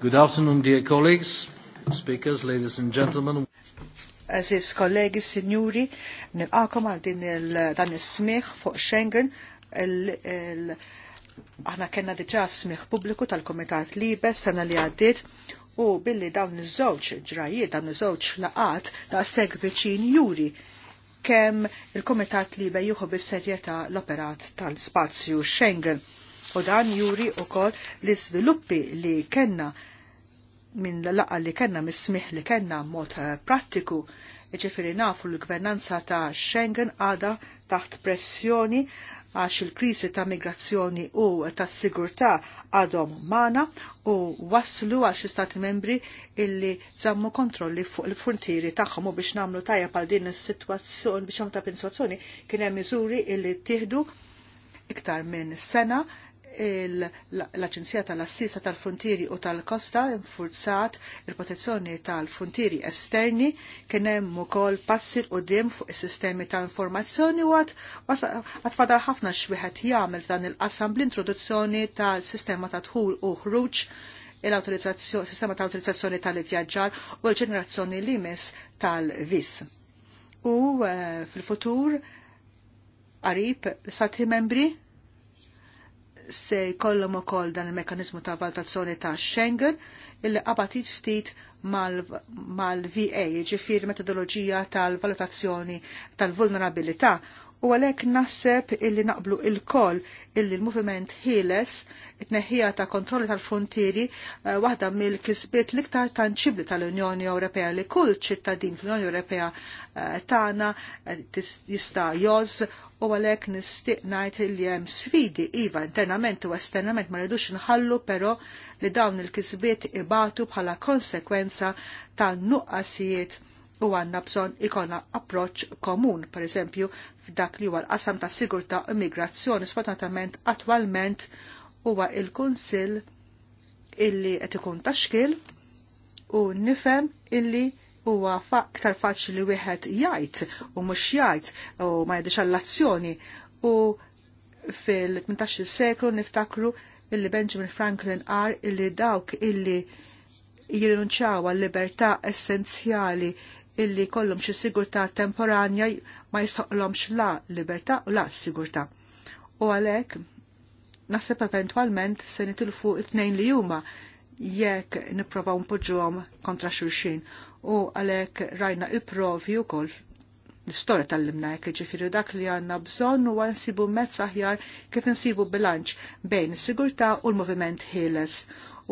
Good afternoon, dear colleagues, speakers, ladies and gentlemen. Aziz kollegi, signori, nil-għakom għal din dan il-smiħ fuq Schengen, aħna kena diġa smiħ publiku tal-Komitat Libe sena li għaddit u billi dawn iż-żewġ ġrajiet, dawn iż-żewġ laqat da' seg viċin juri kemm il-Komitat Libe juħu bis-serjetà l-operat tal-spazju Schengen. U dan juri u kol li sviluppi li kena minn laqqa li kena, mis li kena mod eh, prattiku, ġifiri nafu l-gvernanza ta' Schengen għada taħt pressjoni għax il-krisi ta' migrazzjoni u ta' sigurtà għadhom mana u waslu għax istati membri illi zammu kontrolli fuq il-frontieri tagħhom u biex namlu tajja pal din is-sitwazzjoni biex ta' pensjoni kien hemm miżuri illi tieħdu iktar minn sena l-Aċenzija tal-Assisa tal-Frontieri u tal-Kosta infurzat il-protezzjoni tal-Frontieri esterni kien hemm ukoll passi u dim fuq is-sistemi ta' informazzjoni u għad fadal ħafna x'wieħed jagħmel f'dan il-qasam bl-introduzzjoni tal-sistema ta' dħul u ħruġ il-sistema ta' autorizzazzjoni tal-vjaġġar u l-ġenerazzjoni li limes tal-vis. U eh, fil-futur qarib sati membri se jkollhom ukoll dan il-mekanizmu ta' valutazzjoni ta' Schengen illi qabatit ftit mal-VA, ġifir metodoloġija tal-valutazzjoni tal-vulnerabilità U għalek nasseb illi naqblu il-kol illi l movement Hiles, it-neħija ta' kontrolli tal-frontieri eh, waħda mill-kisbiet l-iktar tanċibli tal-Unjoni Ewropea li kull ċittadin fl-Unjoni Ewropea eh, tagħna eh, tana jista' joz u għalek nistiq najt illi hemm sfidi iva internament u esternament ma rridux nħallu però li dawn il-kisbiet ibatu bħala konsekwenza ta' nuqqasijiet u għanna bżon ikona approċ komun, per eżempju, f'dak li huwa l-qasam ta' sigurtà u immigrazzjoni sfortunatament attwalment huwa il-Kunsill illi qed ikun taxkil u nifhem illi huwa aktar faċli li wieħed jgħid u mhux jgħid u ma jgħidx għall azzjoni u fil-18 seklu niftakru illi Benjamin Franklin qar illi dawk illi jirrinunċaw għal libertà essenzjali illi kollum xi sigurtà temporanja ma jistoqlomx la libertà u la sigurtà. U għalhekk naħseb eventwalment se nitilfu it-tnejn li huma jekk niprofaw npoġġuhom kontra xulxin u għalhekk rajna il-provi wkoll l-istorja tal-limna jekk ġifiri dak li għanna bżonn u għansibu mezz aħjar kif nsibu bilanċ bejn is-sigurtà u l-moviment ħieles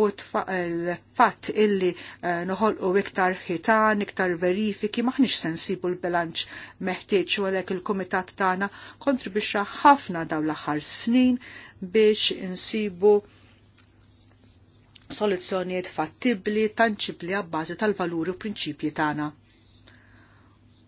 u l-fatt illi eh, noħolqu iktar ħitan, iktar verifiki, maħniex sensibu l-bilanċ meħtieġ u għalhekk il-kumitat tagħna kontribwixxa ħafna dawn l-aħħar snin biex insibu soluzzjonijiet fattibli, tanċibli għabbażi tal-valuri u prinċipji tagħna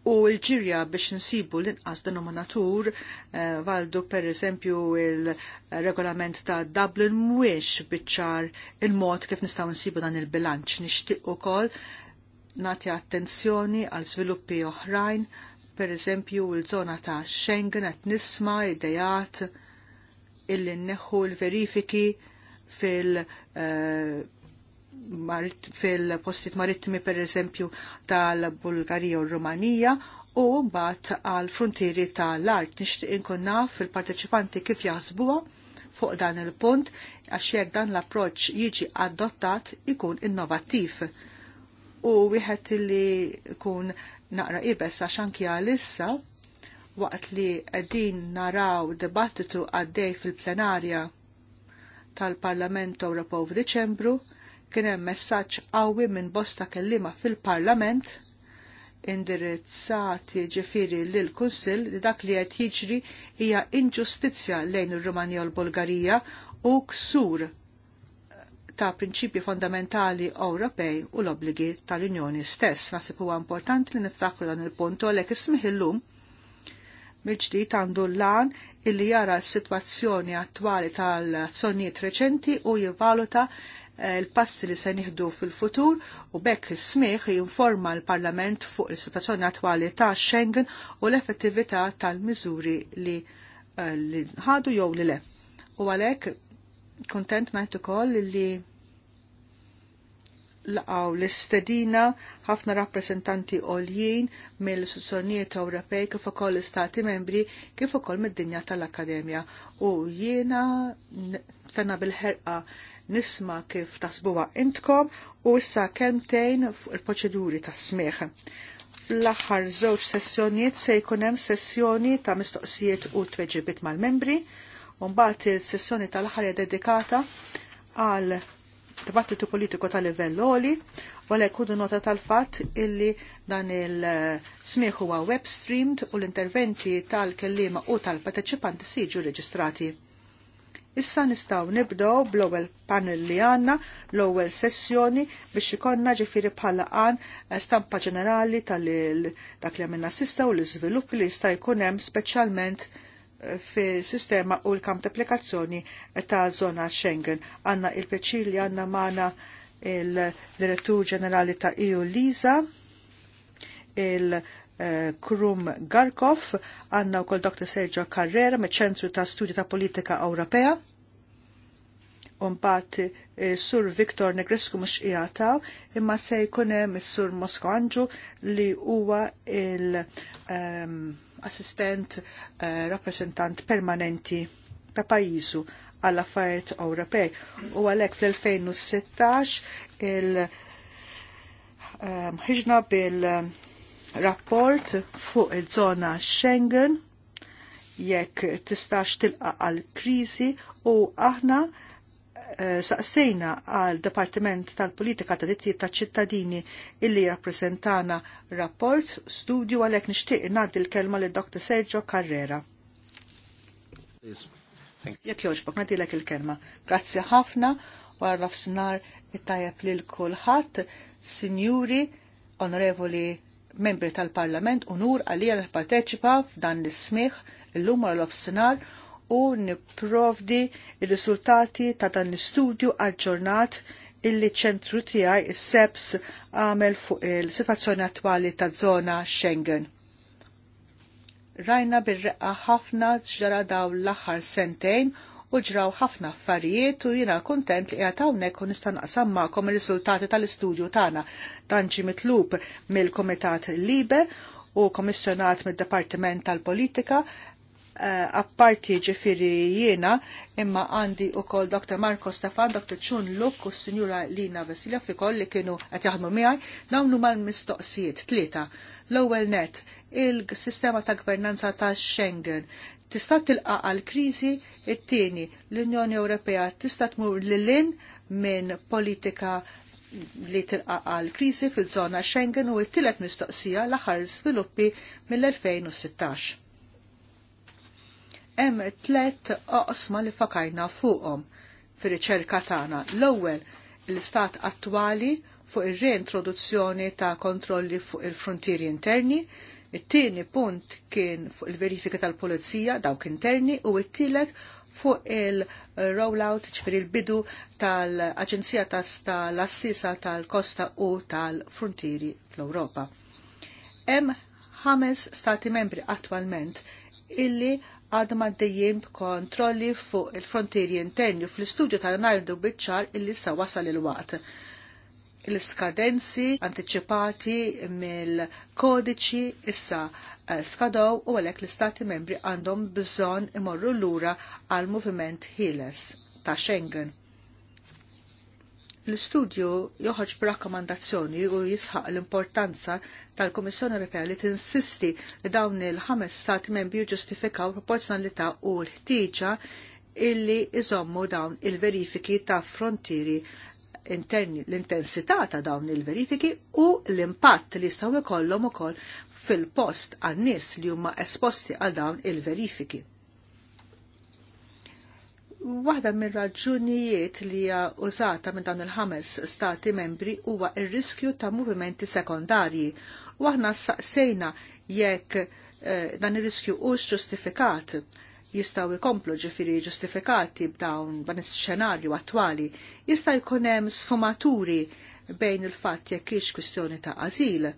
u l-ġirja biex nsibu l-inqas denominatur eh, valdu per eżempju il-regolament ta' Dublin mwix biċċar il-mod kif nistaw nsibu dan il-bilanċ nixtieq ukoll nati attenzjoni għal sviluppi oħrajn per eżempju l-zona ta' Schengen għat nisma' idejat illi neħu l-verifiki fil- uh, fil-postit marittimi per eżempju tal-Bulgarija u Rumanija u mbagħad għal frontieri tal-art nixtieq inkun naf fil-parteċipanti kif jaħsbuha fuq dan il-punt għax jekk dan l-approċċ jiġi adottat ikun innovattiv u wieħed li jkun naqra ibes għax anki għalissa waqt li qegħdin naraw dibattitu għaddej fil-plenarja tal-Parlament Ewropew f'Diċembru kien hemm messaġġ qawwi minn bosta kellima fil-Parlament indirizzati ġifiri lill-Kunsill li dak li qed jiġri hija inġustizzja lejn ir-Rumanija u l-Bulgarija u ksur ta' prinċipji fondamentali Ewropej u l-obbligi tal-Unjoni stess. Nasib huwa importanti li niftakru dan il-punt u għalhekk ismih illum mill-ġdid għandu l-lan illi jara s-sitwazzjoni attwali tal-azzjonijiet reċenti u jivvaluta Eh, l-passi li se nieħdu fil-futur u bekk smieħ jinforma l-Parlament fuq il-situazzjoni attwali ta' Schengen u l-effettività tal-miżuri li eh, ħadu jew li le. U għalhekk kontent ngħid ukoll li laqgħu l-istedina ħafna rappresentanti għoljin mill-istituzzjonijiet Ewropej kif ukoll l-istati membri kif ukoll mid-dinja tal-Akkademja. U jiena tenna bil-ħerqa nisma kif tasbuwa intkom u issa kemtejn fuq il-proċeduri tas smieħ. Fl-aħħar żewġ sessjonijiet se jkun hemm sessjoni ta' mistoqsijiet u tweġibit mal-membri u mbagħad is-sessjoni tal-aħħar dedikata għal dibattitu politiku tal livell oli u għalhekk kudu nota tal-fatt illi dan il-smieħ huwa web streamed u l-interventi tal-kellima u tal-parteċipanti siġu reġistrati. Issa nistaw nibdow bl-ewwel panel li għanna, l-ewwel sessjoni biex ikonna ġifiri bħala għan eh, stampa ġenerali tal dak li għamilna sista u l izvilupp li jista' jkun hemm speċjalment eh, fi sistema u l-kamp applikazzjoni ta' zona Schengen. Għanna il-peċir li għanna maħna il-direttur ġenerali ta' EU Lisa, il- Eh, Krum Garkov, għanna u kol Dr. Sergio Carrera me ċentru ta' Studju ta' Politika Ewropea. Umbat eh, Sur Viktor Negresku mux ijataw, imma se jkunem Sur Mosko Anġu li huwa l ehm, assistent eh, rappresentant permanenti ta' pajizu għall affarijiet Ewropej. U għalek fl-2016 il ehm, ħiġna bil rapport fuq il-żona Schengen jekk tistax tilqa għal kriżi u aħna eh, saqsejna għal Departiment tal-Politika ta' Dittijiet ta' ċittadini illi rappresentana rapport studju għalhekk nixtieq ngħaddi l-kelma lid Dr. Sergio Carrera. Jekk jogħġbok nadilek il-kelma. Grazzi ħafna wara nofsinhar it-tajjeb lil kulħadd, Sinjuri, Onorevoli membri tal-Parlament unur għalija li parteċipa f'dan l ismiħ l-lum l u niprovdi il-risultati ta' dan l-studju aġġornat illi ċentru tijaj il seps għamel fuq il-situazzjoni attwali ta' zona Schengen. Rajna bir-reqqa ħafna ġara daw l-aħħar sentejn u ġraw ħafna affarijiet u jiena kuntent li għatawnek hawnhekk u nista' naqsam kom ir-riżultati tal-istudju tagħna. Dan ġi mitlub mill-Kumitat Libe u komissjonat mid-Dipartiment tal-Politika Uh, apparti ġifiri jiena, imma għandi u kol Dr. Marco Stefan, Dr. Chun Luk u Signora Lina Vesilja fi koll li kienu għat jaħdmu miħaj, namlu mal-mistoqsijiet, tlieta. L-ewel net, il-sistema ta' gvernanza ta' Schengen, tista' tilqa' għal kriżi it-tieni. L-Unjoni Ewropea tista' tmur lilin minn politika li tilqa' għal kriżi fil-żona Schengen u t-tielet mistoqsija l-aħħar sviluppi mill-2016. Hemm tlet oqsma li fakajna fuqhom fir-riċerka tagħna. L-ewwel l-istat attwali fuq ir-reintroduzzjoni ta' kontrolli fuq il-frontieri interni, It-tieni punt kien fuq il-verifika tal-polizija dawk interni u it-tielet fuq il-rollout ċifiri il-bidu tal-Aġenzija tal-Assisa tal-Kosta u tal-Frontieri fl-Europa. Hemm ħames stati membri attwalment illi għadhom għaddejjien kontrolli fuq il-frontieri interni fl-istudju tal-najdu Bicċar illi sa wasal il-waqt l-skadenzi anticipati mill-kodiċi issa eh, skadow u għalek l-istati membri għandhom bżon imorru l-ura għal moviment Hiles ta' Schengen. L-istudju joħoġ b'rakkomandazzjoni u jisħaq l-importanza tal-Komissjoni Ewropea li tinsisti li dawn il-ħames stati membri ġustifikaw proporzjonalità u l-ħtieġa illi iżommu dawn il-verifiki ta' frontieri l-intensità ta' dawn il-verifiki u l-impatt li jistgħu jkollhom ukoll fil-post għan-nies li huma esposti għal dawn il-verifiki. Waħda mir raġunijiet li hija użata minn dawn il-ħames stati membri huwa r-riskju ta' movimenti sekondarji. U aħna saqsejna jekk eh, dan ir-riskju hux ġustifikat jistaw ikomplu ġifiri ġustifikati b'dawn ban is-xenarju attwali, jista' jkun hemm sfumaturi bejn il-fatt jekk hix kwistjoni ta' azil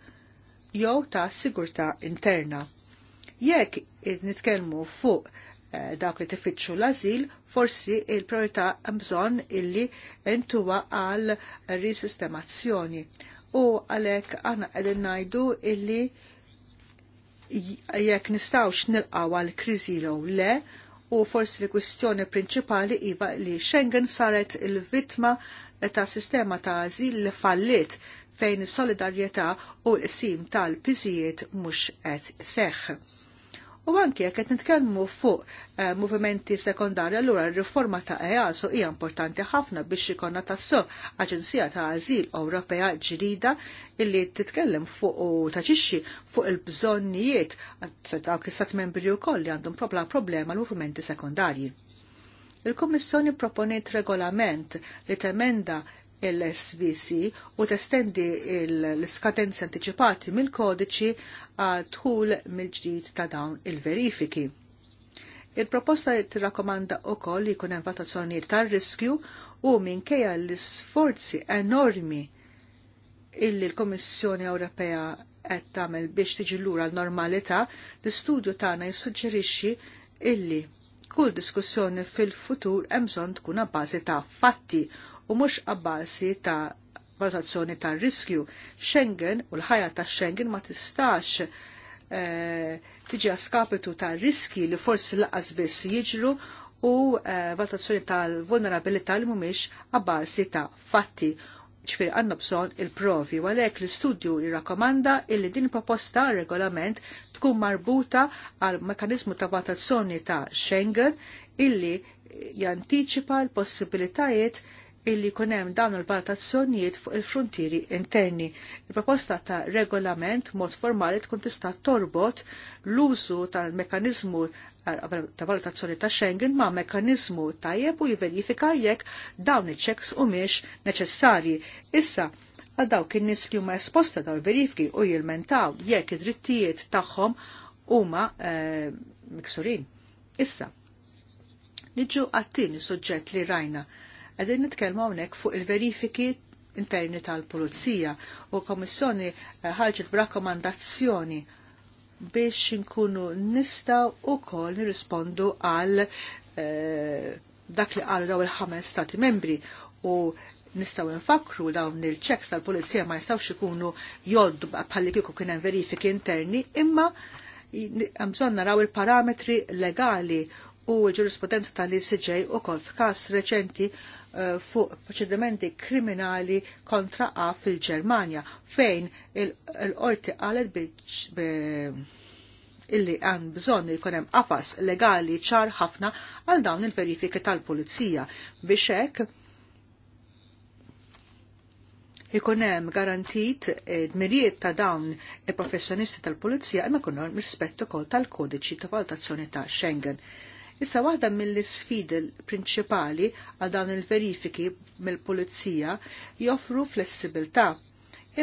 jew ta' sigurtà interna. Jekk nitkellmu fuq dak eh, dawk li tifittxu l-azil, forsi il-priorità hemm bżonn illi intuwa għal risistemazzjoni. U għalhekk aħna qegħdin ngħidu illi jekk nistawx nilqaw għal kriżi jew le, u forsi l-kwistjoni prinċipali iva li Schengen saret il-vitma ta' sistema ta' azil li fallit fejn is-solidarjetà u l-qsim tal-piżijiet mhux qed seħħ. U anke jekk qed nitkellmu fuq eh, movimenti sekondarji, allura r-riforma ta' EASO hija importanti ħafna biex ikonna tassu Aġenzija ta' Ażil Ewropea ġrida illi titkellem fuq u taġixxi fuq il-bżonnijiet dawk is membri wkoll li għandhom propla problema l-movimenti sekondarji. Il-Kommissjoni proponiet regolament li temenda l-SBC u testendi l-skatenzi anticipati mill-kodiċi għal tħul mill-ġdid ta' dawn il-verifiki. Il-proposta tirrakkomanda wkoll li jkun hemm valutazzjonijiet tar-riskju u minkejja l-isforzi enormi illi l komissjoni Ewropea qed tagħmel biex tiġi lura l-normalità, l-istudju tagħna jissuġġerixxi illi kull diskussjoni fil-futur hemm bżonn tkun bażi ta' fatti u mhux abbalsi ta' valutazzjoni ta' riskju. Schengen u l-ħajja ta' Schengen ma tistax eh, tiġi għaskapitu ta' riski li forsi laqas biss jiġru u eh, valutazzjoni tal-vulnerabilità li mhumiex abbalsi ta' fatti ċfir għanna bżon il-provi, u għalek l-istudju jirrakomanda illi din proposta regolament tkun marbuta għal mekanizmu ta' valutazzjoni ta' Schengen illi jantiċipa l-possibilitajiet illi kunem dawn il-valutazzjonijiet fuq il-frontieri interni. Il-proposta ta' regolament mod formali tkun tista' torbot l-użu tal-mekanizmu eh, ta' valutazzjoni ta' Schengen ma' mekanizmu tajjeb u jiverifika jekk dawn iċ-ċeks u miex neċessarji. Issa, għal daw kien nies li huma esposta dawn verifiki u jilmentaw jekk id-drittijiet tagħhom huma eh, miksurin. Issa, niġu għattini suġġett li rajna Għedin nitkelmu għonek fuq il-verifiki interni tal-Polizija u Komissjoni eh, ħarġet b'rakkomandazzjoni biex nkunu nistaw u kol nirrispondu għal eh, dak li għal daw il-ħames stati membri u nistaw nfakru dawn il-checks tal-polizija ma jistawx ikunu joddu bħalli kieku kien hemm verifiki interni, imma għamżon naraw il-parametri legali u l-ġurisprudenza tal-ICJ u kol f'kas reċenti eh, fuq proċedimenti kriminali kontra A fil-Ġermanja fejn il-qorti għalet illi għan bżon li jkunem għafas legali ċar ħafna għal dawn il-verifiki tal-pulizija biex hekk jikunem garantit eh, dmirijiet ta' dawn il-professjonisti tal-pulizija imma kunhom rispettu kol tal-kodiċi ta' valutazzjoni ta' Schengen. Issa waħda mill-sfid prinċipali għal dawn il-verifiki mill-pulizija joffru flessibilità.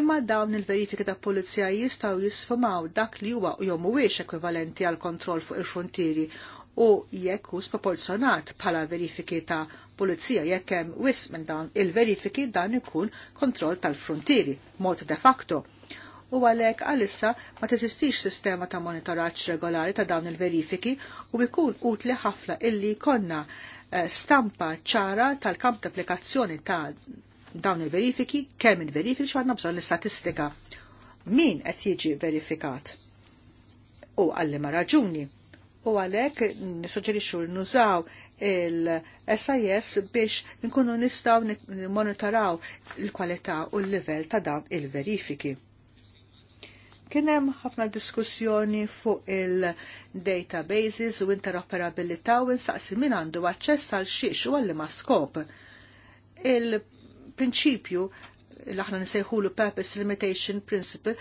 Imma dawn il-verifiki ta' pulizija jistaw jisfumaw dak li huwa u jom mhuwiex ekwivalenti għal kontroll fuq il-frontieri u jekk hu sproporzjonat bħala verifiki ta' pulizija jekk hemm wis minn dawn il-verifiki dan ikun kontroll tal-frontieri mod de facto u għalhekk għalissa ma teżistix sistema ta' monitoraġġ regolari ta' dawn il-verifiki u jkun utli ħafna illi konna eh, stampa ċara tal-kamp ta' applikazzjoni ta' dawn il-verifiki kemm il-verifiki x'għandna bżonn l-istatistika. Min qed jiġi verifikat? U għalli ma raġuni u għalek nisuġerixu nużaw il-SIS biex nkunu nistaw monitoraw il-kwalità u l-level ta' dawn il-verifiki. Kienem ħafna diskussjoni fuq il-databases u interoperabilità u nsaqsi min għandu aċċess għal xiex u għalli ma' skop. Il-prinċipju li aħna l purpose limitation principle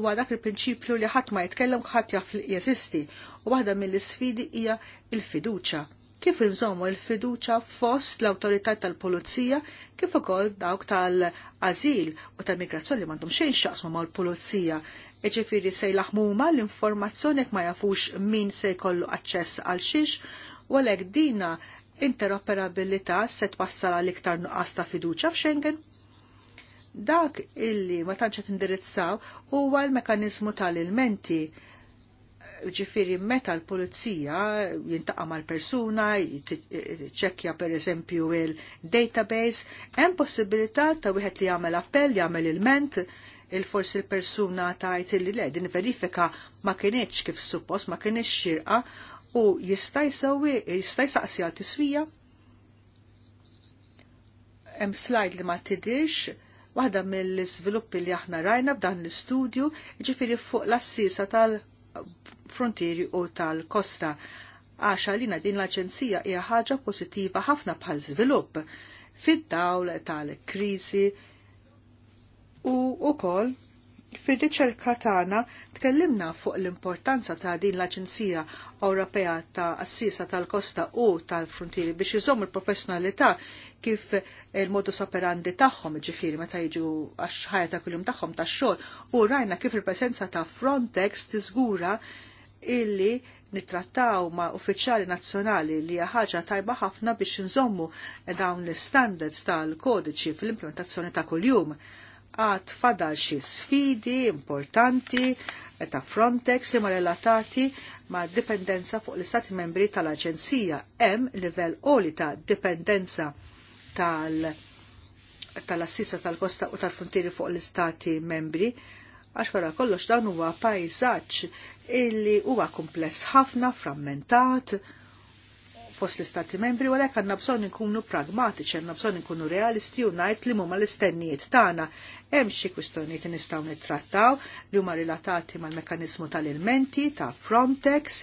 huwa dak il-prinċipju li ħadd ma jitkellem ħadd jaf li jeżisti u waħda mill-isfidi hija il-fiduċa kif inżommu l-fiduċa fost l-autorità tal-pulizija kif ukoll dawk tal-azil u tal-migrazzjoni li m'għandhom xejn xaqsmu mal-pulizija. Iġifieri se jlaħmuma l-informazzjoni ma jafux min se jkollu aċċess għal xiex u għalhekk dina interoperabilità se twassal għal iktar nuqqas ta' fiduċa f'Schengen dak illi ma tantx indirizzaw huwa l-mekanizmu tal-ilmenti ġifiri meta l-polizija jintaqa mal-persuna, ċekja per eżempju il-database, hemm possibilità ta' wieħed li jagħmel appell, jagħmel il-ment, il-forsi l-persuna tajt li le, din verifika ma kienieċ kif suppost, ma kienieċ xirqa u jista' jisawwi, jista' għal tiswija. Hemm slajd li ma tidirx, waħda mill iżviluppi li aħna rajna b'dan l-istudju, ġifiri fuq l-assisa tal- frontieri u tal-kosta. Għaxa li din l-Aġenzija hija ħaġa pożittiva ħafna bħal żvilupp fid-dawl tal-kriżi u wkoll Fir-riċerka tagħna tkellimna fuq l-importanza ta' din l-Aġenzija Ewropea ta' Assisa tal-Kosta u tal-Frontieri biex iżomm il-professjonalità kif il-modus operandi tagħhom ġifieri meta jiġu għax ħajja ta' kuljum tagħhom tax-xogħol u rajna kif il-presenza ta' Frontex tiżgura illi nittrattaw ma' uffiċjali nazzjonali li ħaġa tajba ħafna biex nżommu dawn l-standards tal-kodiċi fl-implementazzjoni ta' kuljum għat fadal xi sfidi importanti ta' Frontex li ma relatati ma' dipendenza fuq l-Istati membri tal-Aġenzija hemm livell qoli ta' dipendenza tal- assista tal-kosta u tal funtiri fuq l-Istati membri għax wara kollox dan huwa pajsaġġ illi huwa kumpless ħafna, frammentat, fost l-Istati membri, u għalhekk għandna bżonn inkunu pragmatiċi, għanna bżonn inkunu realisti u ngħid li huma l-istennijiet tagħna. Hemm xi kwistjonijiet nistgħu nittrattaw li huma relatati mal-mekkaniżmu tal-ilmenti ta' Frontex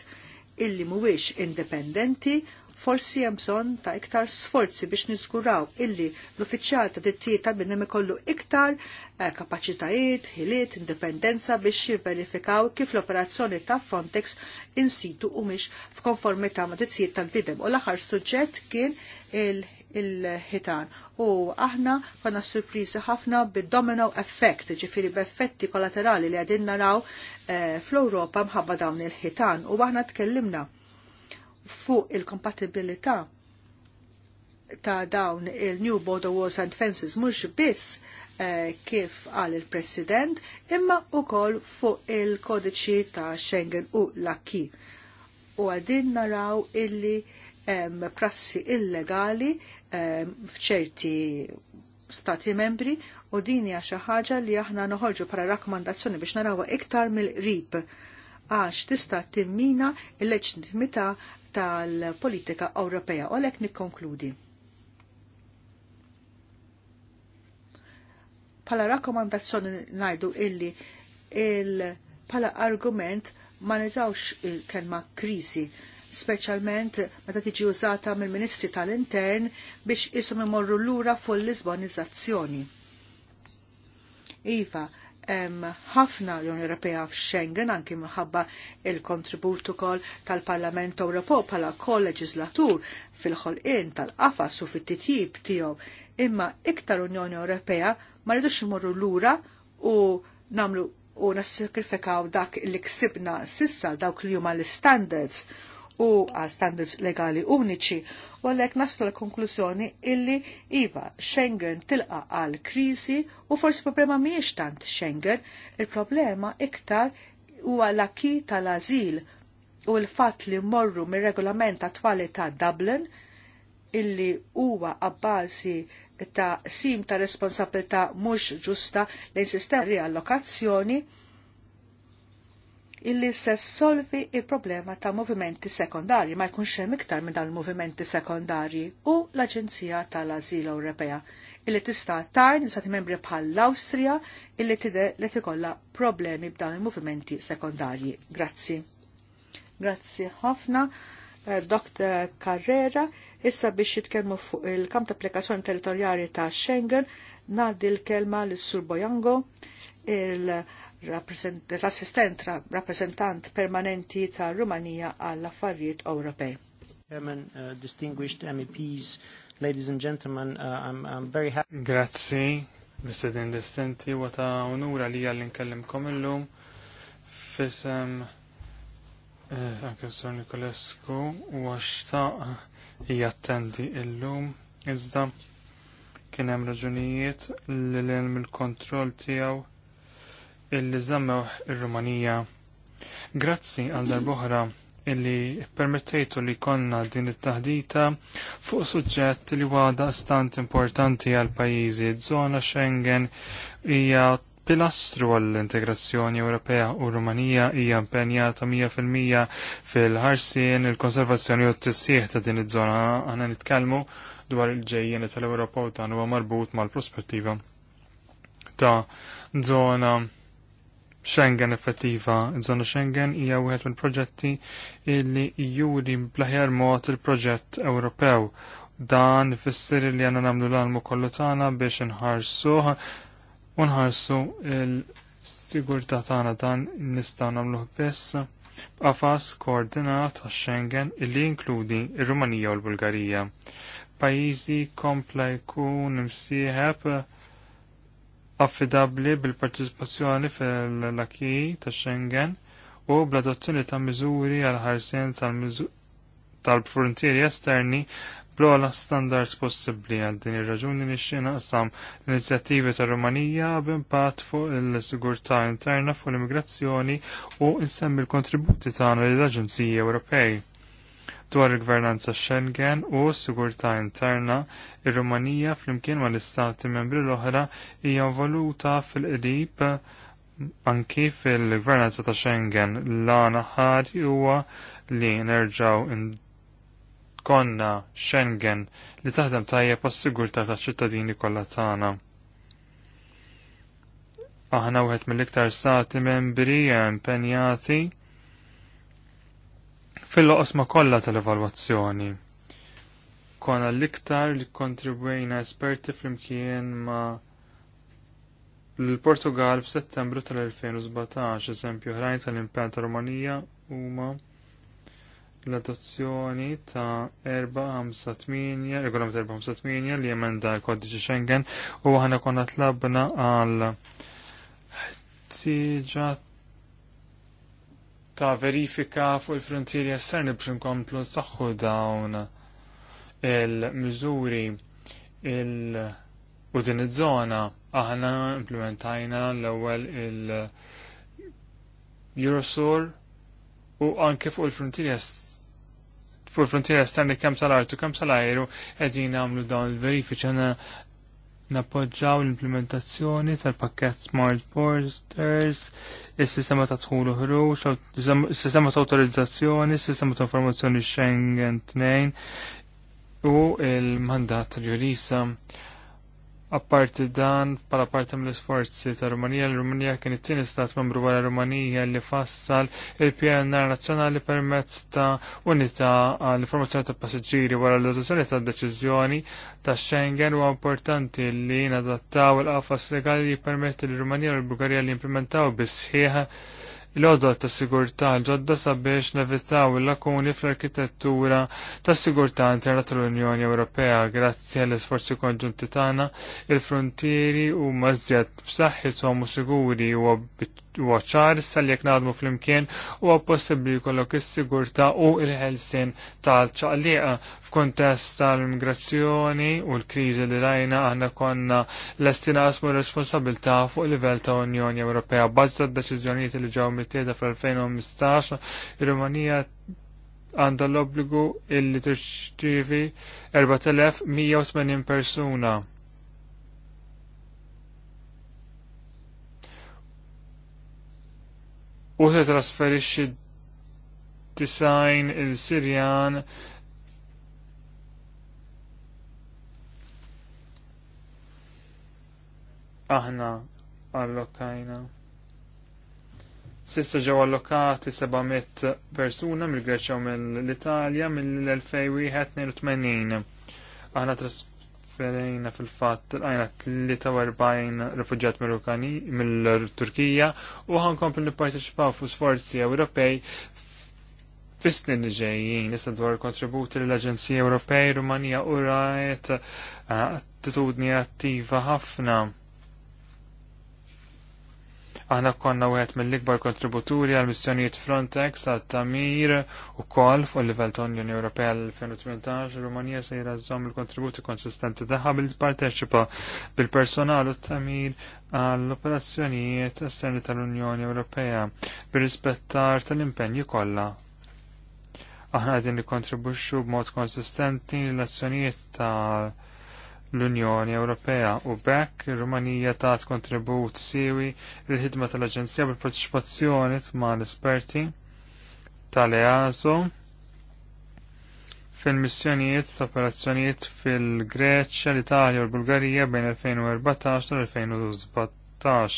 illi mhuwiex indipendenti forsi hemm bżonn ta' iktar sforzi biex niżguraw illi l-uffiċjal ta' dittijiet ta' minnhom ikollu iktar eh, kapaċitajiet, ħiliet, indipendenza biex jivverifikaw kif l-operazzjoni ta' Frontex insitu u mhix f'konformità ma' dittijiet tal-bidem. U l-aħħar suġġett kien il- il-ħitan. U aħna fanna surprizi ħafna bid-domino effect, ġifiri b'effetti kollaterali li għadin naraw eh, fl-Europa mħabba dawn il-ħitan. U aħna tkellimna fuq il-kompatibilità ta' dawn il-New Border Wars and Fences mhux biss eh, kif għal il-President imma ukoll fuq il-kodiċi ta' Schengen u l aki U għadin naraw illi em, prassi illegali f'ċerti stati membri u dini hija xi ħaġa li aħna noħolġu para rakkomandazzjoni biex narawha iktar mill-qrib għax tista' timmina il-leġitimità tal-politika Ewropea. U għalhekk nikkonkludi. Pala rakkomandazzjoni ngħidu illi il pala argument ma niżawx il-kelma krisi, speċjalment meta tiġi użata mill-Ministri tal-Intern biex isom imorru lura fuq l-Lisbonizzazzjoni. Iva, ħafna l-Unjoni Ewropea f'Schengen anki minħabba il-kontribut ukoll tal-Parlament Ewropew bħala kol-leġislatur fil-ħolqien tal-qafas u fit-titjib tiegħu. Imma iktar Unjoni Ewropea ma rridux imorru lura u namlu u nassakrifikaw dak li ksibna sissa dawk li huma l-standards u għal standards legali uniċi u għalhekk naslu l-konklużjoni illi iva Schengen tilqa għal kriżi u forsi problema mhijiex tant Schengen, il-problema iktar huwa l-akki tal-azil u l-fatt li morru mir-regolament attuali ta' Dublin illi huwa abbażi ta' sim ta' responsabilità mhux ġusta lejn sistema riallokazzjoni allokazzjoni illi se solvi il-problema ta' movimenti sekondarji, ma jkunx hemm iktar minn dan il-movimenti sekondarji u l-Aġenzija tal-Azil Ewropea illi tista' tajn sa' membri bħal l-Awstrija illi tide li tikolla problemi b'dan il-movimenti sekondarji. Grazzi. Grazzi ħafna, eh, Dr. Carrera, issa biex jitkellmu fuq il-kamp ta' applikazzjoni territorjali ta' Schengen, nadi l-kelma l-Sur Bojango, il- l-assistent rappresentant permanenti ta' Rumanija għall affarijiet Ewropej. Chairman, uh, distinguished MEPs, ladies and gentlemen, uh, I'm, I'm very happy. Grazzi, Mr. Dindistenti, u ta' unura li għallin kellimkom illum fisem eh, anke Sir Nikolescu u għaxtaq eh, jattendi illum iżda kien hemm raġunijiet l-ilm il-kontroll tiegħu illi zammew il-Rumanija. Grazzi għal darbohra illi permettejtu li konna din it-taħdita fuq suġġett li għada stant importanti għal pajizi. Zona Schengen hija pilastru għall-integrazzjoni Ewropea u Rumanija hija impenjata 100% fil-ħarsien, il-konservazzjoni u t-tissieħ ta' din iż-żona għana nitkellmu dwar il-ġejjeni tal-Ewropa u dan huwa marbut mal-prospettiva ta' żona Schengen effettiva. il-zona Schengen hija wieħed mill-proġetti illi juri bl-aħjar mod il-proġett Ewropew. Dan ifisser li għandna nagħmlu l-almu kollu tagħna biex nħarsu u nħarsu l-sigurtà tagħna dan nistgħu nagħmluh biss b'qafas koordinat għax Schengen illi jinkludi r rumanija u l-Bulgarija. Pajjiżi kompla jkun imsieħeb affidabli bil-partizipazzjoni fil-laki ta' Schengen u bl-adozzjoni ta' miżuri għal ħarsien tal-frontieri esterni bl għala standards possibbli għal din ir-raġuni nixxina qsam l-inizjattivi ta' Rumanija b'impatt fuq il-sigurtà interna fuq l-immigrazzjoni u insemmi l-kontributi tagħna lill-Aġenziji Ewropej dwar il-gvernanza Schengen u s-sigurtà interna, ir-Rumanija flimkien mal istati membri l-oħra hija valuta fil-qrib anki fil-gvernanza ta' Schengen l-għana ħari huwa li nerġaw konna Schengen li taħdem tajjeb għas-sigurtà ta' ċittadini kollha tagħna aħna wieħed mill-iktar stati membri impenjati fil-loqosma kollha tal-evalwazzjoni. Kona l-iktar li kontribwejna esperti flimkien ma' l-Portugal f'Settembru tal-2017, eżempju ħrajn tal-Impen ta' Romanija huma l-adozzjoni ta' 458, regolament 458 li jemenda l-kodiċi Schengen u ħana konna tlabna għal ħtieġa ta' verifika fuq il-frontieri esterni biex nkomplu nsaħħu dawn il mizuri il u din iż-żona aħna implementajna l-ewwel il-Eurosur u anke fuq il-frontieri fuq il-frontiera esterni kemm sal-artu kemm sal-ajru qegħdin nagħmlu dawn il-verifiċi nappoġġaw l-implementazzjoni tal-pakket Smart Borders, il-sistema ta' tħulu uħruċ, il-sistema ta' autorizzazzjoni, il-sistema ta' informazzjoni Schengen 2 u il-mandat l-jurisa. Apparti dan, pala parti mill-isforzi ta' Rumanija, l-Rumanija kien it-tieni stat membru wara Rumanija li fassal il-PNR nazzjonali permezz ta' unità l-informazzjoni ta' passiġġieri wara l-adozzjoni ta' deċiżjoni ta' Schengen huwa importanti li nadattaw il-qafas legali li permetti l-Rumanija u l-Bulgarija li jimplementaw bisħieħ il-għodot ta' sigurtà ġodda sabiex nevitaw il-lakuni fl-arkitettura ta' sigurtà interna tal-Unjoni Ewropea grazzi għall isforzi konġunti tagħna il-frontieri u mażjed b'saħħithom u siguri u huwa ċar sal jekk naħdmu flimkien huwa possibbli jkollok is-sigurtà u l-ħelsien tal-ċaqliqa f'kuntest tal-immigrazzjoni u l-kriżi li rajna għanna konna lesti naqsmu responsabilità fuq livell ta' Unjoni Ewropea. Bażi d deċiżjonijiet li ġew mittieda fl-2015 ir-Rumanija għandha l-obbligu t tirċivi 4180 persuna u titrasferixxi design il-Sirjan aħna allokajna. Sissa ġew allokati 700 persuna mill-Greċja u mill-Italja mill 2082 Aħna tras Ferejna fil-fat għajna 43 rifugġat mill-Turkija u kompli nipparteċipaw fu sforzi Ewropej fis-snin li ġejjin issa dwar kontributi l-Aġenzija Ewropej Rumanija u rajt attitudni attiva ħafna. Aħna konna wieħed mill-ikbar kontributuri għal missjonijiet Frontex għal Tamir u kol fuq il-livell ta' Unjoni Ewropea l-2018 Rumanija se jrażżom il-kontributi konsistenti tagħha bil-parteċipa bil-personal u Tamir għall operazzjonijiet esterni tal-Unjoni Ewropea bir-rispettar tal impenju kollha aħna qegħdin nikkontribwixxu b'mod konsistenti l-azzjonijiet ta' l-Unjoni Ewropea u bekk ir-Rumanija tat kontribut siwi l-ħidma tal-Aġenzija bil-parteċipazzjoni ma' l-esperti tal-EASO fil-missjonijiet ta' operazzjonijiet fil-Greċja, l-Italja u l-Bulgarija bejn 2014 u 2017.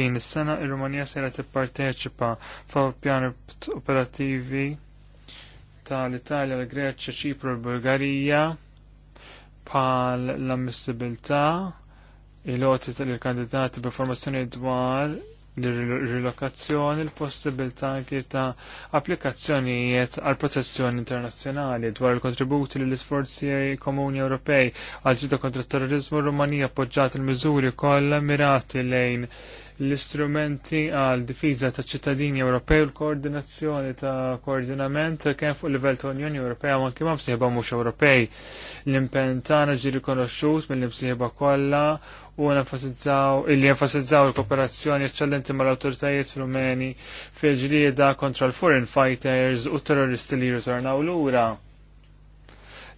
Din is-sena ir-Rumanija se tipparteċipa fa' pjani operattivi tal-Italja, l-Greċja, Ċipru u l-Bulgarija pal l-ammissibilità il-loti tal-kandidati b'informazzjoni dwar l-rilokazzjoni, l-possibilità anki ta' applikazzjonijiet għal protezzjoni internazzjonali dwar il-kontributi l isforzi komuni Ewropej għal ġita kontra terrorizmu Rumanija appoġġat il-miżuri kollha mirati lejn l-istrumenti għal difiża ta' ċittadini Ewropej u l-koordinazzjoni ta' koordinament kien fuq livell ta' Unjoni Ewropea u anke ma' mhux Ewropej. L-impenn tagħna ġi rikonoxxut mill-imsieħba kollha u nenfasizzaw illi enfasizzaw il-kooperazzjoni eċċellenti mal-awtoritajiet rumeni fil-ġlieda kontra l-foreign fighters u terroristi li jużarnaw lura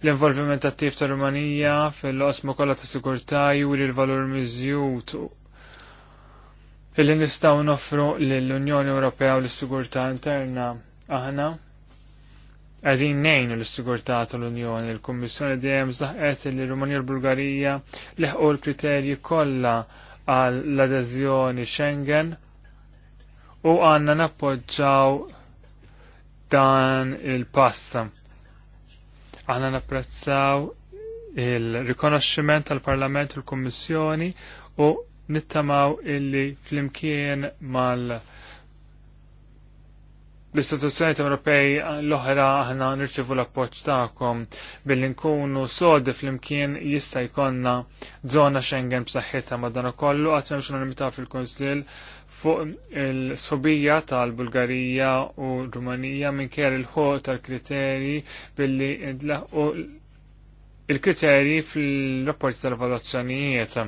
l-involviment attiv ta' Rumanija fil osmu kollha ta' sigurtà li l-valur miżjut illi nistaw nofru l-Unjoni Ewropea u l sigurta Interna aħna għadin nejn l-Sigurtà tal-Unjoni. l kommissjoni dejjem zaħet li Rumanija u bulgarija leħqu l-kriterji kollha għal l-adeżjoni Schengen u għanna nappoġġaw dan il-pass. Għanna napprezzaw il-rikonoxximent tal-Parlament u l-Kommissjoni u nittamaw illi flimkien mal l-istituzzjoniet Ewropej l-oħra aħna nirċivu l-appoġġ tagħkom billi nkunu sodi flimkien jista' jkollna żona Schengen b'saħħitha madan ukollu qatt m'hemmx unanimità fil-Kunsill fuq il-sobija tal-Bulgarija u Rumanija minkejja il-ħoq tal-kriterji billi u il-kriterji fil-rapporti tal-evaluazzjonijiet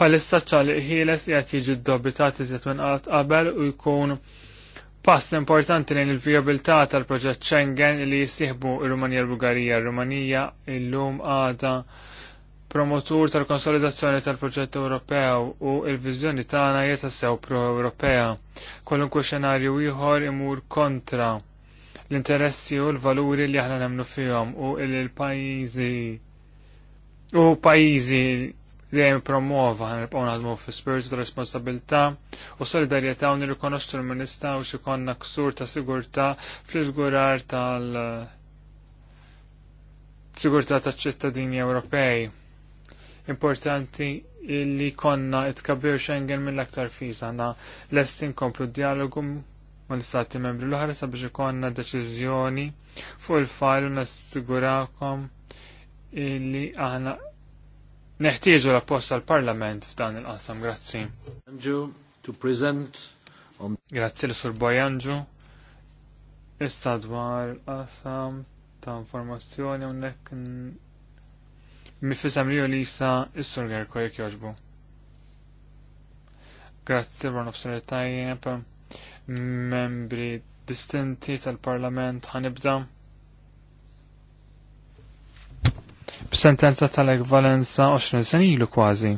palissa ċali ħieles jgħat jiġi d-dobitat iżjat minn qabel u jkun pass importanti lejn il-vijabilità tal-proġett Schengen li jisihbu ir-Rumanija l-Bulgarija. il rumanija il-lum għada promotur tal-konsolidazzjoni tal-proġett Ewropew u il-viżjoni tagħna hija tassew pro-Ewropea. Kwalunkwe xenarju ieħor imur kontra l-interessi u l-valuri li aħna nemnu fihom u il-pajjiżi u pajjiżi dejjem promuova nibqgħu naħdmu fi spirit ta' responsabilità u solidarjetà u nirrikonoxxu l-Minista u nistgħux ikollna ksur ta' sigurtà fl-iżgurar tal sigurtà taċ-ċittadini Ewropej. Importanti illi konna itkabbir Schengen mill-aktar fiża na lest inkomplu dialogu ma l-istati membri l-oħra sabiex ikonna deċiżjoni fuq il-fajl u nassigurakom illi aħna Neħtieġu l-appost tal-Parlament f'dan il-qasam, grazzi. Grazzi l sur Bojanġu. Issa dwar qasam ta' informazzjoni unnek mifisam li jolisa is-sur Gerko jek joġbu. Grazzi l-Born of Tajjeb, membri distinti tal-Parlament ħanibda. b'sentenza tal-ekvalenza 20 sen ilu kważi.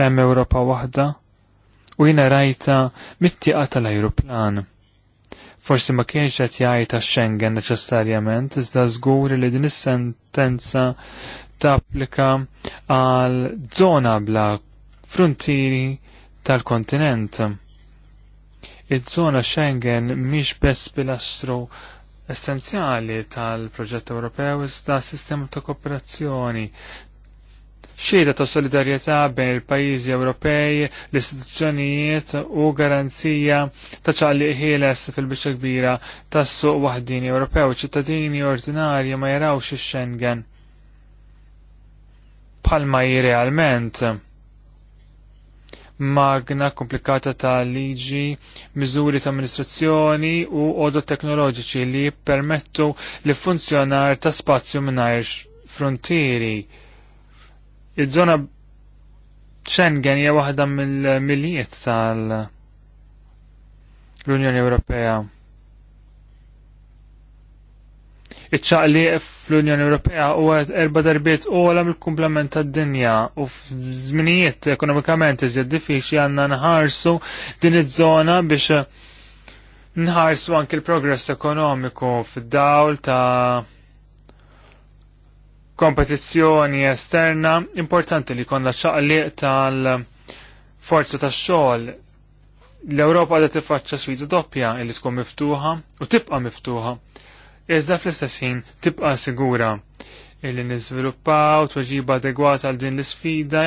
Hemm Ewropa waħda u jiena rajta mittieqa tal-ajruplan. Forsi ma kienx qed jgħid Schengen neċessarjament, iżda żgur li din is-sentenza tapplika għal żona bla frontieri tal-kontinent. Iż-żona Schengen mhix bess pilastru essenzjali tal-proġett Ewropew iżda sistema ta' kooperazzjoni xieda ta' solidarjetà bejn il-pajjiżi Ewropej, l-istituzzjonijiet u garanzija ta' ċalli ħieles fil-biċċa kbira tas-suq waħdini Ewropew, ċittadini ordinarji ma jarawx ix-Schengen palma jirealment. realment magna komplikata ta' liġi, miżuri ta' amministrazzjoni u odot teknoloġiċi li permettu li funzjonar ta' spazju mingħajr frontieri. Iż-żona Schengen hija waħda mill-miliet tal-Unjoni Ewropea. iċċaqli fl-Unjoni Ewropea u għed erba darbiet u għalam il-komplement tad dinja u f-zminijiet ekonomikament iżjed diffiċi għanna nħarsu din iż-żona biex nħarsu anki l-progress ekonomiku fid-dawl ta' kompetizzjoni esterna importanti li konna ċaqli tal-forza tax-xogħol l-Europa għadha tiffaċċa sfida doppja illi tkun miftuħa u tibqa' miftuħa iżda fl-istess ħin tibqa' sigura illi niżviluppaw tweġiba adegwata għal din l-isfida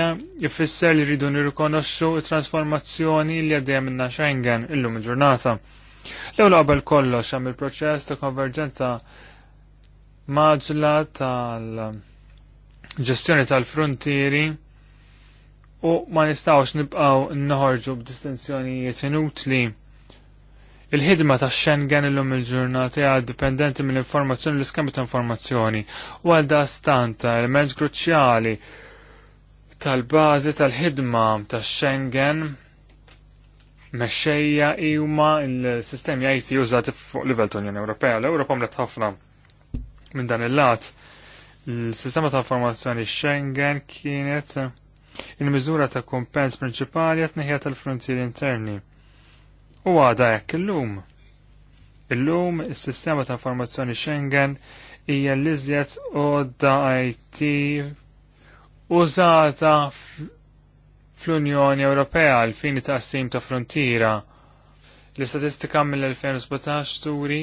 jfisser li rridu nirrikonoxxu t-transformazzjoni li għaddejja minna Schengen illum il-ġurnata. L-ewwel qabel kollox hemm il-proċess ta' konverġenza maġla tal-ġestjoni tal-frontieri u ma nistgħux nibqgħu noħorġu b'distinzjonijiet inutli Il-ħidma ta' Schengen illum il-ġurnati għad dipendenti mill-informazzjoni l iskambi ta' informazzjoni u għal da' stanta element kruċjali tal-bazi tal-ħidma ta' Schengen mexxejja iwma l-sistemi IT użati fuq livell ta' Unjoni Ewropea. L-Ewropa mlet ħafna minn dan il-lat. Il-sistema ta' informazzjoni Schengen kienet il-miżura ta' kompens prinċipali għat tal-frontieri interni U għada jekk illum. Illum is-sistema ta' informazzjoni Schengen hija l-iżjed għodda IT użata fl-Unjoni Ewropea għal fini ta' sim ta' frontiera. L-istatistika mill-2017 turi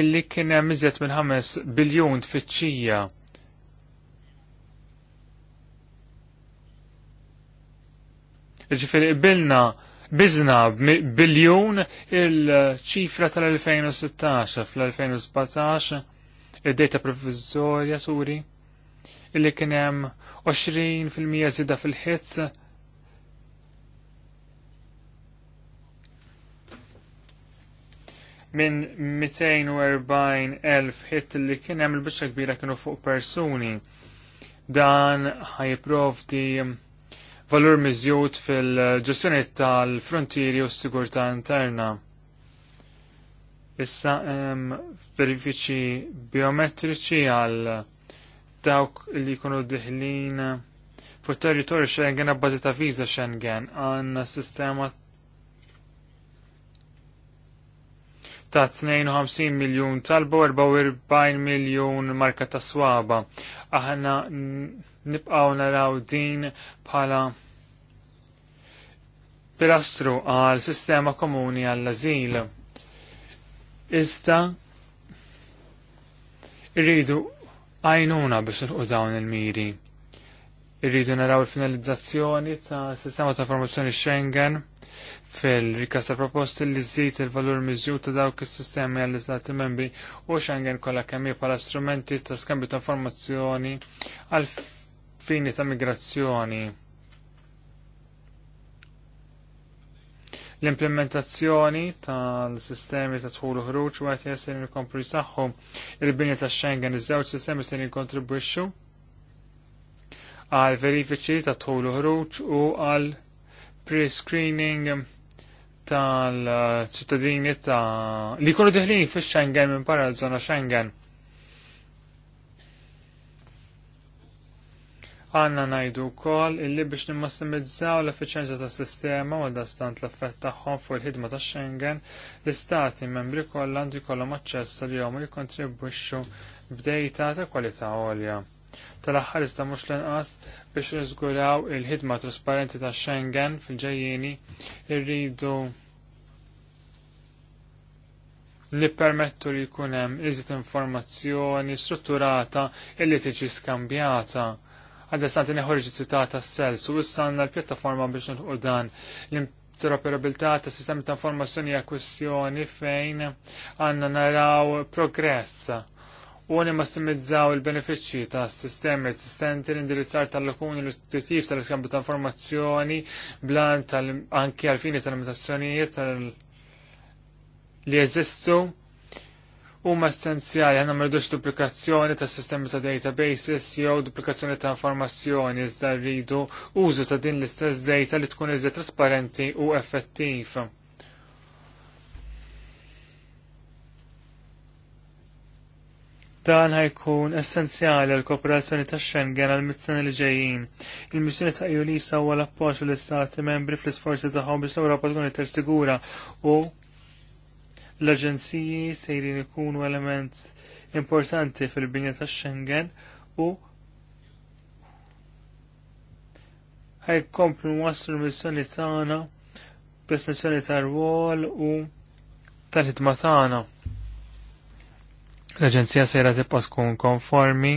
illi kien hemm iżjed minn ħames biljun tfittxija. Ġifieri qbilna bizna biljun il-ċifra tal-2016 fl-2017 id-data provizorja turi illi kien hemm 20% zida fil-ħizz minn 240.000 hit li kien hemm il-biċċa kbira kienu fuq persuni. Dan ħajprovdi valur miżjud fil-ġestjoni tal-frontieri u s-sigurtà interna. Issa hemm verifiċi biometriċi għal dawk li jkunu diħlin fuq territorju Schengen abbażi ta' viza Schengen għanna sistema ta' 52 miljun talba u 44 miljun marka ta' swaba. Aħna nibqaw naraw din bħala pilastru għal sistema komuni għall-azil. Iżda irridu għajnuna biex nħu dawn il-miri. Irridu naraw il-finalizzazzjoni ta' sistema ta' informazzjoni Schengen fil-rikasta proposti li zzit il-valur miżjur ta' dawk is-sistemi għall istati membri u Schengen kollha kemm bħala strumenti ta' skambju ta' informazzjoni għal fini ta' migrazzjoni. L-implementazzjoni tal-sistemi ta' tħulu ħruġ u s jessin il-kompri saħħu il-binja ta' Schengen iż-żewġ sistemi se jinkontribwixxu għal verifiċi ta' tħulu ħruġ u għal pre-screening tal-ċittadini ta' li kunu diħlin fi Schengen minn para l-zona Schengen. Għanna najdu kol illi biex nimmassimizzaw l-effiċenza ta' sistema u għadastant l-effett tagħhom fuq il-ħidma ta' Schengen, l-istati membri kollha għandu jkollhom aċċess li jom li b'dejta ta' kwalità għolja. Tal-aħħar iżda mhux l-inqas biex nizguraw il-ħidma trasparenti ta' Schengen fil ġajjini irridu li permettu li jkun hemm informazzjoni strutturata illi tiġi skambjata għad destanti neħorġi citata s-sels u s-sanna l-pjattaforma biex n dan l-interoperabilità ta' sistemi ta' informazzjoni hija kwestjoni fejn għanna naraw progress u għani massimizzaw il-benefiċċji ta' sistemi resistenti l-indirizzar tal lokuni l-istitutiv tal iskambu ta' informazzjoni blan tal-anki għal-fini tal imitazzjonijiet tal-li jeżistu huma essenzjali għandna mridux duplikazzjoni ta' sistemi ta' databases jew duplikazzjoni ta' informazzjoni iżda rridu użu ta' din l-istess data li tkun iżda trasparenti u effettiv. Dan ħajkun essenzjali l kooperazzjoni ta' Schengen għal mittan li ġejjin. Il-missjoni ta' Julisa huwa l-appoġġ l-istati membri fl-isforzi ta' biex l-Ewropa tkun iktar sigura u L-aġenziji sejrin ikunu element importanti fil-binja ta' Schengen u ħajkomplu waslu l-missjoni tagħna b'estensjoni ta' rwol u tal-ħidma tagħna. L-Aġenzija sejra tibqa' tkun konformi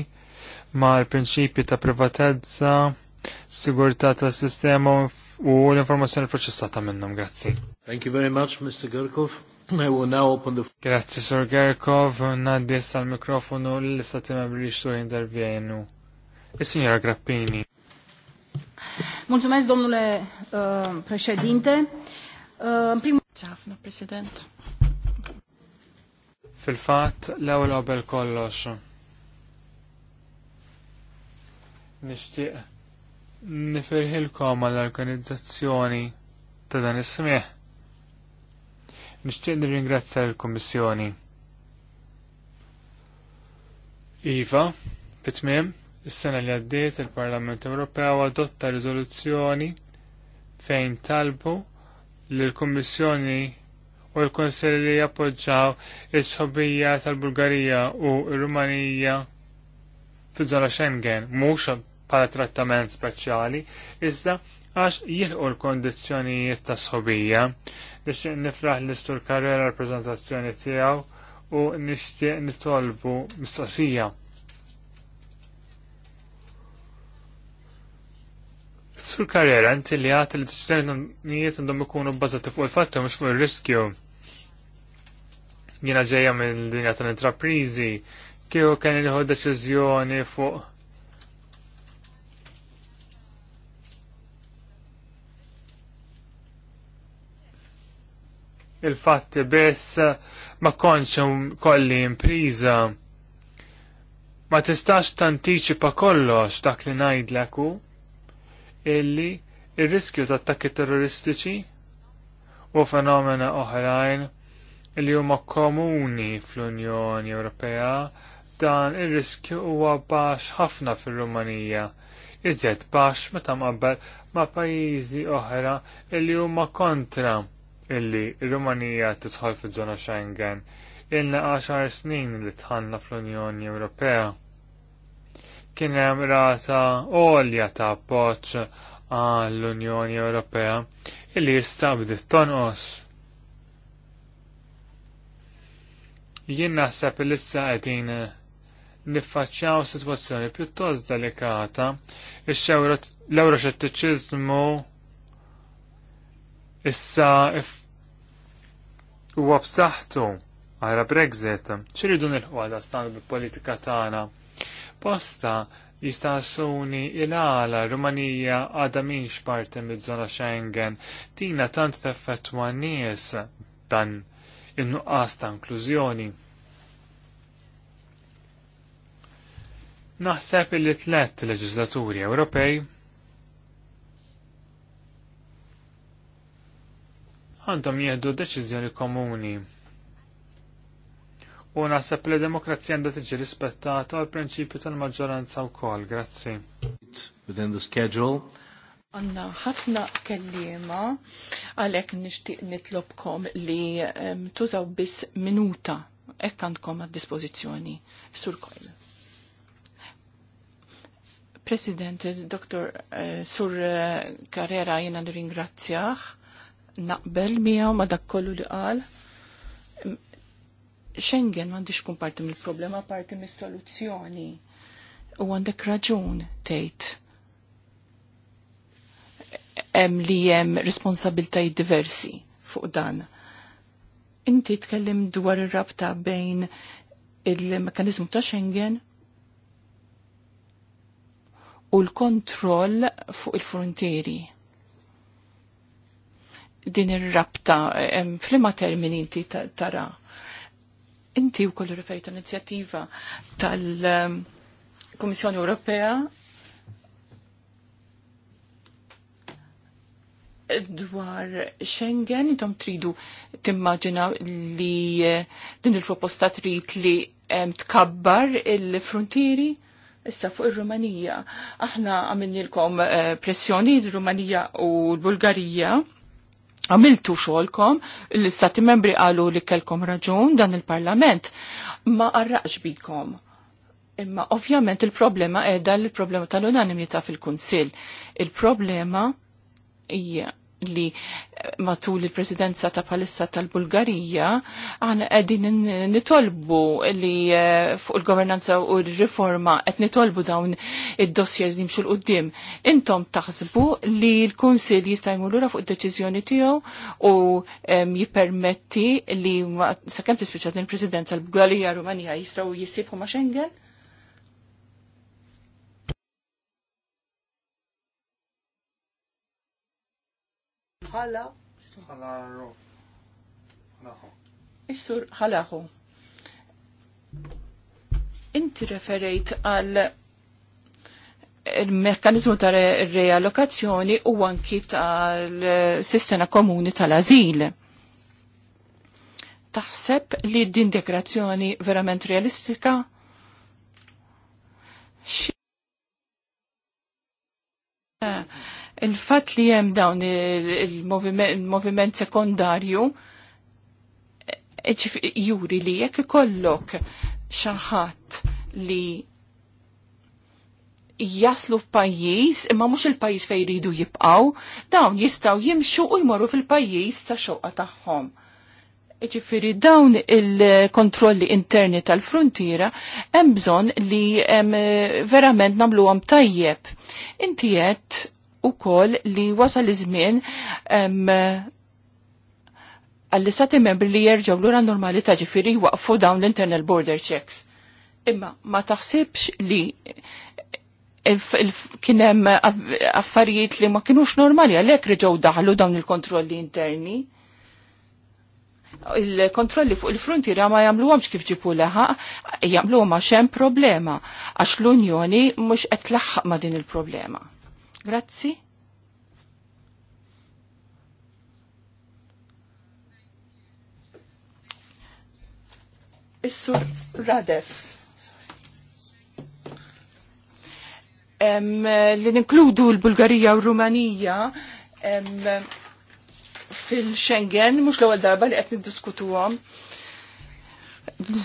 mal prinċipji ta' privatezza, sigurtà tas-sistema u l-informazzjoni proċessata minnhom. Grazzi. Thank you very much, Mr. Gerkov. Grazie Sor Gerkov, naddi tal-mikrofonu l-istati membri xtu intervjenu. Il-Signora Grappini. Mulțumesc, domnule uh, președinte. Uh, în primul Fil-fat, l-ewel kollox. Nishtiq koma l organizzazzjoni ta' dan is Nixtieq nirringrazzja l-Kummissjoni. Iva, fit is-sena li għaddiet il-Parlament Ewropew adotta riżoluzzjoni fejn talbu li l-Kummissjoni u l-Konsell li jappoġġaw is-sobija tal-Bulgarija u r-Rumanija fi żona Schengen, mhux bħala trattament speċjali, iżda għax jilqu l-kondizjonijiet ta' sħobija. Biex nifraħ l-istur karriera l-prezentazzjoni tijaw u nishtiq nitolbu mistoqsija. Sur karriera, inti li għat li t-ċernijiet għandhom ikunu bazzati fuq il-fattu, mux fuq il-riskju. Jena ġeja minn dinja tal-intraprizi, kieku kien li deċiżjoni fuq il-fatt biss ma konċ kolli impriża. Ma tistax tantiċipa kollox dak li ngħidlek illi il riskju ta' attakki terroristiċi u fenomena oħrajn illi huma komuni fl-Unjoni Ewropea dan ir-riskju huwa baxx ħafna fir-Rumanija iżjed baxx meta mqabbel ma' pajjiżi oħra li huma kontra illi Rumanija tidħol fi ġona Schengen illi 10 snin li tħanna fl-Unjoni Ewropea. Kien hemm rata għolja ta' appoġġ għall-Unjoni Ewropea illi jista' bdiet tonqos. Jien naħseb li issa qegħdin niffaċċjaw sitwazzjoni pjuttost delikata ix-xewra l-euroxettiċiżmu issa if U għafsaħtu għara Brexit, xiridu nilħu għada stan bil-politika tagħna. Posta suni il-għala Rumanija għada minx parte mid-zona Schengen, tina tant teffettwa nies dan in-nuqqas ta' inklużjoni. Naħseb il tlet leġislaturi Ewropej għandhom jieħdu deċiżjoni komuni. U naħseb li demokrazija għandha tiġi rispettata għal prinċipju tal-maġġoranza wkoll. Grazzi. Within the schedule. Għanna ħafna kellima għalhekk nixtieq nitlobkom li tużaw biss minuta hekk għandkom għad dispożizzjoni sur koll. President, Dr. Eh, sur eh, Carrera jena nirringrazzjah naqbel miegħu ma dak kollu li qal. Schengen m'għandix kun parti mill-problema, parti mis-soluzzjoni. U għandek raġun tgħid. Hemm li hemm responsabiltajiet diversi fuq dan. Inti tkellim dwar ir-rabta bejn il-mekanizmu ta' Schengen u l-kontroll fuq il-frontieri din ir-rabta flima termini inti tara. Inti u koll rifejt inizjattiva tal-Kummissjoni Ewropea dwar Schengen, intom tridu timmaġina li eh, din il-proposta trid li tkabbar il-frontieri? Issa fuq ir-Rumanija. Aħna għamilnilkom eh, pressjoni l-Rumanija u l-Bulgarija għamiltu xolkom, l-istati membri għalu li kelkom raġun dan il-parlament, ma għarraċ bikom. Imma ovvjament il-problema edha l-problema tal-unanimità fil-Kunsil. Il-problema hija li matul il-presidenza ta' palissa tal-Bulgarija għana għedin nitolbu li eh, fuq il-governanza u il-riforma għed nitolbu dawn id-dossiers li mxu l-qoddim. Intom taħsbu li l-Kunsil jista' ura fuq id-deċizjoni tiegħu u jipermetti li sakemm tispiċċa din il-presidenza tal bulgarija Rumanija jistgħu jissibħu ma' Schengen? ħala. Is-sur ħalaħu. Inti referejt għal il-mekkanizmu ta' reallokazzjoni u anki tal-sistema komuni tal-azil. Taħseb li din dekrazzjoni verament realistika? Xie il-fat li jem dawn il-moviment sekundarju juri li jekk ikollok xaħat li jaslu f'pajjiż imma mhux il-pajjiż fejn jridu jibqgħu, dawn jistgħu jimxu u jmorru fil-pajjiż ta' xewqa tagħhom. Iġifiri dawn il-kontrolli interni tal-frontiera hemm bżonn li eh, verament nagħmluhom tajjeb. Inti qed kol li wasal iż-żmien għall-istati membri li jerġgħu lura normalità ġifieri waqfu dawn l-internal border checks. Imma ma taħsibx li kien hemm affarijiet li ma kinux normali għalhekk reġgħu daħlu dawn il-kontrolli interni. Il-kontrolli fuq il-frontiera ma jagħmluhomx kif ġipu leħa, jagħmluhom għax hemm problema għax l-Unjoni mhux qed tlaħħaq ma' din il-problema. Grazzi. Issur Radef. Um, li ninkludu l-Bulgarija u Rumanija fil-Schengen, mux l-ewwel darba li qed niddiskutuhom.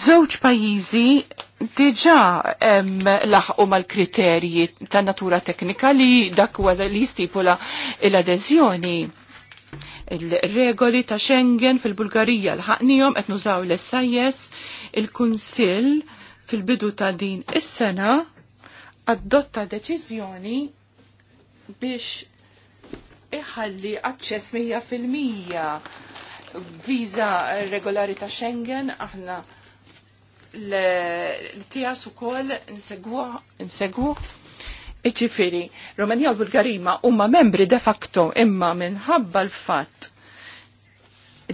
Żewġ pajjiżi diġà laħqu mal-kriterji ta' natura teknika li dak huwa li jistipula l-adeżjoni il-regoli ta' Schengen fil-Bulgarija l-ħaqnijom qed nużaw l-SIS il-Kunsill fil-bidu ta' din is-sena adotta deċiżjoni biex iħalli aċċess 100% viża regolari ta' Schengen aħna l-tijas u n-segwu iċifiri. Romania u Bulgarima umma membri de facto imma minħabba l-fat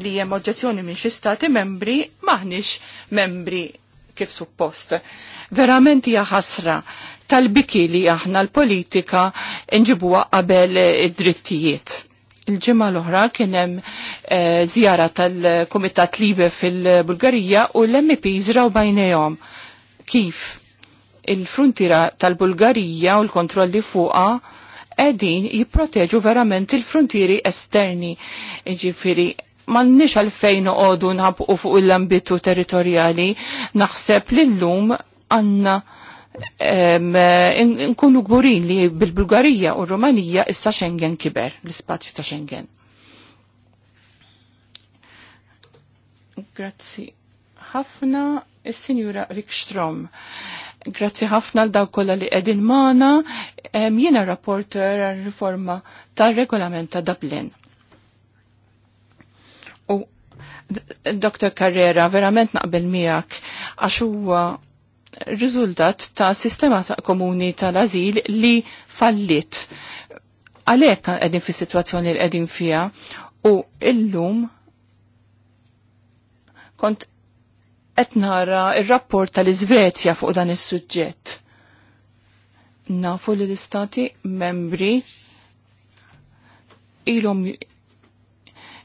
li jem oġġezzjoni minn xi stati membri maħniex membri kif suppost. Verament hija ħasra tal-biki li aħna l-politika nġibuha qabel id-drittijiet il-ġimma l-oħra kienem hemm eh, zjara tal kumitat Libe fil-Bulgarija u l-MP żraw bajnejhom. kif il-frontira tal-Bulgarija u l-kontrolli fuqa edin jipproteġu verament il-frontieri esterni. Ġifiri, mannix għalfejn għodu nħabqu fuq l-ambitu territorjali, naħseb l-lum għanna Eh, nkunu gburin li bil-Bulgarija u Rumanija issa Schengen kiber, l-ispazju ta' Schengen. Grazzi ħafna is-Sinjura Rikstrom. Grazzi ħafna l kollha li qegħdin mana. jiena rapporter għal riforma tar-regolament ta' Dublin. U Dr. Carrera, verament naqbel miegħek għax huwa riżultat ta' sistema ta komuni tal-azil li fallit. Għalek għedin fi situazzjoni li għedin fija u illum kont etnara il-rapport tal-Izvezja fuq dan is-suġġett. Nafu li l-istati membri ilhom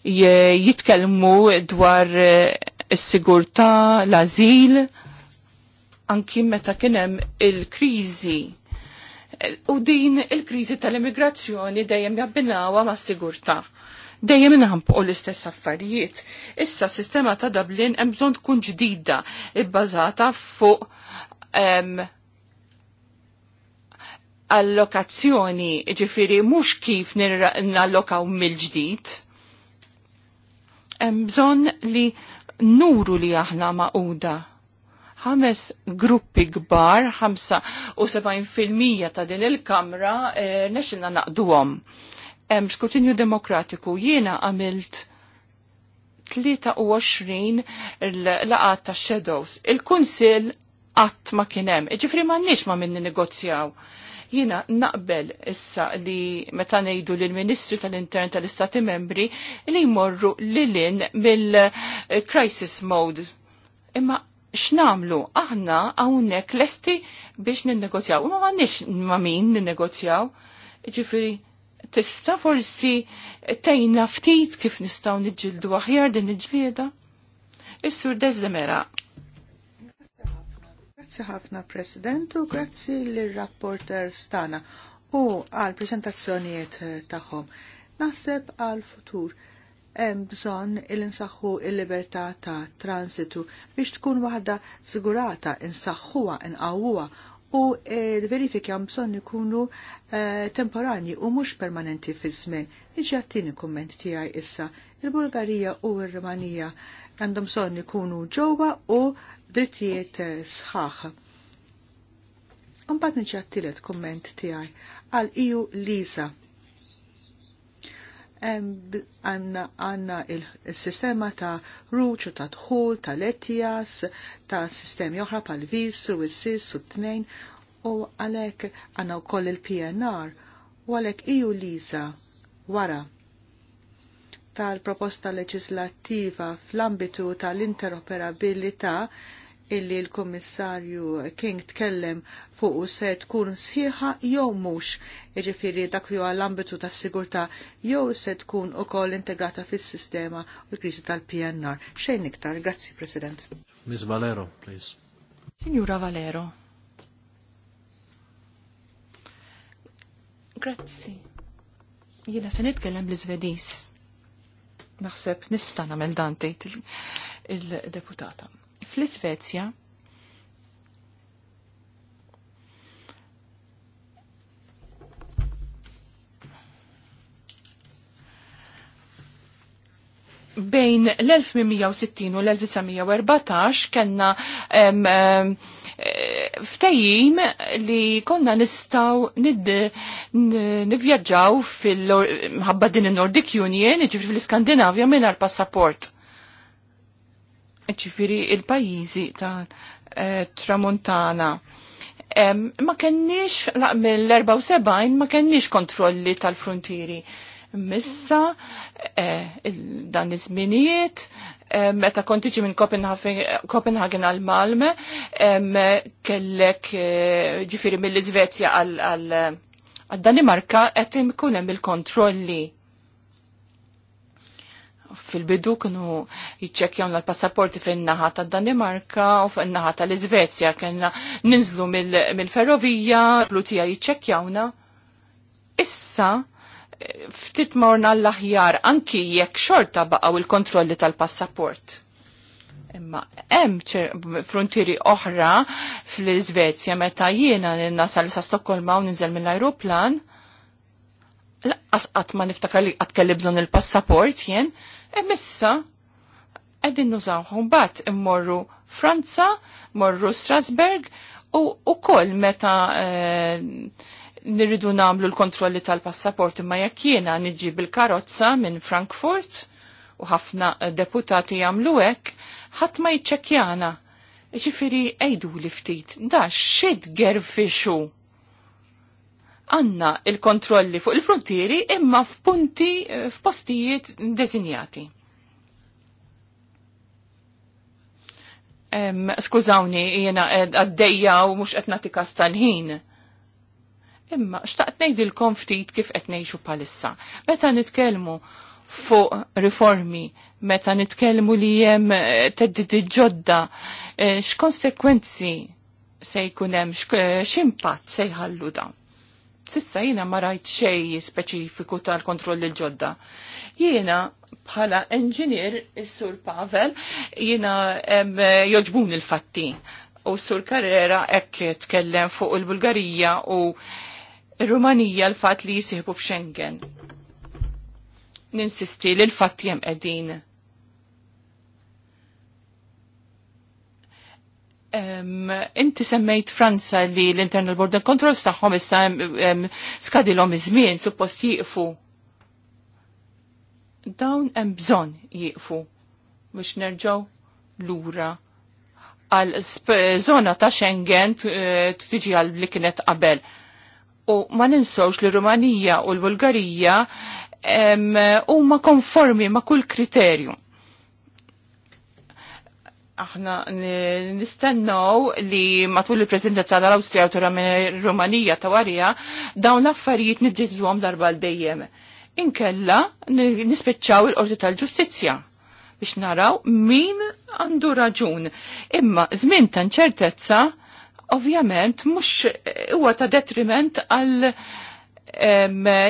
jitkellmu dwar eh, is-sigurtà, l-azil, anki meta kienem il-krizi. U din il-krizi tal-immigrazzjoni dejjem jabbinawa ma' sigurta. Dejjem inħampu l-istess affarijiet. Issa sistema ta' Dublin hemm bżonn tkun ġdida bbażata fuq allokazzjoni, ġifiri mhux kif nallokaw mill-ġdid. Hemm bżonn li nuru li aħna uda ħames gruppi kbar, 75% ta' din il-kamra e, nexilna naqduhom. Hemm skrutinju demokratiku jiena għamilt 23 laqat ta' shadows. Il-kunsil qatt ma kien hemm. ma m'għandniex ma minni negozjaw jina naqbel issa li meta ngħidu lill ministri tal-intern tal-istati membri li jmorru lilin mill-crisis mode. Imma x'namlu aħna hawnhekk lesti biex ninnegozjaw. Ma m'għandniex ma' min ninnegozjaw. Ġifieri tista' forsi tejna ftit kif nistgħu niġġieldu aħjar din il-ġlieda. Is-sur Dezdemera. Grazzi ħafna President u grazzi l-rapporter Stana u għal prezentazzjonijiet tagħhom. Naħseb għal futur hemm bżonn il-insaħħu il-libertà ta' transitu biex tkun waħda żgurata insaħħuha inqawwuha u l-verifiki e, hemm bżonn ikunu e, temporanji u mhux permanenti fiż-żmien. Niġi għattini kumment tiegħi issa. Il-Bulgarija u r-Rumanija għandhom bżonn ikunu ġewwa u drittijiet e, sħaħ. Imbagħad niġi għattilet kumment tiegħi għal iju Lisa għanna il-sistema ta' Ruċu, ta' tħul, ta' letjas, ta' sistemi oħra pal vis u s-sis u t-tnejn u għalek għanna u koll il-PNR u għalek iju liza wara tal-proposta leġislattiva fl-ambitu tal-interoperabilità illi l-Kummissarju King tkellem fuq u se tkun sħiħa jew mhux, jiġifieri dak huwa l-ambitu tas-sigurtà jew se tkun ukoll integrata fis-sistema u l-kriżi tal-PNR. Xejn iktar, grazzi President. Ms. Valero, please. Signora Valero. Grazzi. Jiena se nitkellem l-Iżvedis. Naħseb nista' nagħmel dan tgħid il-deputata. il deputata Fl-Isvezja bejn l-1860 u l-1914 kellna eh, ftejjim li konna nistaw nivjaġġaw fil-ħabba din il-Nordic Union, ġifri fil-Skandinavja minar passaport ċifiri il-pajizi ta' eh, tramontana. ma kenniex, mill-74 ma kenniex kontrolli tal-frontieri. Missa, eh, dan iż-żminijiet, eh, meta kontiġi minn Copenhagen għal Malme, kellek ġifiri mill-Izvezja għal Danimarka qed kunem hemm il-kontrolli fil-bidu kienu jċekjaw l-passaporti fin-naħa ta' Danimarka u fin-naħa tal-Iżvezja kellna ninżlu mill-ferrovija, plutija jċekjawna. Issa, ftit morna l-aħjar anki jekk xorta baqgħu il-kontrolli tal-passaport. Imma hemm frontieri oħra fl-Iżvezja meta jiena nasal sa Stokkolma u ninżel mill-ajruplan, laqqas qatt ma niftakar li qatt kelli bżonn il-passaport jien, Emissa, għedin nużawħu bat immorru Franza, morru Strasberg u, u koll meta e, nirridu namlu l-kontrolli tal-passaport imma jekk jiena niġi bil-karozza minn Frankfurt u ħafna eh, deputati jagħmlu hekk, ħadd ma jiċċekkjana. Ġifieri ejdu li ftit, da xid gerfixu għanna il-kontrolli fuq il-frontieri imma f'punti eh, f'postijiet dezinjati. Skużawni, jena għaddejja u mux etnati stanħin. Imma, xtaqt l ftit kif etnejxu palissa. Meta nitkelmu fuq riformi, meta nitkelmu li jem eh, teddidi ġodda, eh, x'konsekwenzi se jkunem, x'impatt se jħallu dan? sissa jiena ma rajt xej speċifiku tal-kontroll il-ġodda. Jiena bħala enġinier is-sur Pavel jiena joġbun il-fatti u s-sur Carrera ekk tkellem fuq il-Bulgarija u il-Rumanija l-fat li jisihbu f'Schengen. Ninsisti li l-fat jem edin Inti semmejt Franza li l-Internal Border Controls tagħhom issa skadilhom iż-żmien suppost jieqfu. Dawn hemm bżonn jieqfu biex nerġgħu lura għal zona ta' Schengen eh, tiġi għal li kienet qabel. U ma ninsawx li Rumanija u l-Bulgarija huma konformi ma' kull kriterju aħna nistennaw li matul il-prezidenza tal-Awstrija u Rumanija ta' warija dawn l-affarijiet nidġidżuhom darba l dejjem. Inkella nispiċċaw il-Qorti tal-Ġustizzja biex naraw min għandu raġun. Imma żmien ta' ċertezza ovvjament mhux huwa ta' detriment għal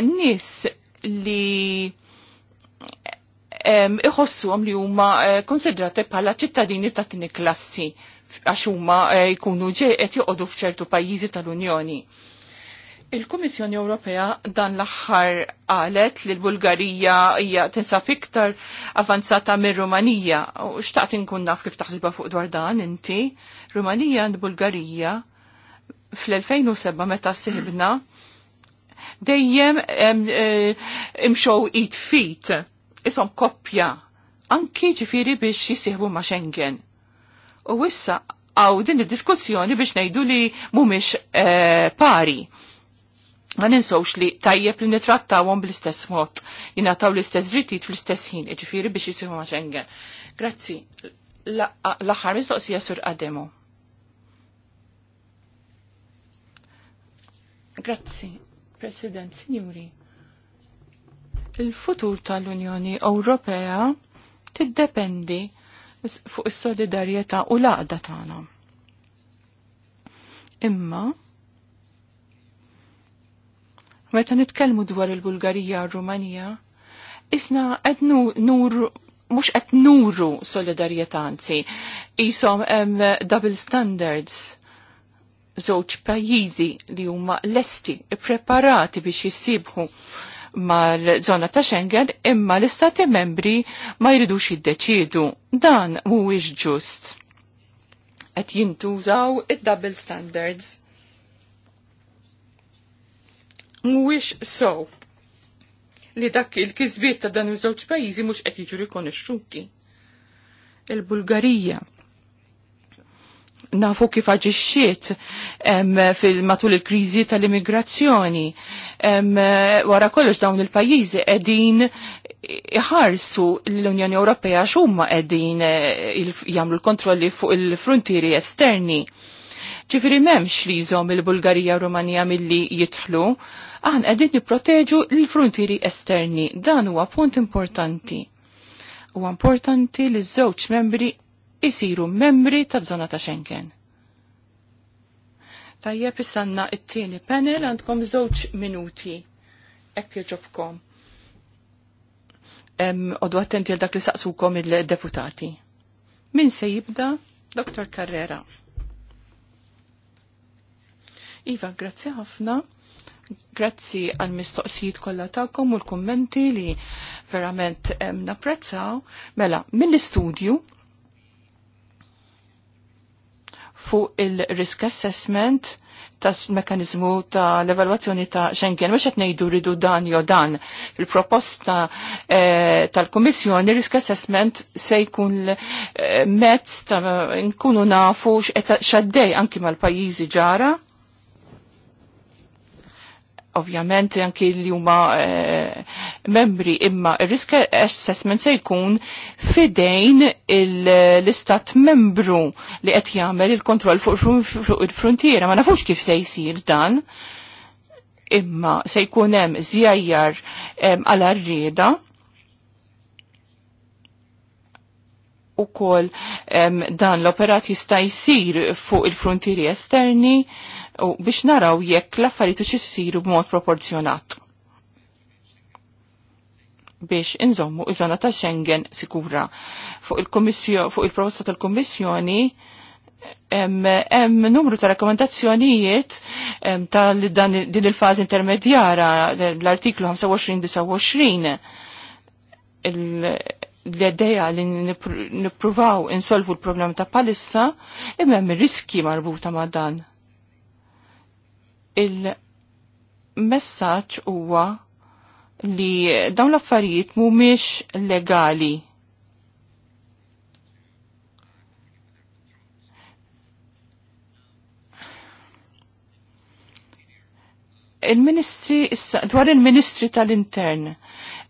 nis li għom li huma eh, konsidrati bħala ċittadini ta' tini klassi għax huma eh, jkunu qed joqogħdu f'ċertu pajjiżi tal-Unjoni. Il-Kummissjoni Ewropea dan l-aħħar qalet li l-Bulgarija hija tinsab iktar avanzata minn Rumanija. U xtaqt inkun naf kif taħsibha fuq dwar dan inti. Rumanija u Bulgarija fl-2007 meta sibna dejjem eh, imxow it fit isom koppja anki ġifiri biex jisihbu ma' Schengen. U issa għaw din il-diskussjoni biex nejdu li mumiex eh, pari. Ma ninsawx li tajjeb li għom bl-istess mod, jingħataw l-istess drittijiet fl-istess ħin, ġifiri biex jisihbu ma' Schengen. Grazzi. L-aħħar mistoqsija sur għademu. Grazzi, President, Signori il-futur tal-Unjoni Ewropea tiddependi fuq is-solidarjetà u l-għaqda tagħna. Imma meta nitkellmu dwar il-Bulgarija u Rumanija, isna qed nur mhux qed nuru solidarjetà anzi, isom hemm double standards żewġ pajjiżi li huma lesti, ippreparati biex jissibħu mal-zona ta' Schengen imma l-istati membri ma jridux jiddeċidu. Dan mhuwiex ġust. Qed jintużaw id-double standards. Mhuwiex so li dak il-kisbiet ta' dan iż-żewġ pajjiżi mhux qed jiġu rikonoxxuti. Il-Bulgarija nafu kif aġixxiet fil-matul il-kriżi tal-immigrazzjoni. Wara kollox dawn il-pajjiżi qegħdin iħarsu l-Unjoni Ewropea x'huma qegħdin eh, jagħmlu l-kontrolli fuq il-frontieri esterni. Ġifieri m'hemmx li jżomm il-Bulgarija u Rumanija milli jidħlu, aħna qegħdin nipproteġu l-frontieri esterni. Dan huwa punt importanti. Huwa importanti li ż-żewġ membri isiru membri ta' zona ta' Schengen. Tajjeb issanna it-tieni panel għandkom żewġ minuti. Ekk joġobkom. Odu attenti għal dak li saqsukom il-deputati. Min se jibda? Dr. Carrera. Iva, grazzi ħafna. Grazzi għal mistoqsijiet kollha tagħkom u l-kummenti li verament napprezzaw. Mela, mill-istudju fuq il-risk assessment tas mekanizmu ta' l-evaluazzjoni ta' Schengen, mux għet nejdu ridu dan jo dan. Fil-proposta eh, tal-Komissjoni, risk assessment se jkun eh, mezz ta' nkunu nafu xaddej anki mal-pajizi ġara ovvjament anki li huma eh, membri imma risk assessment se jkun fidejn l-istat membru li qed jagħmel il-kontroll fuq il-frontiera. Ma nafux kif se jsir dan imma se jkun hemm żjajjar għal arrieda u dan l-operat jista' jsir fuq il-frontieri esterni u biex naraw jekk l-affarijiet u xissiru b'mod proporzjonat biex inżommu iż-żona ta' Schengen sikura. Fuq il-proposta fu il tal kummissjoni hemm numru ta' rakkomandazzjonijiet ta' din il-fażi intermedjara l-artiklu 25-29 l-ideja li nippruvaw insolvu l-problema ta' palissa imma hemm riski marbuta ma' dan il-messaġġ huwa li dawn l-affarijiet mhumiex legali. il-ministri, issa dwar il-ministri tal-intern,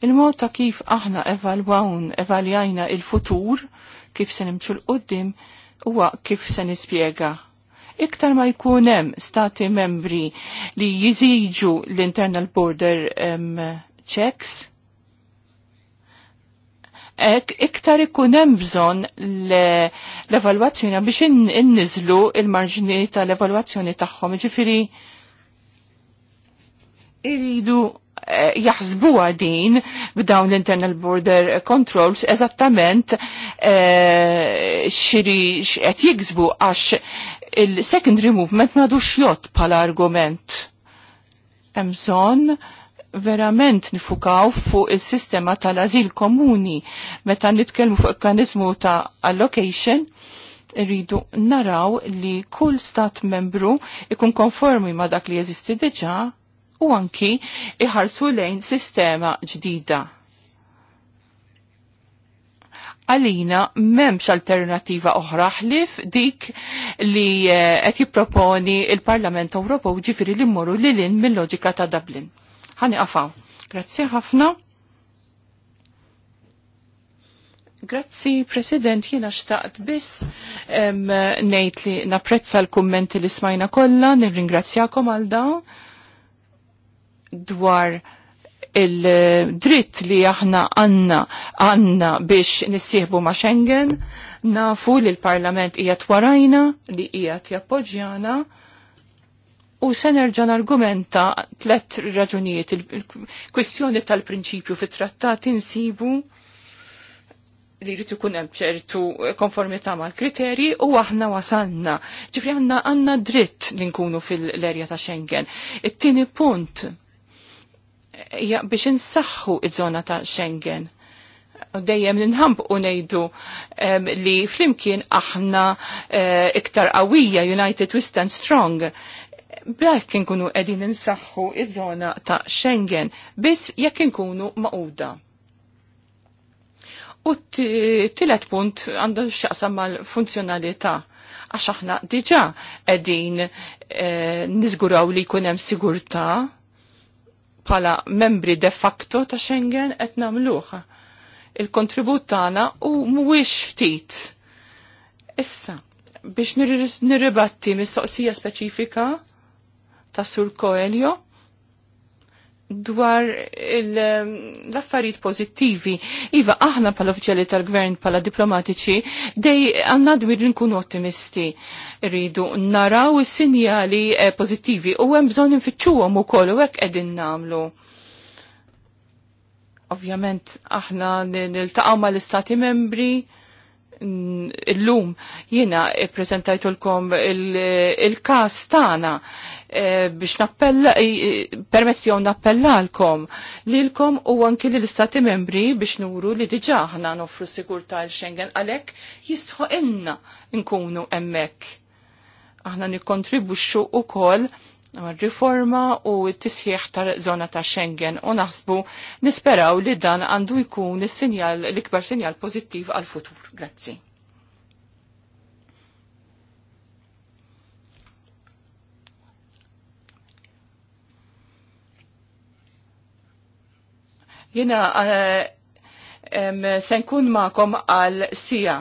il-mod ta' kif aħna evalwawn, evaljajna il-futur, kif se nimxu l-qoddim, huwa kif se nispjega. Iktar ma jkunem stati membri li jiziġu l-internal border um, checks, Ek, iktar ikunem bżon l-evaluazzjoni biex innizlu il-marġni tal-evaluazzjoni tagħhom, ġifiri iridu eh, jaħsbuha din b'dawn l-internal border controls eżattament eh, xiri qed jiksbu għax il-secondary movement nadu xjot pala argument. Emson, verament nifukaw fuq il-sistema tal-azil komuni meta nitkellmu fuq il-kanizmu ta' allocation rridu naraw li kull stat membru ikun konformi ma dak li jeżisti deġa u anki iħarsu lejn sistema ġdida għalina memx alternativa oħra ħlif dik li eh, qed jipproponi il-Parlament Ewropew ġifiri li mmorru lilin mill-loġika ta' Dublin. Ħani qafaw. Grazzi ħafna. Grazzi, President, jiena xtaqt biss ngħid li napprezza l-kummenti li smajna kollha, nirringrazzjakom għal dawn dwar il-dritt li aħna għanna għanna biex nissieħbu ma' Schengen, nafu li l-Parlament hija warajna li hija jappoġġjana u se nerġa' argumenta tlet raġunijiet il-kwistjoni tal-prinċipju fit-trattat insibu li jrid ikun hemm ċertu konformità mal-kriterji u aħna wasalna. Ġifri għandna għandna dritt li nkunu fil-erja ta' Schengen. It-tieni punt biex insaħħu il żona ta' Schengen. U dejjem ninħamb unajdu um, li flimkien aħna uh, iktar qawwija United we stand strong. Blek nkunu qegħdin insaħħu iż-żona ta' Schengen biss jekk inkunu maquda. U t-tilet punt għandu xaqsam mal-funzjonalità għax aħna diġa edin e, eh, nizguraw li kunem sigurta bħala membri de facto ta' Schengen qed nagħmluh. Il-kontribut tagħna u mhuwiex ftit. Issa, biex nirribatti mistoqsija speċifika ta' Sur Coelho, dwar ehm, l-affarijiet pozittivi. Iva, aħna pala uffiċjali tal-gvern pala diplomatiċi, dej għanna dwir nkunu ottimisti. Rridu naraw is-sinjali eh, pozittivi u hemm bżonn infittxuhom ukoll u hekk qegħdin namlu. Ovvjament aħna niltaqgħu mal-istati membri illum jina prezentajtulkom il-kas il tana e, biex nappella permezzjon nappellalkom lilkom u anki li l-istati membri biex nuru li diġaħna nofru sigurta l-Schengen għalek jistħu inna nkunu emmek. Aħna nikontribuxxu u koll riforma u t-tisħiħ ta' zona ta' Schengen u naħsbu nisperaw li dan għandu jkun l sinjal l-ikbar sinjal pozittiv għal futur. Grazzi. Jena uh, um, se nkun ma'kom għal sija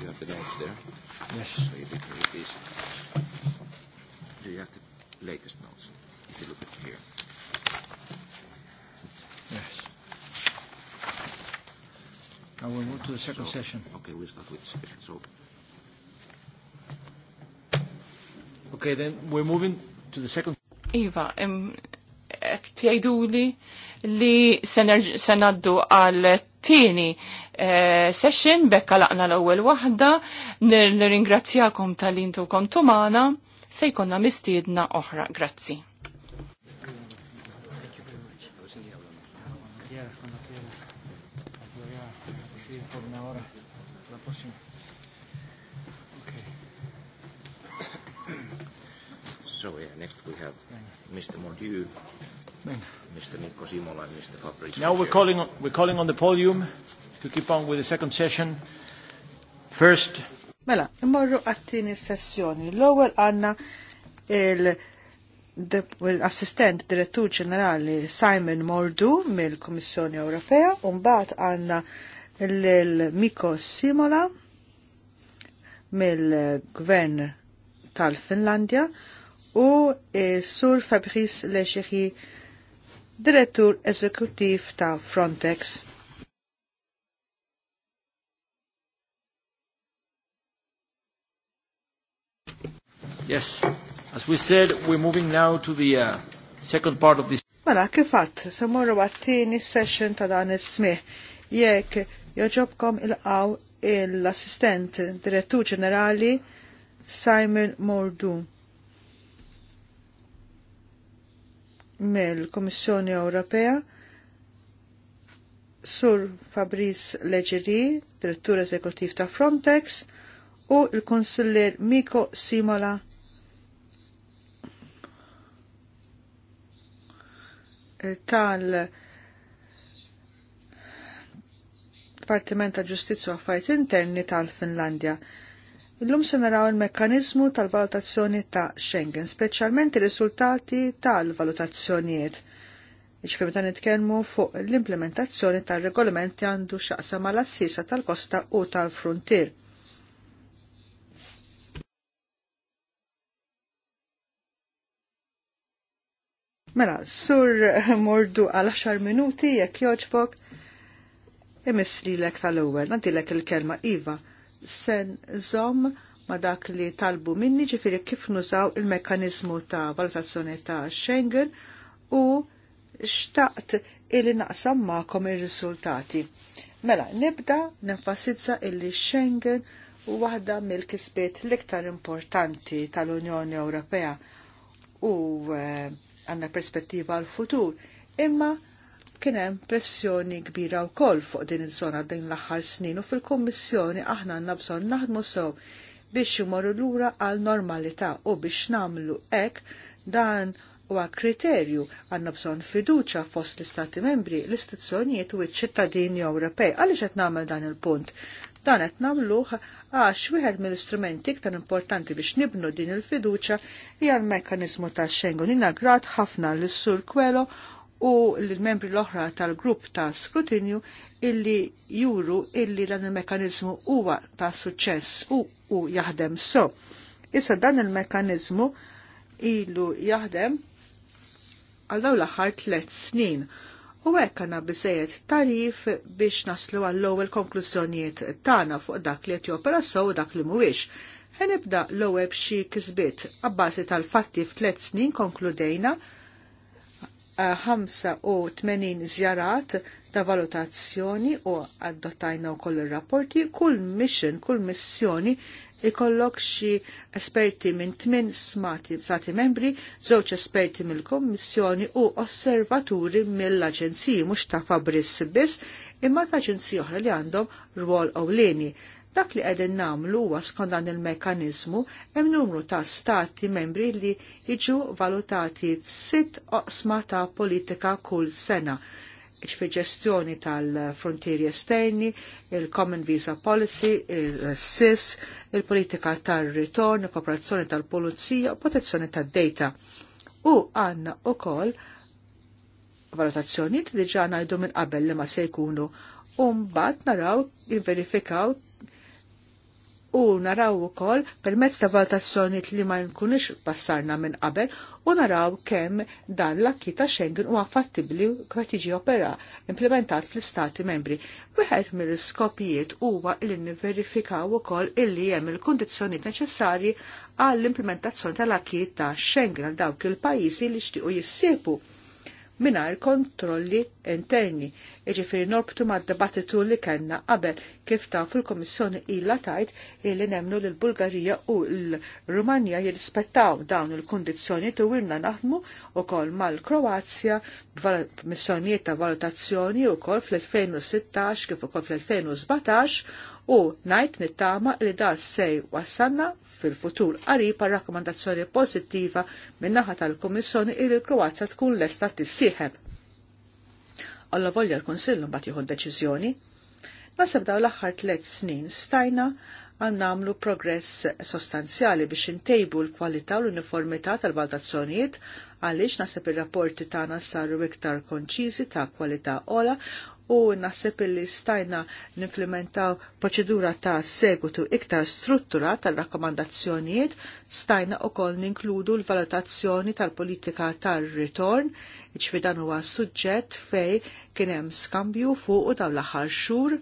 You have the notes there? Yes. So you can read these. Do you have the latest notes? If you look at here. Yes. Now we'll move to the second so, session. Okay, we'll start with the second. So. Okay, then we're moving to the second. Eva, um, tgħiduli li se għal tieni eh, session bekka laqna l-ewwel waħda nirringrazzjakom tal-intu kontumana se jkollna mistiedna oħra. Grazzi. So yeah, next we have Mr. Mordieu. Amen. Mr. Mikko Simola and Mr. Fabrice. Now we're calling, on, we're calling on the podium to keep on with the second session. First. Mela, imorru għattini sessjoni. L-ewwel għanna l-assistent direttur ġenerali Simon Mordu mill-Kummissjoni Ewropea u mbagħad l-Miko Simola mill-Gvern tal-Finlandja u Sur Fabrice Leċeħi direttur eżekutiv ta' Frontex. Yes, as we said, we're moving now to the uh, second part of this. Mela, kifat, samorru għattini session ta' dan il smih Jek, joġobkom il għaw il assistent direttur ġenerali Simon Mordun. mill-Komissjoni Ewropea Sur Fabrice Leggeri, direttur eżekutiv ta' Frontex, u il-konsiller Miko Simola. tal Dipartiment ta' Ġustizzja u Affarijiet Interni tal-Finlandja. Illum se naraw il-mekkanizmu tal-valutazzjoni ta' Schengen, speċjalment ir-riżultati tal-valutazzjonijiet. Iġfim meta nitkellmu fuq l-implementazzjoni tal-regolamenti għandu xaqsa mal-assisa tal-kosta u tal-frontier. Mela, sur mordu għal 10 minuti jekk joġbok imisli l-ek tal-ewwel, nadilek il-kelma Iva sen zom ma dak li talbu minni ġifiri kif nużaw il mekanizmu ta' valutazzjoni ta' Schengen u xtaqt illi naqsam ma'kom il-risultati. Mela, nibda nenfasizza illi Schengen u waħda mill-kisbiet l-iktar importanti tal-Unjoni Ewropea u eh, għanna perspettiva għal-futur. Imma kien hemm pressjoni kbira wkoll fuq din iż-żona din l-aħħar snin u fil-Kummissjoni aħna għandna bżonn naħdmu sew biex imorru lura għal normalità u biex nagħmlu hekk dan huwa kriterju għandna bżonn fiduċa fost l-Istati membri, l-istituzzjonijiet u iċ ċittadini Ewropej. Għaliex qed nagħmel dan il-punt? Dan qed nagħmluh għax wieħed mill-istrumenti iktar importanti biex nibnu din il-fiduċa hija l-mekkaniżmu ta' Schengen. Inna grat ħafna l sur Kwelo u l-membri l-oħra tal-grupp ta' skrutinju illi juru illi dan il-mekanizmu huwa ta' suċċess u, u jaħdem so. Issa dan il-mekanizmu ilu jaħdem għallaw l-aħħar tlet snin u hekk għandna biżejjed tarif biex naslu għall-ewwel konklużjonijiet tagħna fuq dak li qed jopera sew u dak li mhuwiex. Ħe nibda l-ewwel b'xi kisbiet abbażi tal-fatti f'tliet snin konkludejna 85 zjarat ta' valutazzjoni u adottajna u koll rapporti kull mission, kull missjoni ikollok xi esperti minn tmien smati stati membri, żewġ esperti mill-Kommissjoni u osservaturi mill-Aġenziji mhux ta' Fabris biss, imma ta' aġenziji oħra li għandhom rwol ewlieni Dak li qegħdin namlu huwa skont dan il-mekkaniżmu hemm numru ta' stati membri li jiġu valutati f'sitt oqsma ta' politika kull sena ċfi ġestjoni tal-frontieri esterni, il-Common Visa Policy, il-SIS, il-politika tal-ritorn, kooperazzjoni tal-polizija u protezzjoni tad-data. U għanna u koll valutazzjoni li ġana jdu minn qabel li ma se jkunu bat naraw, verifikaw u naraw ukoll permezz ta' valutazzjonijiet li ma nkunux passarna minn qabel u naraw kemm dan l-akki ta' Schengen huwa fattibbli qed tiġi opera implementat fl-istati membri. Wieħed mill-iskopijiet huwa li nivverifikaw ukoll illi hemm il-kundizzjonijiet neċessarji għall-implementazzjoni tal-akki ta' Schengen għal dawk il-pajjiżi li xtiequ jissiebu minar kontrolli interni. Iġifiri norbtu ma' dibattitu li kenna qabel kif ta' fil-Komissjoni illa tajt illi nemnu l bulgarija u l-Rumanija jirrispettaw dawn il-kondizjoni tu wilna naħdmu u kol mal-Kroazja missjonijiet ta' valutazzjoni u kol fl-2016 kif u kol fl-2017 u najt nittama li da sej wassanna fil-futur qarib għal rakkomandazzjoni pozittiva minnaħa tal komissjoni il l-Kroazja tkun lesta tissieħeb. Alla volja l-Konsillu mbagħad jieħu deċiżjoni. Nasab daw l-aħħar tliet snin stajna għan namlu progress sostanzjali biex intejbu l-kwalità u l-uniformità tal-valutazzjonijiet għaliex nasab ir-rapporti tagħna saru iktar konċiżi ta' kwalità ola u naħseb illi stajna nimplementaw proċedura ta' segwitu iktar struttura tal-rakkomandazzjonijiet, stajna u koll ninkludu l-valutazzjoni tal-politika tal-ritorn, iċfidan huwa suġġett fej kienem skambju fuq u daw l-aħħar xhur,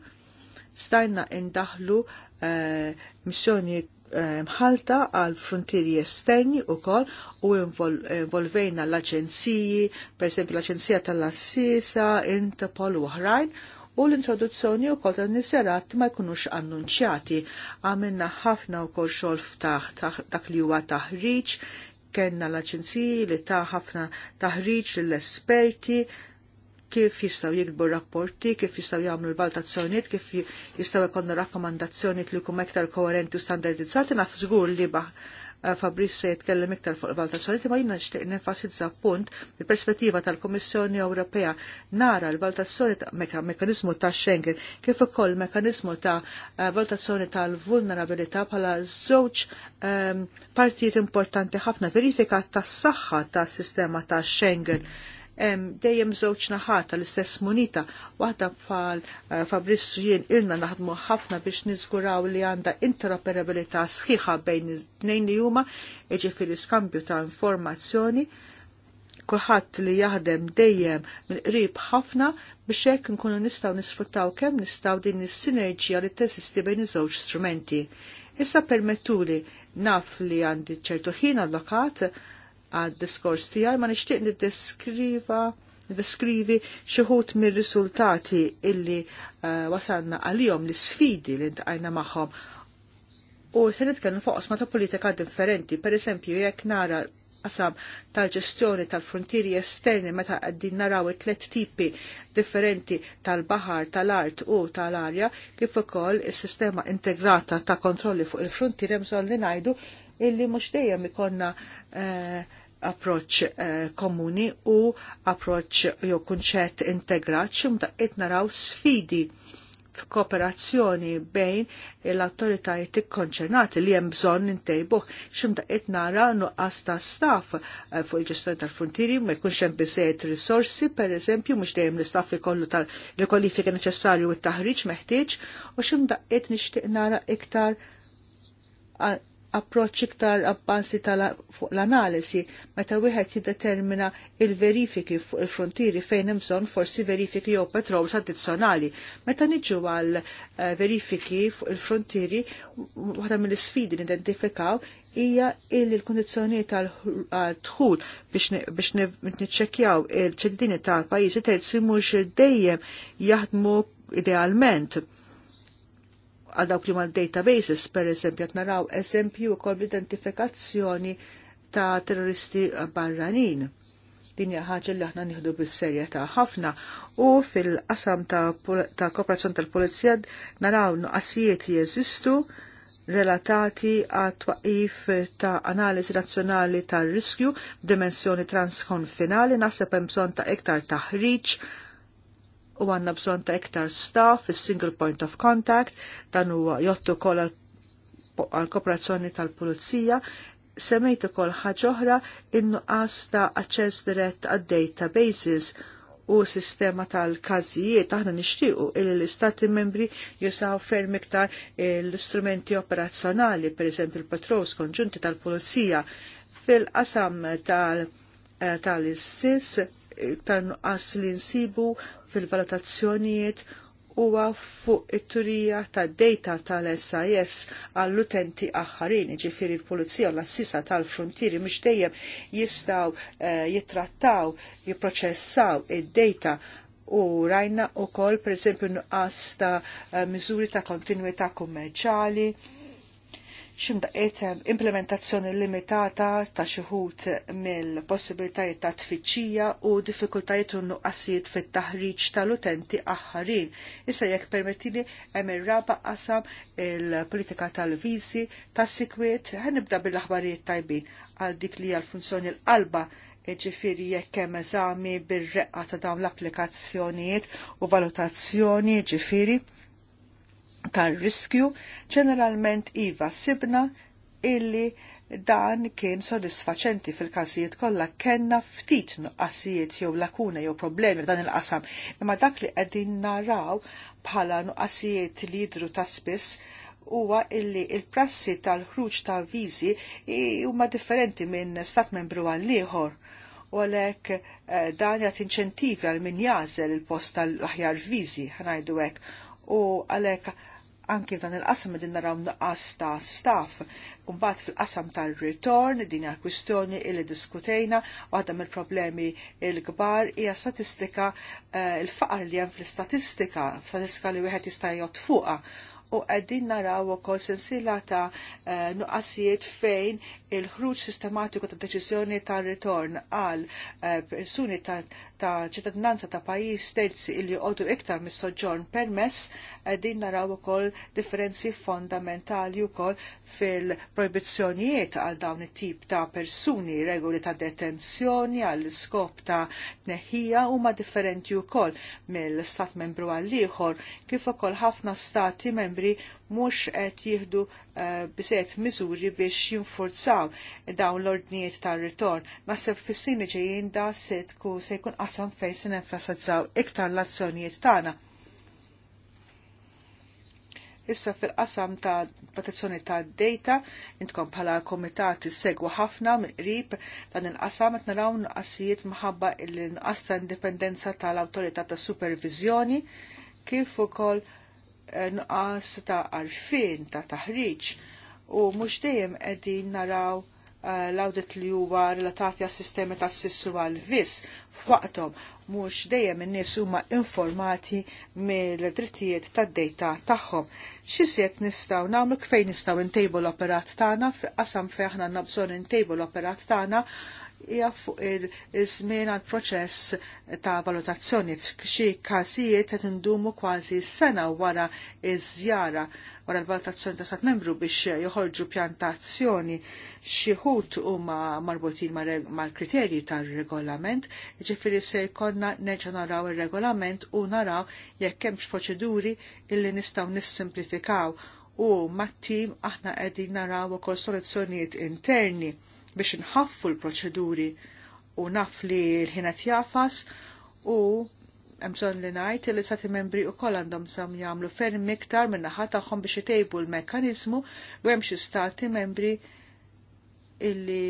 stajna indaħlu eh, mħalta għal frontieri esterni u kol u involvejna l-aġenziji, per esempio l-aġenzija tal-assisa, Interpol u oħrajn, u l-introduzzjoni u kol tal-niserat ma jkunux annunċjati. Għamilna ħafna u kol xol dak li huwa taħriġ, kenna l-aġenziji li ta' ħafna taħriġ l-esperti, kif jistaw jikbu rapporti, kif jistaw jagħmlu l-valutazzjonijiet, kif jistaw jkollna rakkomandazzjonijiet li jkun iktar koerenti u standardizzati naf żgur li baħ eh, Fabris se jitkellem iktar fuq il-valutazzjoni, ma jina nixtieq nenfasizza punt mill-perspettiva tal-Kummissjoni Ewropea nara l-valutazzjoni ta' mekanizmu ta' Schengen kif ukoll mekanizmu ta' eh, valutazzjoni tal-vulnerabilità bħala żewġ eh, partijiet importanti ħafna verifika tas-saħħa tas-sistema ta' Schengen dejjem żewġ naħat tal-istess munita. Waħda bħal eh, Fabrizzu jien ilna naħdmu ħafna biex niżguraw li għandha interoperabilità sħiħa bejn tnejn li huma, jiġifieri skambju ta' informazzjoni kulħadd li jaħdem dejjem mill-qrib ħafna biex hekk nkunu nistgħu nisfruttaw kemm nistgħu din is-sinerġija li teżisti bejn iż-żewġ strumenti. Issa permettuli naf li għandi ċertu ħin allokat għad-diskors tiegħi ma nixtieq nid deskrivi xeħut mir risultati illi uh, wasalna għalihom l-sfidi li ntqajna magħhom. U se nitkellmu fuq osma ta' politika differenti, per eżempju jekk nara qasam tal-ġestjoni tal-frontieri esterni meta qegħdin naraw it-tlet tipi differenti tal-baħar, tal-art u tal-arja, kif ukoll is-sistema integrata ta' kontrolli fuq il frontier hemm li ngħidu illi mhux dejjem ikonna uh, approċ eh, komuni u approċ jew kunċett integrat ximta qed naraw sfidi f'kooperazzjoni bejn l-autoritajiet ikkonċernati li hemm bżonn intejbuh x'imta qed nara nuqqas ta' staff eh, fuq il-ġestjoni tal-frontieri ma jkunx hemm biżejjed risorsi pereżempju mhux dejjem l-istaff ikollu tal-rikwalifika neċessarju u t-taħriġ meħtieġ u x'imda qed nixtieq nara iktar approċċ iktar abbasi fuq l-analisi meta wieħed jiddetermina il-verifiki fuq il-frontieri fejn hemm bżonn forsi verifiki jew patrols addizzjonali. Meta niġu għal eh, verifiki fuq il-frontieri waħda mill-isfidi nidentifikaw hija il l-kondizzjonijiet tal-dħul biex niċċekkjaw il ċeddini tal-pajjiżi terzi mhux dejjem jaħdmu idealment għal dawk li databases per esempio, qed naraw eżempju wkoll l-identifikazzjoni ta' terroristi barranin. Din hija ħaġa li aħna nieħdu bis-serjetà ħafna u fil-qasam ta', ta kooperazzjoni tal-Pulizija naraw nuqqasijiet jeżistu relatati għat twaqif ta' analiżi nazzjonali tar riskju b'dimensjoni transkonfinali naħseb hemm bżonn ta' iktar taħriġ u għanna bżon ta' iktar staff, il-single point of contact, dan huwa jottu kol għal-kooperazzjoni tal-pulizija, semmejtu kol ħagħoħra innuqqas ta' access dirett għad databases u sistema tal-kazijiet aħna nixtiequ il l-istati membri jusaw ferm iktar l-istrumenti operazzjonali, per eżempju il-patrols konġunti tal-pulizija fil-qasam tal eh, sis eh, tal nuqas li nsibu fil-valutazzjonijiet huwa fuq it-turija ta' data tal-SIS għall-utenti aħħarin, ġifiri l-Pulizija u l-Assisa tal-Frontieri mhux dejjem jistgħu eh, jittrattaw, jipproċessaw id-data u rajna u kol per esempio nuqqas ta' eh, miżuri ta' kontinuità kummerċali ximdaqiet eh, implementazzjoni limitata ta' xiħut mill-possibilitajiet ta' tfittxija u diffikultajiet u nuqqasijiet fit-taħriġ tal-utenti aħħarin. Issa jekk permettili hemm ir-raba qasam il-politika tal-viżi tas-sikwiet nibda bil-aħbarijiet tajbin għal dik li hija l-funzjoni l-qalba ġifiri jekk hemm eżami bir-reqqa ta' dawn l-applikazzjonijiet u valutazzjoni ġifiri tar-riskju, ġeneralment iva sibna illi dan kien sodisfaċenti fil-każijiet kollha kellna ftit nuqqasijiet jew lakuna jew problemi f'dan il-qasam, imma dak li qegħdin naraw bħala nuqqasijiet li jidru ta' spiss huwa illi il-prassi tal-ħruġ ta' viżi huma differenti minn stat membru għal ieħor u għalhekk eh, dan jagħti inċentivi għal min jażel il-post tal-aħjar viżi ħanajdu hekk. u għalhekk anki dan il-qasam din naraw naqas ta' staff. Umbat fil-qasam tal-return, din hija kwistjoni li diskutejna, waħda mill-problemi il-kbar hija statistika eh, il-faqar li hemm fl-istatistika, statistika li wieħed jista' jgħod fuqha u għaddin naraw u kol sensila ta' eh, nuqqasijiet fejn il-ħruġ sistematiku ta' deċiżjoni ta' ritorn għal eh, persuni ta' ċittadinanza ta' pajjiż terzi illi għodu iktar mis soġġorn permess eh, din naraw ukoll differenzi fondamentali wkoll fil-proibizzjonijiet għal dawn it-tip ta' persuni regoli ta' detenzjoni għall iskop ta' neħija huma differenti wkoll mill-stat membru għal ieħor kif ukoll ħafna stati membri mhux qed jieħdu eh, biżejjed miżuri biex jinforzaw dawn l-ordnijiet tar-ritorn. Naħseb fis-sini ġejjin da se tkun se jkun qasam fejn se nenfasizzaw iktar l-azzjonijiet tagħna. Issa fil-qasam ta' protezzjoni ta' data, intkom bħala komitati segwa ħafna minn qrib dan il-qasam qed naraw nuqqasijiet minħabba l-inqas ta' indipendenza tal-awtorità ta' supervizjoni kif ukoll nqas ta' arfin, ta' taħriġ u mhux dejjem qegħdin naraw eh, l awdit li huwa relatati għas sistemi ta' sissu għal vis f'waqthom mhux dejjem in-nies huma informati mill-drittijiet tad-dejta tagħhom. Xi sejt nistgħu nagħmlu kfejn nistgħu ntejbu l-operat tagħna f'qasam fejn aħna bżonn intejbu l-operat tagħna hija fuq il-żmien għal proċess ta' valutazzjoni f'xi każijiet qed indumu kważi sena wara iż-żjara wara l-valutazzjoni ta' sat membru biex joħorġu pjantazzjoni xi ħut huma marbutin mal-kriterji tar-regolament, ġifieri se jkollna neġa' naraw ir-regolament u naraw jekk hemmx proċeduri illi nistgħu nissimplifikaw u mat-tim aħna qegħdin naraw ukoll soluzzjonijiet interni biex nħaffu l-proċeduri u naf li l-ħinet jafas u emżon li najt li sati membri u koll għandhom sam jamlu ferm iktar minna ħataħħom biex jtejbu l-mekanizmu u hemm xi stati membri illi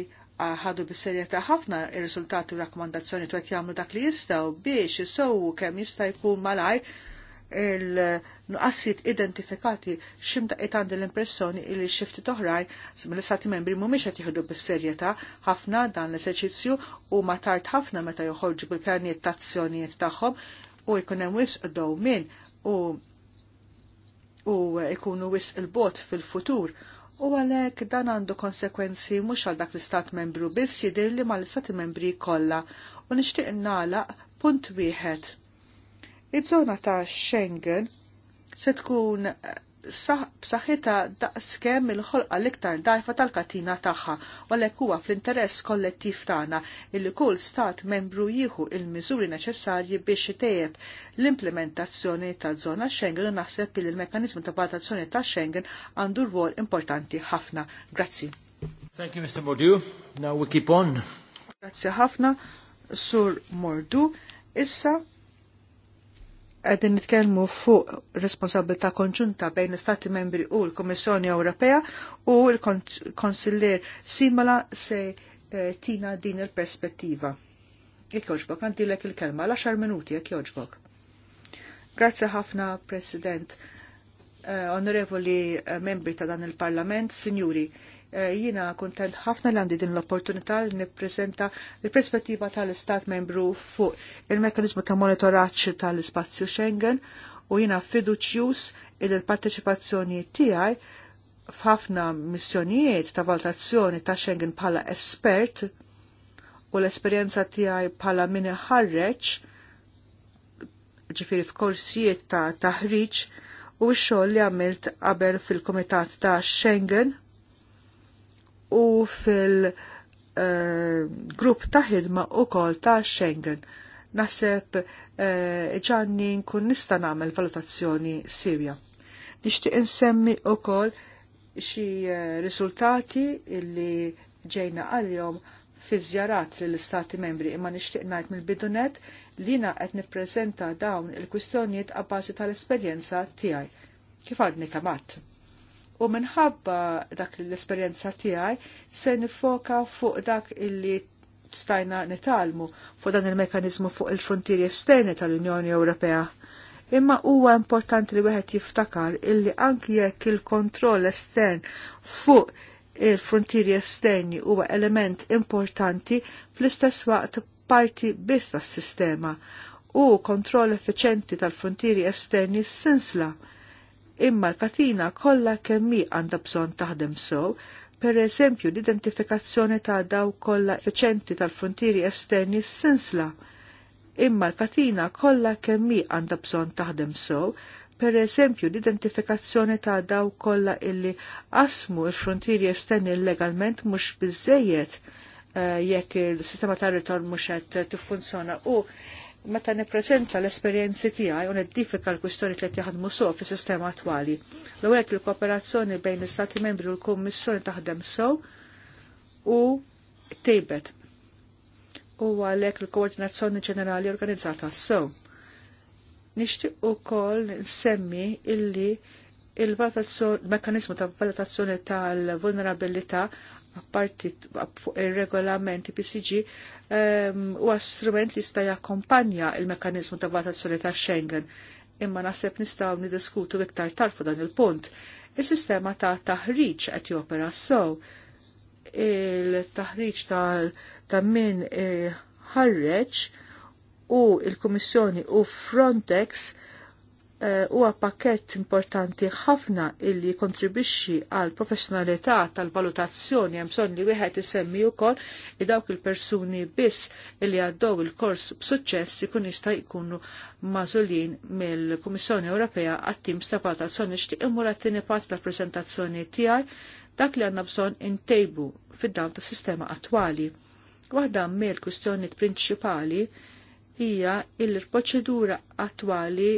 ah, ħadu bis-serjetà ħafna ir-riżultati u rakkomandazzjoni jagħmlu dak li jistgħu biex jisowu kemm jista' jkun malaj il-nuqqassijiet identifikati ximta għandi l-impressjoni li xifti toħrajn l-istati membri mumiex qed jieħdu bis-serjetà ħafna dan l-eżerċizzju u ma tard ħafna meta joħorġu bil-pjanijiet tazzjonijiet tagħhom u jkun hemm wisq min u u jkunu wisq il-bot fil-futur u għalek dan għandu konsekwenzi mux għal dak l-istat membru biss jidir li ma l-istati membri kolla u nishtiq nala punt wieħed Iż-żona ta' Schengen se tkun b'saħħitha daqskemm il-ħolqa l-iktar dajfa tal-katina tagħha għalhekk huwa fl-interess kollettiv tagħna illi kull stat membru jieħu il-miżuri neċessarji biex itejjeb l-implementazzjoni taż-żona Schengen u naħseb li l-mekkaniżmu ta' valutazzjoni ta' Schengen għandu rwol importanti ħafna. Grazzi. Thank you, Mr. Mordu. Now we keep on. Grazzi ħafna, Sur Mordu. Issa għedin nitkellmu fuq responsabilità konġunta bejn l-Stati membri u l-Kommissjoni Ewropea u l-Konsiller Simala se eh, tina din il-perspettiva. Jek joġbok, għandilek il-kelma, l minuti jek joġbok. Grazie ħafna, President, eh, onorevoli eh, membri ta' dan il-Parlament, Signuri, Eh, jina kontent ħafna li għandi din l-opportunità li nippreżenta l-perspettiva tal-Istat membru fuq il-mekanizmu ta' monitoraċ tal-ispazju Schengen u jina fiduċjus il-parteċipazzjoni tiegħi f'ħafna missjonijiet ta' valutazzjoni ta' Schengen bħala espert u l-esperjenza tiegħi bħala min ħarreġ ġifiri f'korsijiet ta' taħriġ u x-xogħol li għamilt qabel fil-Kumitat ta' Schengen u fil-grupp eh, ta' ħidma u kol ta' Schengen. Naseb ġanni eh, nkun nista' nagħmel valutazzjoni sirja. Nixtieq insemmi u kol xi eh, riżultati illi ġejna għal-jom fi żjarat lill istati membri imma nixtieq ngħid mill-bidunet li jiena qed nippreżenta dawn il-kwistjonijiet għabbażi tal-esperjenza tiegħi. Kif għadni kamatt? u minħabba dak l-esperienza tiegħi se nifoka fuq dak illi stajna nitalmu fuq dan il-mekanizmu fuq il-frontieri esterni tal-Unjoni Ewropea. Imma huwa importanti li wieħed jiftakar illi anki jekk il-kontroll estern fuq il-frontieri esterni huwa element importanti fl-istess waqt parti biss tas-sistema u kontroll effiċenti tal-frontieri esterni s-sensla imma l-katina kollha kemm mi għandha bżonn taħdem sew, per eżempju l-identifikazzjoni ta' daw kollha effiċenti tal-frontieri esterni s-sensla. Imma l-katina kollha kemm mi għandha bżonn taħdem sew, per eżempju l-identifikazzjoni ta' daw kollha illi qasmu l-frontieri esterni legalment mhux biżejjed eh, jekk il-sistema tar ritorn mhux qed tiffunzjona u meta nippreżenta l-esperjenzi tiegħi u niddifika l-kwistjoni li qed jaħdmu sew fis-sistema attwali. L-ewwel il-kooperazzjoni bejn l-Istati Membri u l-Kummissjoni taħdem sew u Tibet. U għalhekk il-koordinazzjoni ġenerali organizzata sew. Nixtieq ukoll nsemmi illi il-mekkanizmu ta' valutazzjoni tal-vulnerabilità apparti fuq ir-regolamenti PCG ehm, huwa strument li jista' akkompanja il-mekkaniżmu ta' valutazzjoni ta' Schengen imma naħseb nistgħu niddiskutu iktar tarfu dan il-punt. Is-sistema ta' taħriġ qed jopera so. il-taħriġ ta' min eh, ħarreġ u il-Kummissjoni u Frontex Eh, huwa uh, pakkett importanti ħafna illi kontribixxi għal professjonalità tal-valutazzjoni hemm bżonn li wieħed isemmi wkoll i dawk il-persuni biss illi għaddew il-kors b'suċċess ikun jista' jkunu mażulin mill-Kummissjoni Ewropea għat-tim ta' valutazzjoni xtieq imur għat-tieni parti tal-preżentazzjoni tiegħi dak li għandna bżonn intejbu fid-dawl tas-sistema attwali. Waħda mill-kwistjonijiet prinċipali hija il-proċedura attwali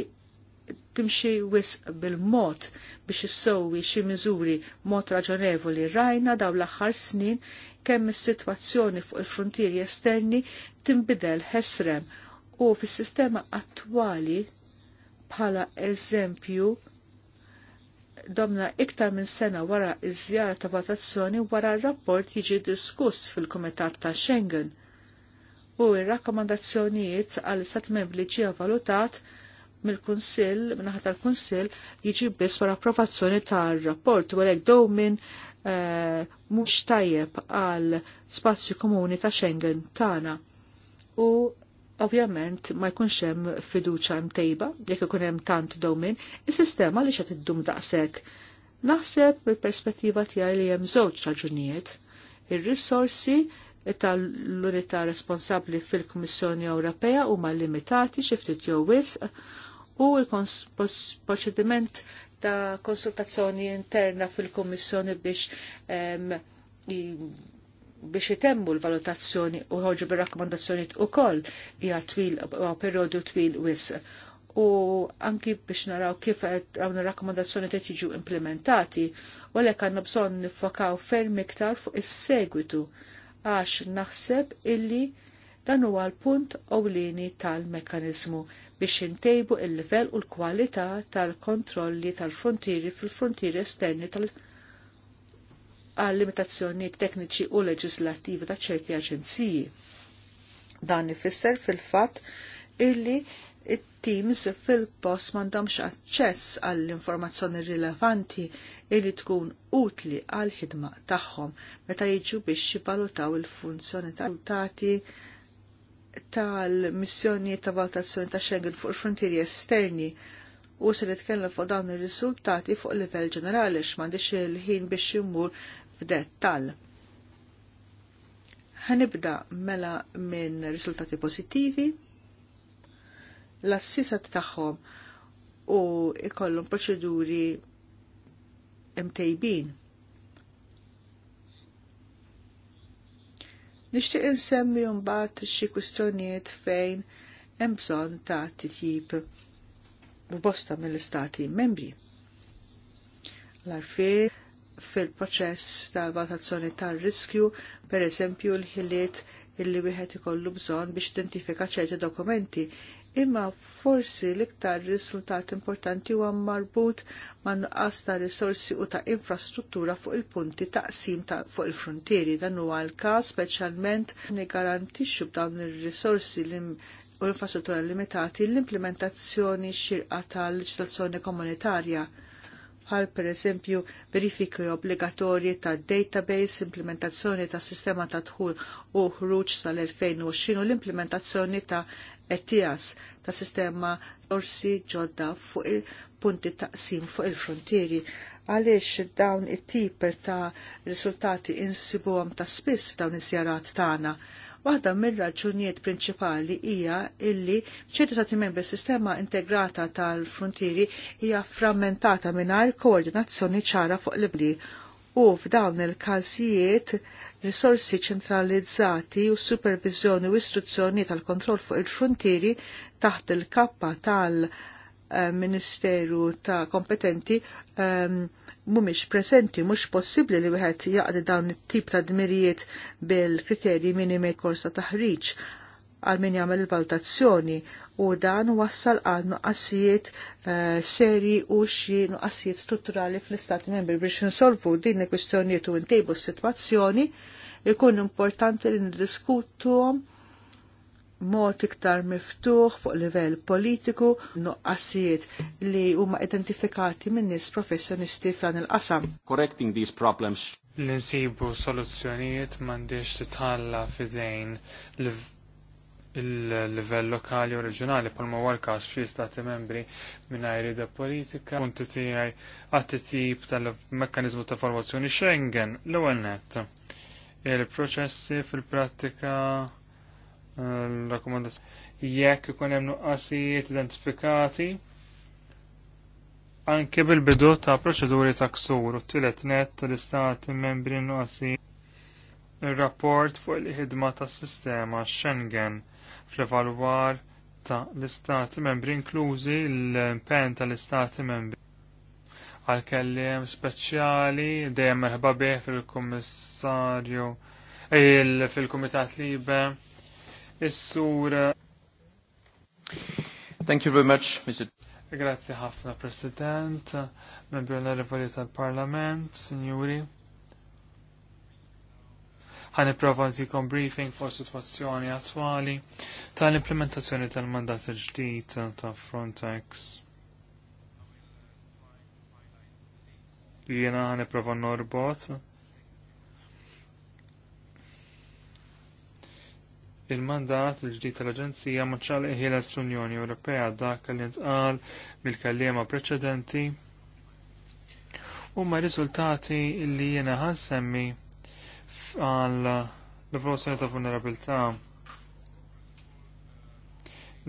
timxi wisq bil-mod biex issowwi xi miżuri mod raġonevoli rajna daw l-aħħar snin kemm is-sitwazzjoni fuq il-frontieri esterni timbidel ħesrem u fis-sistema attwali bħala eżempju domna iktar minn sena wara iż-żjara ta' votazzjoni wara r-rapport jiġi diskuss fil-Kumitat ta' Schengen u r rakkomandazzjonijiet għal sat membri ġie valutat mill-Kunsill, minnaħa tal-Kunsill, jiġi biss wara approvazzjoni tar-rapport u għalek dew minn eh, mhux tajjeb għal spazju komuni ta' Schengen tagħna. U ovvjament ma jkunx hemm fiduċa mtejba jekk ikun hemm tant dowmin, is-sistema li xed iddum daqshekk. Naħseb mill-perspettiva tiegħi li hemm żewġ raġunijiet. Ir-risorsi tal-unità responsabbli fil-Kummissjoni Ewropea huma limitati xi ftit jew wisq u l-proċediment ta' konsultazzjoni interna fil-Kommissjoni biex um, biex jitemmu l-valutazzjoni u ħoġu bir rakkomandazzjoni u koll hija twil periodu twil wis. U anki biex naraw kif dawn ir-rakkomandazzjoni qed jiġu implementati, u għalhekk għandna bżonn nifokaw ferm iktar fuq is-segwitu għax naħseb illi dan huwa l-punt ewlieni tal-mekkaniżmu biex intejbu il-livell u l-kwalità tal-kontrolli tal-frontieri fil-frontieri esterni tal- għal limitazzjoni tekniċi u leġislattivi ta' ċerti aġenziji. Dan ifisser fil-fatt illi it-teams fil-post mandomx aċċess għall-informazzjoni rilevanti illi tkun utli għall-ħidma tagħhom meta jiġu biex jivalutaw il-funzjoni tal-tati ta tal-missjoni ta' valutazzjoni ta' Schengen fuq il-frontieri esterni u se nitkellem fuq dawn ir-riżultati fuq livell ġenerali x'għandix il-ħin biex jimur f'dettall. Ħanibda mela minn riżultati pożittivi l assisa tagħhom u ikollhom proċeduri imtejbin Nixtieq insemmi mbagħad xi kwistjonijiet fejn hemm bżonn ta' titjib u bosta mill-istati membri. l arfi fil-proċess tal-valutazzjoni tal-riskju, per eżempju l-ħiliet illi wieħed ikollu bżonn biex identifika ċerti dokumenti imma forsi l-iktar risultat importanti huwa marbut ma' nuqqas ta' risorsi u ta' infrastruttura fuq il-punti taqsim sim ta fuq il-frontieri dan huwa l-każ speċjalment garantixxu b'dawn ir-risorsi u l-infrastruttura limitati l-implementazzjoni xirqa tal-leġislazzjoni komunitarja bħal per eżempju verifiki obbligatorji ta' database, implementazzjoni ta' sistema ta' dħul u ħruġ sal-2020 u l-implementazzjoni ta' ettijas ta' sistema orsi ġodda fuq il-punti taqsim fuq il-frontieri għaliex dawn it-tip ta' risultati insibuhom ta' spiss f'dawn is żjarat tagħna. Waħda mir-raġunijiet prinċipali hija illi ċertu stati membri sistema integrata tal-frontieri hija frammentata mingħajr koordinazzjoni ċara fuq l-ibli u f'dawn il-każijiet risorsi ċentralizzati u supervizjoni u istruzzjoni tal-kontroll fuq il-frontieri taħt il-kappa tal-Ministeru ta' kompetenti um, ehm, mumiex presenti, mux possibli li wieħed jaqdi dawn it-tip ta' dmirijiet bil-kriterji minimi korsa taħriġ għal min jagħmel il-valutazzjoni u dan wassal għal nuqqasijiet eh, seri u xi nuqqasijiet strutturali fl-Istati Membri biex insolvu din il-kwistjonijiet u ntejbu s-sitwazzjoni ikun importanti li niddiskutuhom mod iktar miftuħ fuq livell politiku nuqqasijiet li huma identifikati minn nies professjonisti f'dan il-qasam. Correcting these problems. Ninsibu soluzzjonijiet m'għandix titħalla fidejn il-livell lokali u reġjonali palma huwa l-każ xi stati membri mingħajr idea politika punti tiegħi għat tip tal-mekkaniżmu ta' formazzjoni Schengen l-ewwel nett. Il-proċessi fil-prattika l-rakkomandazzjoni jekk ikun hemm nuqqasijiet identifikati anke bil-bidu ta' proċeduri ta' ksur u t-tielet net tal-istati membri nuqqasijiet il rapport fuq il-ħidma tas sistema Schengen fl-evalwar ta' l-istati membri inklużi l-pen tal-istati membri. Għal-kellim speċjali dejjem merħba bih fil-kommissarju fil-komitat libe is-sur. Thank you very much, Mr. Grazie ħafna, President, membri l-Revoli tal-Parlament, Signori ħan iprofa nsikom briefing fuq situazzjoni attwali tal-implementazzjoni tal-mandat il-ġdid ta' Frontex. Jiena ħan iprofa norbot. Il-mandat il-ġdid tal-Aġenzija maċċal iħieles l-Unjoni Ewropea dak li ntqal mill-kallima preċedenti huma riżultati li jiena ħansemmi semmi għal l-evoluzzjoni ta' vulnerabilità.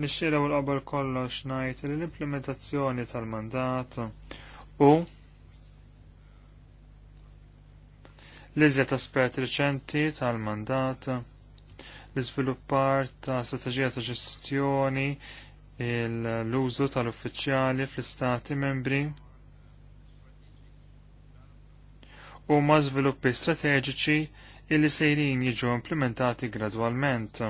Nixxiela u l-qabel kollox ngħid li l-implementazzjoni tal-mandat u l-iżjed aspert riċenti tal-mandat l-iżviluppar ta' strateġija ta' ġestjoni l-użu tal-uffiċjali fl-istati membri ma żviluppi strateġiċi illi sejrin jiġu implementati gradwalment.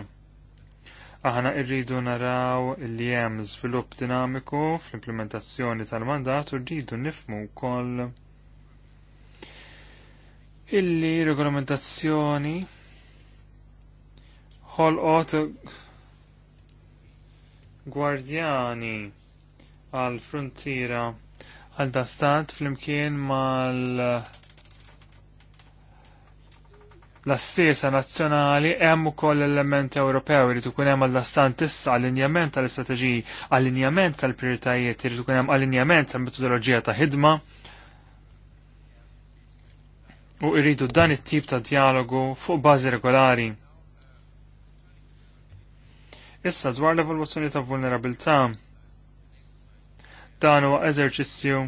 Aħna irridu naraw li hemm żvilupp dinamiku fl-implementazzjoni tal-mandat u rridu nifmu wkoll illi regolamentazzjoni ħolqot gwardjani għal frontiera għal dastat fl-imkien mal l-assisa nazzjonali hemm ukoll l element Ewropew irid ikun hemm għall lastant issa allinjament tal-istrateġiji, allinjament tal-prijoritajiet, irid ikun hemm allinjament tal-metodoloġija ta' ħidma. U iridu dan it-tip ta' dialogu fuq bażi regolari. Issa dwar l evoluzzjoni ta' vulnerabilità dan huwa eżerċizzju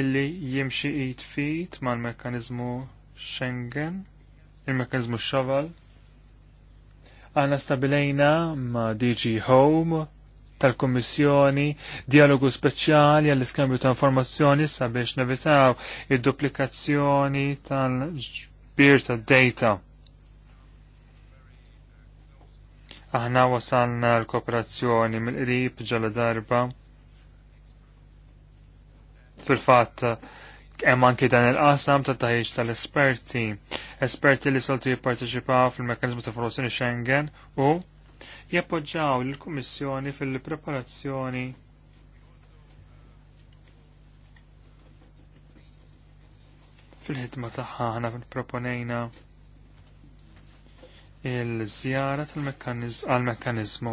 illi jimxi id fit mal-mekkanizmu Schengen il-mekanizmu x-xaval. Għana stabilejna ma' DG Home tal kummissjoni dialogu speċjali għall-iskambju ta' informazzjoni sabiex nevitaw id-duplikazzjoni tal-ġbir ta' data. Aħna wasalna l-kooperazzjoni mill-qrib ġala darba. Fil-fatt Hemm anki dan il-qasam ta' taħriġ tal-esperti, esperti li soltu jipparteċipaw fil-mekkanizmu ta' formazzjoni Schengen u jappoġġaw lill-Kummissjoni fil-preparazzjoni fil-ħidma tagħha aħna proponejna il-żjara tal-mekkaniżmu.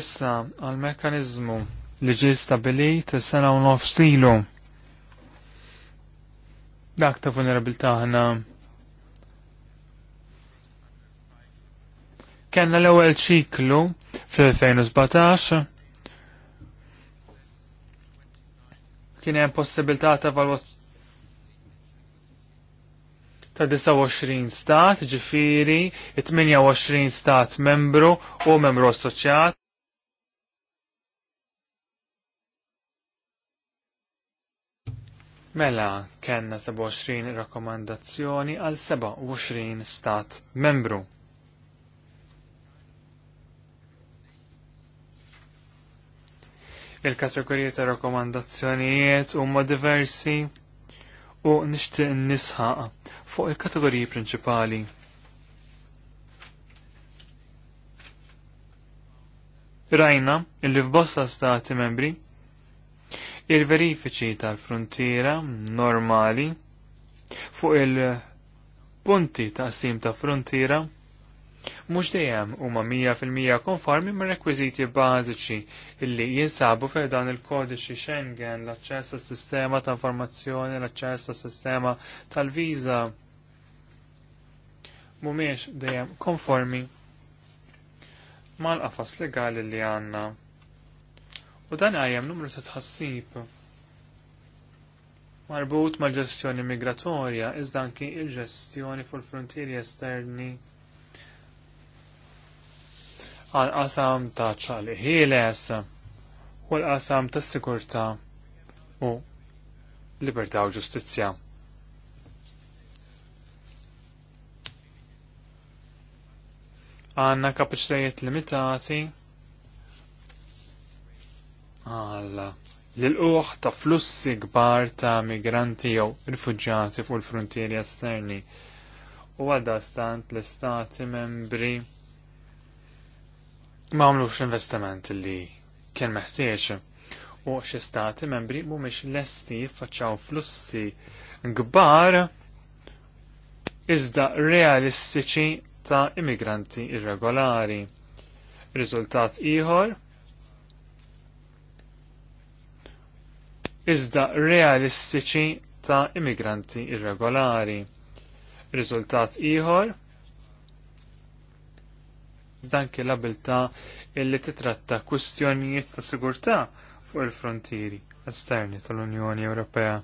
Issa għal-mekkaniżmu li ġie stabilit is-sena u nofsilu. ilu Dak ta' vulnerabilta ħana. Kenna l-ewwel ċiklu fl-2017 kien hemm possibilità ta' valut ta' 29 stat, ġifiri, 28 stat membru u membru assoċjat. Mela, kellna 27 rakkomandazzjoni għal 27 stat membru. Il-kategorija ta' rakkomandazzjonijiet huma diversi u nixtieq nisħaq fuq il-kategoriji prinċipali. Rajna, il-li f'bosta stati membri il-verifiċi tal-frontiera normali fuq il-punti ta' sim ta' frontiera mhux dejjem huma 100% konformi ma' rekwiżiti bażiċi li jinsabu fe dan il-kodiċi Schengen, l-aċċess tas-sistema ta' informazzjoni, l-aċċess tas-sistema tal-viża mhumiex dejjem konformi mal-qafas legali li għandna U dan għajem numru ta' tħassib marbut mal ġestjoni migratorja iżda anki il-ġestjoni fuq frontieri esterni għal qasam ta' ċali ħieles u l-qasam ta' sikurta u libertà u ġustizzja. Għanna kapaċitajiet limitati Alla. l-uħ ta' flussi kbar ta' migranti jew rifugġati fuq il-frontieri esterni. U għadda stant l-istati membri ma' għamlux investiment li kien meħtieġ. U xi stati membri mhumiex lesti faċċaw flussi kbar iżda realistiċi ta' immigranti irregolari. Riżultat ieħor iżda realistiċi ta' immigranti irregolari. Riżultat ieħor dan l-abilta illi titratta kwistjonijiet ta' sigurtà fuq il-frontieri esterni tal-Unjoni Ewropea.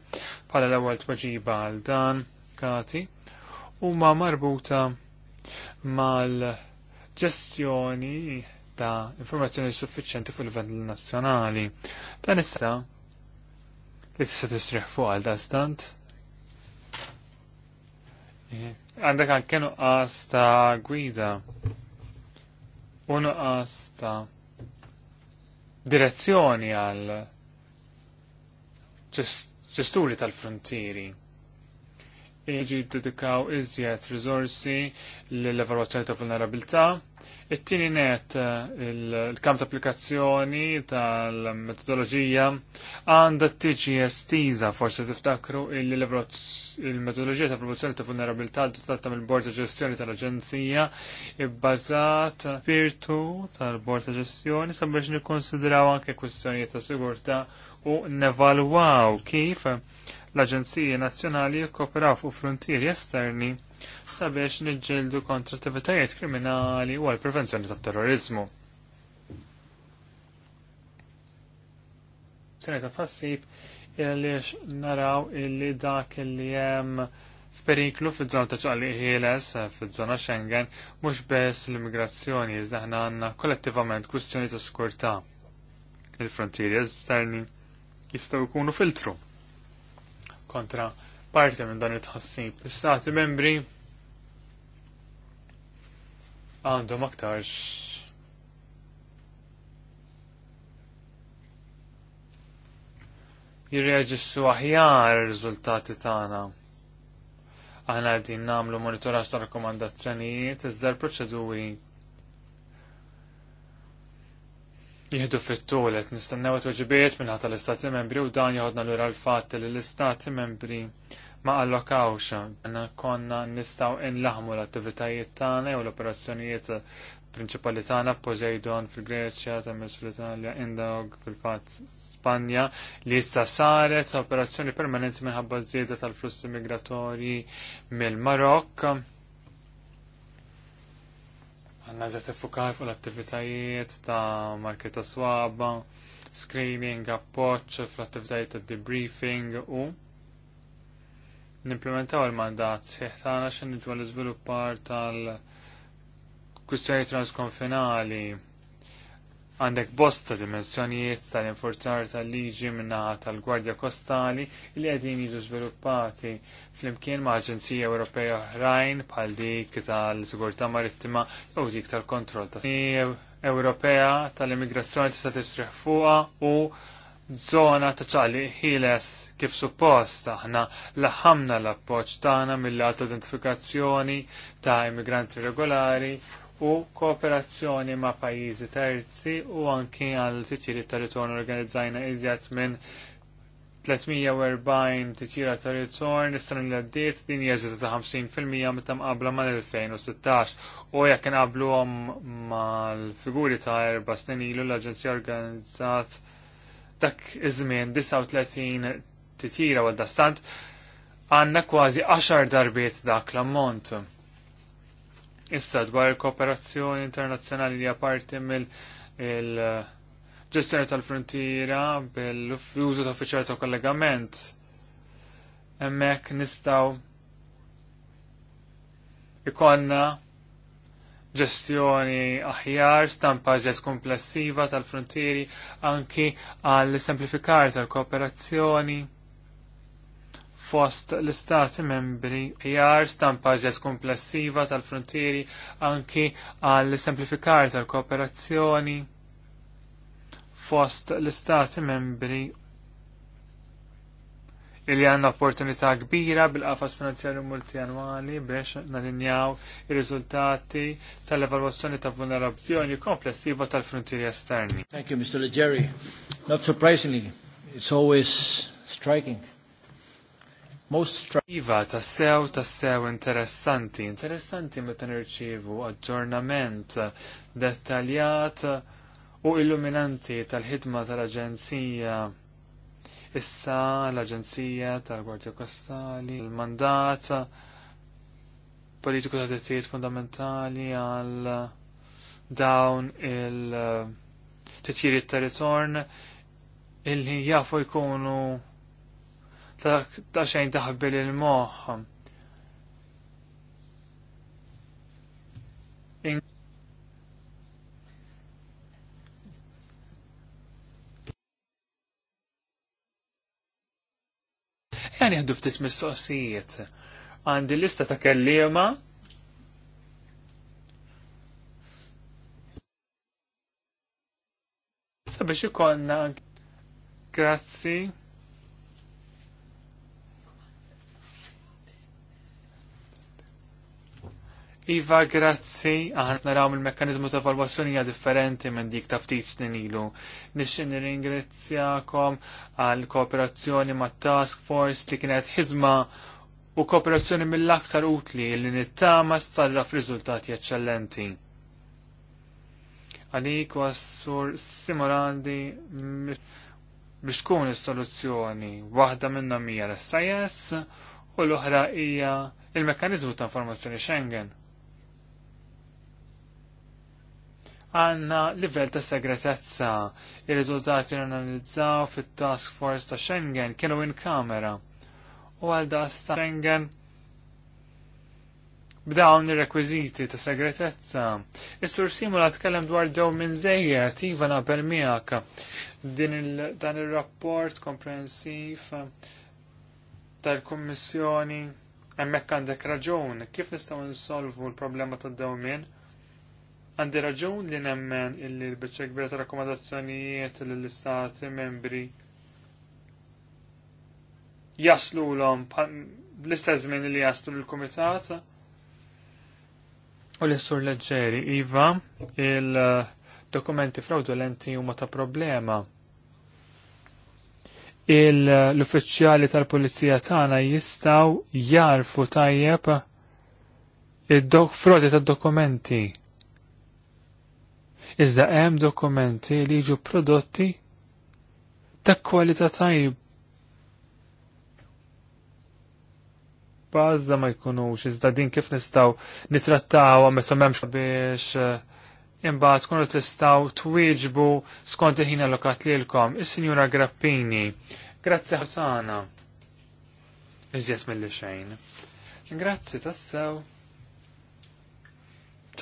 Pala l-ewwel tweġiba għal dan kati huma marbuta mal-ġestjoni ta' informazzjoni suffiċjenti fil-livell nazzjonali. Dan issa li tista' tistrieħ fuq għal dastant. Għandek anke nuqqas ta' gwida u nuqqas ta' direzzjoni għal ġesturi tal-frontieri. Iġi dedikaw iżjed rizorsi l-evaluazzjoni ta' vulnerabilità, It-tieni net eh, il-kamp ta' applikazzjoni tal-metodoloġija għandha tiġi estiża forsi tiftakru il-metodoloġija ta' promozzjoni ta' vulnerabilità adottata mill-Bord ta' Ġestjoni tal-Aġenzija ibbażat firtu tal-Bord ta' Ġestjoni sabiex nikkonsidraw anke kwistjonijiet ta' sigurtà u nevalwaw kif l aġenzija Nazzjonali jikkoperaw fuq frontieri esterni sabiex niġġieldu kontra attivitajiet kriminali u għal prevenzjoni tat-terrorizmu. Sena ta' tassib għaliex naraw li dak illi jem f'periklu fil-żona ta' ċaqli ħieles fil-żona Schengen mhux biss l-immigrazzjoni iżda aħna għandna kollettivament kwistjoni ta' skurtà. Il-frontieri esterni jistgħu jkunu filtru kontra parti minn dan it-tħassib. l istati membri għandhom aktar jirreġissu aħjar riżultati tagħna. Aħna qegħdin nagħmlu monitoraġġ ta' rakkomandazzjonijiet iżda l-proċeduri jihdu fit-tul qed nistennew tweġibiet minn ħata l-Istati Membri u dan joħodna lura l-fatt li l-Istati Membri ma allokawx. Għanna konna nistaw inlaħmu l-attivitajiet tagħna u l-operazzjonijiet prinċipali tagħna Poseidon fil-Greċja, Temmes fil-Italja, Indog fil-Fatt Spanja li issa saret operazzjoni permanenti minħabba żieda tal-flussi migratorji mill-Marokk. Għanna zet fukar fuq l-attivitajiet ta' marketa swaba, screening, appoċ fl-attivitajiet ta' debriefing u nimplementaw il-mandat seħtana xin nġu l-izviluppar tal-kustjoni transkonfinali għandek bosta dimensjonijiet tal-infurtar tal-liġi minna tal-Gwardja Kostali li għedin jiġu sviluppati fl-imkien ma' Aġenzija Ewropea oħrajn bħal dik tal-Sigurtà Marittima jew dik tal-Kontroll ta' Ewropea tal-Immigrazzjoni tista' tisriħ fuqha u zona ta' ċali ħiles kif suppost aħna laħamna l-appoċ tagħna mill-għat identifikazzjoni ta' immigranti regolari u kooperazzjoni ma' pajjiżi terzi u anki għal titjiri ta' ritorn organizzajna iżjed minn 340 titjira ta' ritorn nistan li għaddiet din jeżid ta' 50% meta mqabla mal-2016 u jekk ma' mal-figuri ta' erba' snin ilu l-Aġenzija organizzat dak iż-żmien 39 titjira għal dastant għanna kważi 10 darbiet dak l-ammont. Issa dwar il-kooperazzjoni internazzjonali li parti mill ġestjoni tal-frontiera bil-użu ta' uffiċjal ta' kollegament. Hemmhekk nistgħu ikonna ġestjoni aħjar, stampa ġest komplessiva tal-frontieri, anki għal semplifikar tal-kooperazzjoni fost l-istati membri aħjar, stampa ġes komplessiva tal-frontieri, anki għal semplifikar tal-kooperazzjoni fost l-istati membri li għanna opportunità kbira bil-qafas finanzjarju multianwali biex nalinjaw il-riżultati tal-evalwazzjoni ta' vulnerabzjoni komplessiva tal-frontieri esterni. Thank you, Mr. Leggeri. Not surprisingly, it's always striking. Most striking. Iva, tassew, tassew interessanti. Interessanti meta nirċivu aġġornament dettaljat u illuminanti tal-ħidma tal-Aġenzija Issa l-Aġenzija tal-Gwardja Kostali, il-mandat politiku ta' tizzijiet fundamentali għal dawn il-titjiri eh, Territorn ritorn illi jafu jkunu ta' xejn taħbil il-moħ Jani għandu ftit mistoqsijiet. Għandi lista ta' kellima. Sabiex ikonna. Grazzi. Iva, grazzi, aħna naraw il-mekkanizmu ta' valwazzjoni hija differenti minn dik ta' ftit snin ilu. Nixxin nirringrazzjakom għal kooperazzjoni ma' task force li kienet ħidma u kooperazzjoni mill-aktar utli li nittama f f'riżultati eċċellenti. Għalik u għassur Simorandi biex tkun is-soluzzjoni waħda minnhom hija l-SIS u l-oħra hija il-mekkanizmu ta' informazzjoni Schengen. għanna livell ta' segretezza. Ir-riżultati analizzaw fit-task force ta' Schengen kienu in kamera. U għal da' Schengen b'dawn ir-rekwiżiti ta' segretezza. Is-sur Simula tkellem dwar dew minn żejjed iva naqbel miegħek. Din dan ir-rapport komprensiv tal-Kummissjoni hemmhekk għandek raġun kif nistgħu nsolvu l-problema tad-dewmien Għandi raġun li nemmen illi l-bicċa gbira ta' rakkomandazzjonijiet l-istati membri jaslu l-om l-istess li jaslu l-komitat u l-sur leġġeri iva il-dokumenti fraudulenti huma ta' problema l-uffiċjali tal-Pulizija tagħna jistgħu jarfu tajjeb id-dok frodi tad-dokumenti. Iżda hemm dokumenti li jiġu prodotti ta' kwalità tajb. bażda ma jkunux, iżda din kif nistgħu nitrattaw meta m'hemmx biex eh, imbagħad tkunu tistgħu twieġbu skont il-ħin allokat lilkom. Is-Sinjura Grappini, grazzi ħsana. Iżjed mill-xejn. Grazzi tassew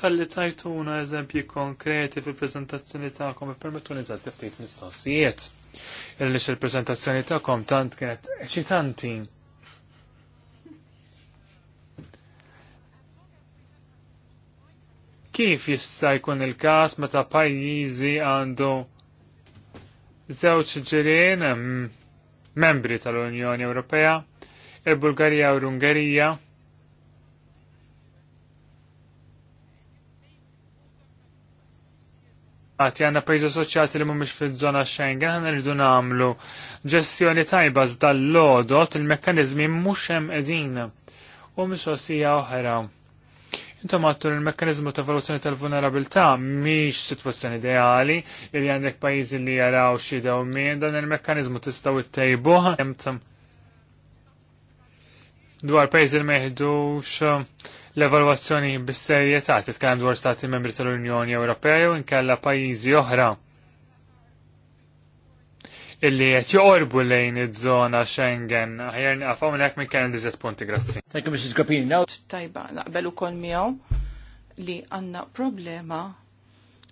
tal-li tajtuna eżempji konkreti fil-prezentazzjoni ta'kom e permettu li ftit mistoqsijiet. Illi il-prezentazzjoni ta'kom tant kienet eċitanti. Kif jista' jkun il-każ meta pajjiżi għandu żewġ ġirien mm, membri tal-Unjoni Ewropea, il-Bulgarija u l-Ungerija, Għati għanna pajjiżi assoċjati li mhumiex fil-zona Schengen, għanna rridu nagħmlu ġestjoni tajba dal lodot il-mekkaniżmi mhux hemm qegħdin u misosija oħra. Intom għattur il-mekkanizmu ta' valutazzjoni tal-vulnerabilità miex situazzjoni ideali li għandek pajjiżi li jaraw xi minn dan il-mekkanizmu it ittejbuh dwar pajjiżi li meħdux l-evalwazzjoni bis-serjetà titkellem dwar stati membri tal-Unjoni Ewropea u nkella pajjiżi oħra illi qed joqorbu lejn iż-żona Schengen. Ħajjar naqgħu minn hekk minn kien diżet punti, grazzi. Thank you, Mrs. Gapini. Now tajba naqbel ukoll miegħu li għandna problema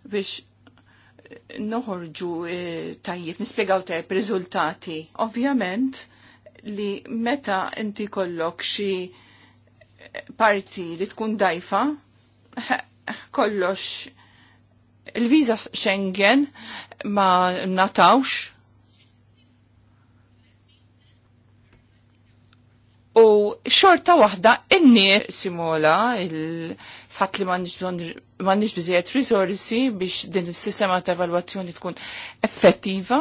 biex noħorġu eh, tajjeb nispjegaw tajjeb riżultati. Ovvjament li meta inti kollok xi parti li tkun dajfa, kollox il-viza Schengen ma natawx. U xorta waħda inni simola il-fat li manniġ bizziet risorsi biex din il-sistema ta' evalwazzjoni tkun effettiva,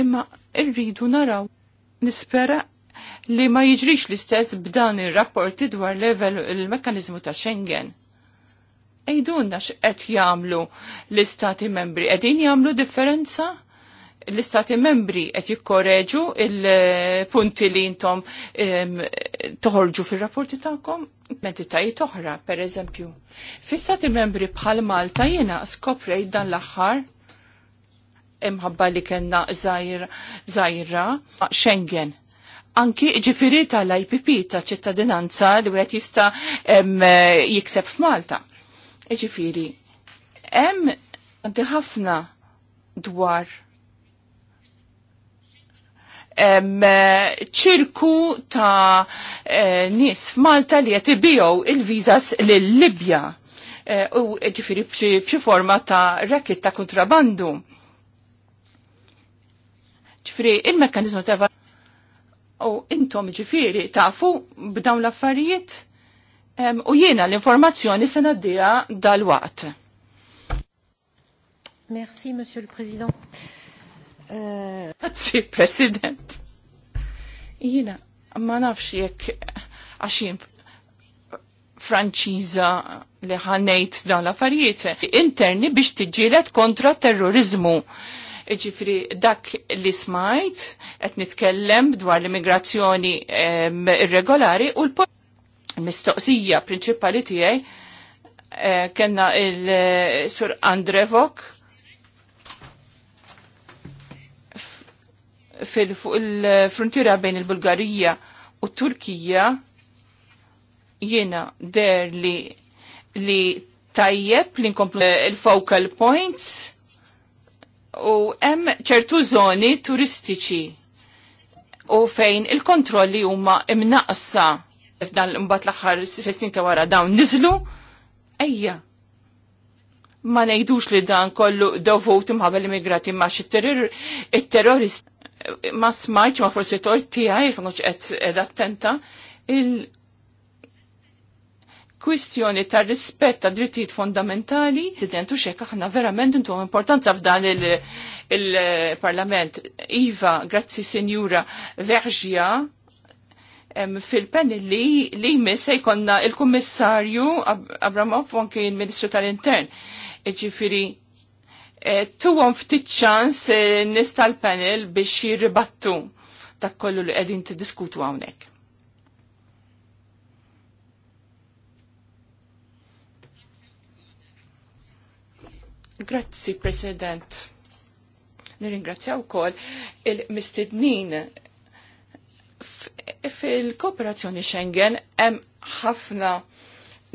imma irridu naraw nispera li ma jiġrix l-istess b'dan ir-rapporti dwar level il mekanizmu ta' Schengen. Ejdunna x'qed jagħmlu l-istati membri, qegħdin jagħmlu differenza? L-istati membri qed jikkoreġu il-punti li intom toħorġu fir-rapporti tagħkom mentitajiet oħra, per eżempju. Fi-stati membri bħal Malta jiena skoprej dan l-aħħar imħabba li kena zaħira, Schengen anki ġifiri tal-IPP ta' ċittadinanza li għet jista eh, jikseb f'Malta. Ġifiri, hemm għandi ħafna dwar eh, ċirku ta' eh, nis f'Malta li qed il-vizas l libja u ġifiri b'xi forma ta' rekit ta' kontrabandu. Ġifiri, il mekanizmu ta' U intom ġifiri tafu b'dawn l-affarijiet u jiena l-informazzjoni se naddija dal-waqt. Merci, Monsieur le Président. Euh, Grazie, uh... President. Jiena, ma nafx jekk għaxin franċiza li ħanejt dawn l-affarijiet interni biex tiġġielet kontra terrorizmu Ġifri dak li smajt, qed nitkellem dwar l-immigrazzjoni irregolari u l-mistoqsija prinċipali tijaj eh, kena il-Sur eh, Andrevok fil il-frontiera bejn il-Bulgarija u Turkija jiena der li li tajjeb li nkomplu eh, il-focal points u hemm ċertu zoni turistiċi u fejn il-kontrolli huma imnaqsa f'dan l imbagħad l-aħħar festin ta' wara dawn niżlu, ejja. Ma ngħidux li dan kollu dovut imħabba l-immigrati ma il-terrorist ma smajċ ma forsi tort tiegħi fejn qed attenta kwistjoni ta' rispett ta' drittijiet fondamentali, didentu xek aħna verament intu importanza f'dan il-parlament. iva, grazzi senjura Verġja, fil pen li li jmiss se jkonna il-kummissarju Abramov anke il-Ministru tal-Intern. Ġifiri, tu e, tuwon ftit ċans e, nista l-panel biex jirribattu ta' kollu li qegħdin tiddiskutu hawnhekk. Grazzi, President. Nirringrazzjaw kol il-mistednin fil-kooperazzjoni Schengen hemm ħafna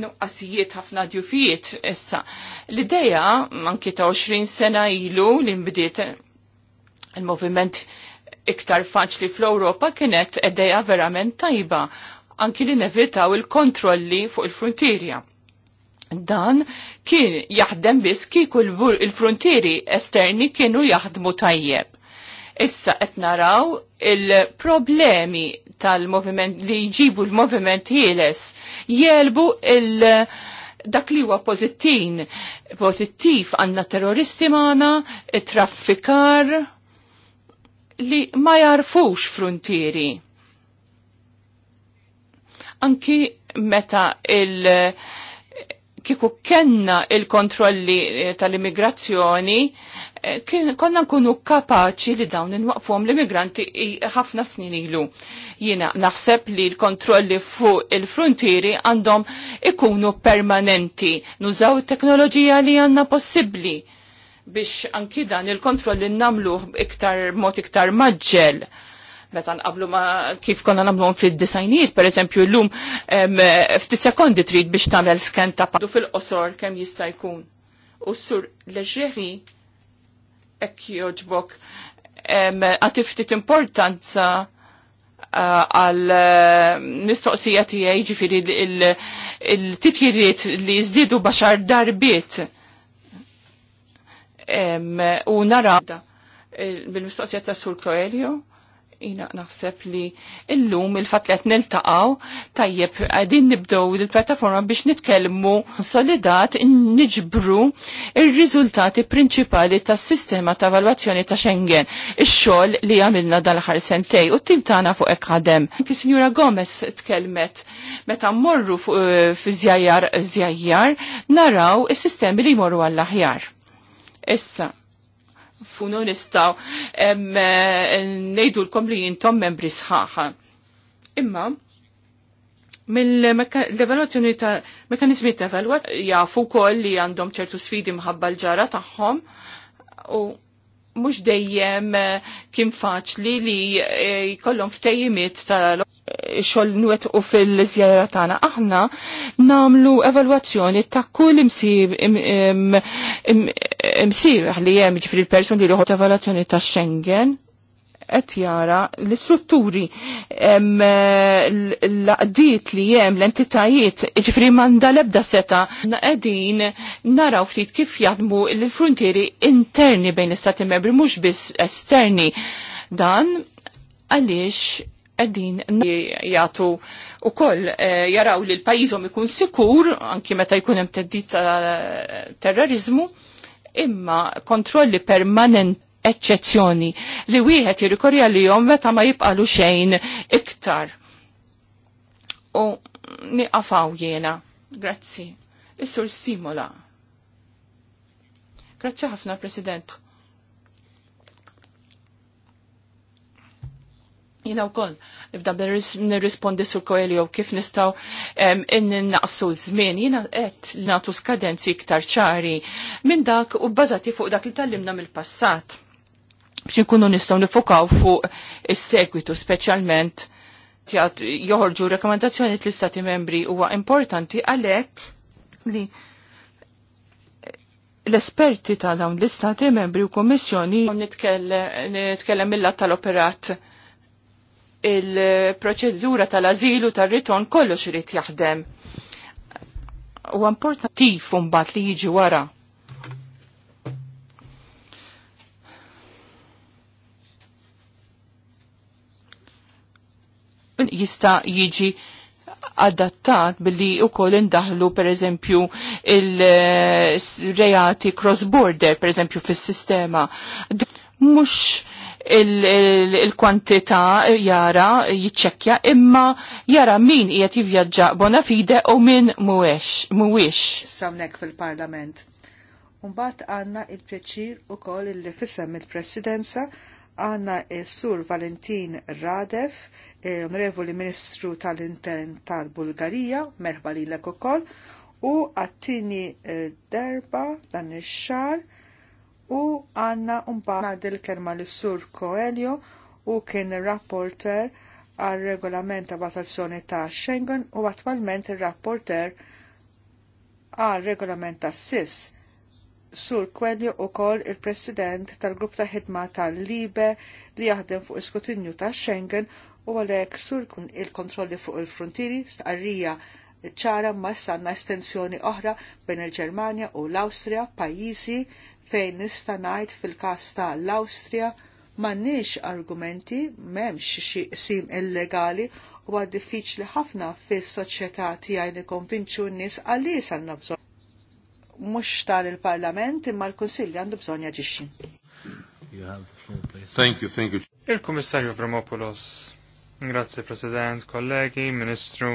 nuqqasijiet ħafna djufijiet issa. L-ideja anki ta' 20 sena ilu li nbidiet il-moviment iktar faċli fl-Ewropa kienet ideja verament tajba anki li nevitaw il-kontrolli fuq il frontirja dan kien jaħdem biss kieku il-frontieri esterni kienu jaħdmu tajjeb. Issa qed naraw il-problemi tal-moviment li jġibu l-moviment ħieles jelbu il- dak li huwa pożittin, pożittiv għandna terroristi magħna, traffikar li ma jarfux frontieri. Anki meta il- kieku kenna il-kontrolli eh, tal-immigrazzjoni, eh, konna nkunu kapaċi li dawn nwaqfhom l-immigranti ħafna snin ilu. Jiena naħseb li l-kontrolli fuq il-frontieri għandhom ikunu permanenti, nużaw teknoloġija li għandna possibbli biex anki dan il-kontrolli namluħ iktar mod iktar maġġel meta nqablu ma kif konna nagħmluhom fid disajnijiet per eżempju, ftit sekondi trid biex tagħmel skan ta' padu fil-qosor kemm jista' jkun. U sur leġeri hekk joġbok għati ftit importanza eh, għal eh, mistoqsija tiegħi ġifieri il-titjiriet li jżdiedu baxar darbiet u nara eh, bil-mistoqsija ta' Sur Coelho jina naħseb li illum il-fat li taqaw tajjeb għadin nibdow il-plattaforma biex nitkellmu solidat niġbru il-riżultati prinċipali tas sistema ta' valwazzjoni ta' Schengen, ix-xogħol li għamilna dal-ħar sentej u tim tagħna fuq hekk Ki signora Sinjura Gomez tkellmet meta mmorru eh, fi Zjajjar naraw is-sistemi li jmorru għall-aħjar. Issa, nkunu nistaw eh, l-kom li jintom membri sħaħa. Imma, mill-evaluazzjoni ta' mekanizmi ta' evalwat jafu koll li għandhom ċertu sfidi mħabba l-ġara tagħhom u mux dejjem eh, kien faċli li eh, jkollhom ftejjimiet tal xogħol nwet u fil-żjara tagħna. Aħna namlu evalwazzjoni ta' kull imsib msir li hemm ġifri l-person li joħod evaluazzjoni ta' Schengen qed jara l-istrutturi l-qdiet li hemm l-entitajiet ġifri manda lebda seta qegħdin naraw ftit kif jadmu l-frontieri interni bejn l-istati membri mhux biss esterni dan għaliex qegħdin jagħtu koll eh, jaraw li l-pajjiżhom ikun sikur anki meta jkun hemm teddit ta' terrorizmu imma kontrolli permanent eccezzjoni li wieħed jirrikorja li jom meta ma jibqalu xejn iktar. U niqafaw jena. Grazzi. Is-sur Simola. Grazzi ħafna, President. Jina u koll, nibda nirrispondi sur Koelio kif nistaw naqsu zmin, jina għet li natu skadenzi iktar ċari minn dak u bazati fuq dak li tallimna mill-passat. Bċin kunu nistaw nifokaw fuq is-segwitu specialment tjad joħorġu rekomendazzjoni l-istati membri huwa importanti għalek li l-esperti ta' dawn l-istati membri u komissjoni nitkellem mill-lat tal-operat il-proċedura tal-azilu tal-riton kollox irid jaħdem. U importanti mbagħad li jiġi wara. Jista' jiġi adattat billi u koll indaħlu per eżempju il-reati cross-border per eżempju fil-sistema. Mux il-kwantità il il jara jiċċekkja imma jara min qiegħed jivvjaġġa bona fide u min mhuwiex mhuwiex. Samnek fil-Parlament. Mbagħad għandna il-pjaċir ukoll li fisem il-Presidenza għandna s-Sur Valentin Radev, Onorevoli Ministru tal-Intern tal-Bulgarija, merħbali lilek ukoll, u għattini eh, darba dan ix-xar u għanna unpana il kerma l-sur Coelho u kien rapporter għal regolament għatazzjoni ta' Schengen u attualment il-rapporter għal regolament ta' SIS. Sur Coelho u kol il-president tal-grupp ta' ħidma tal-Libe li jaħdem fuq iskutinju ta' Schengen u għalek sur kun il-kontrolli fuq il-frontiri stqarrija ċara ma sanna estensjoni oħra bejn il-Ġermanja u l-Awstrija, pajjiżi fejn nista' ngħid fil-każ tal-Awstrija m'għandniex argumenti m'hemmx xi qsim illegali u għad diffiċli ħafna fis-soċjetà tiegħi nikkonvinċu n-nies għaliex għandna bżonn. Mhux tal-Parlament imma l-Kunsill għandu bżonn jaġixxi. Thank you, thank you. Il-Kummissarju Vromopoulos. Grazie President, kollegi, Ministru.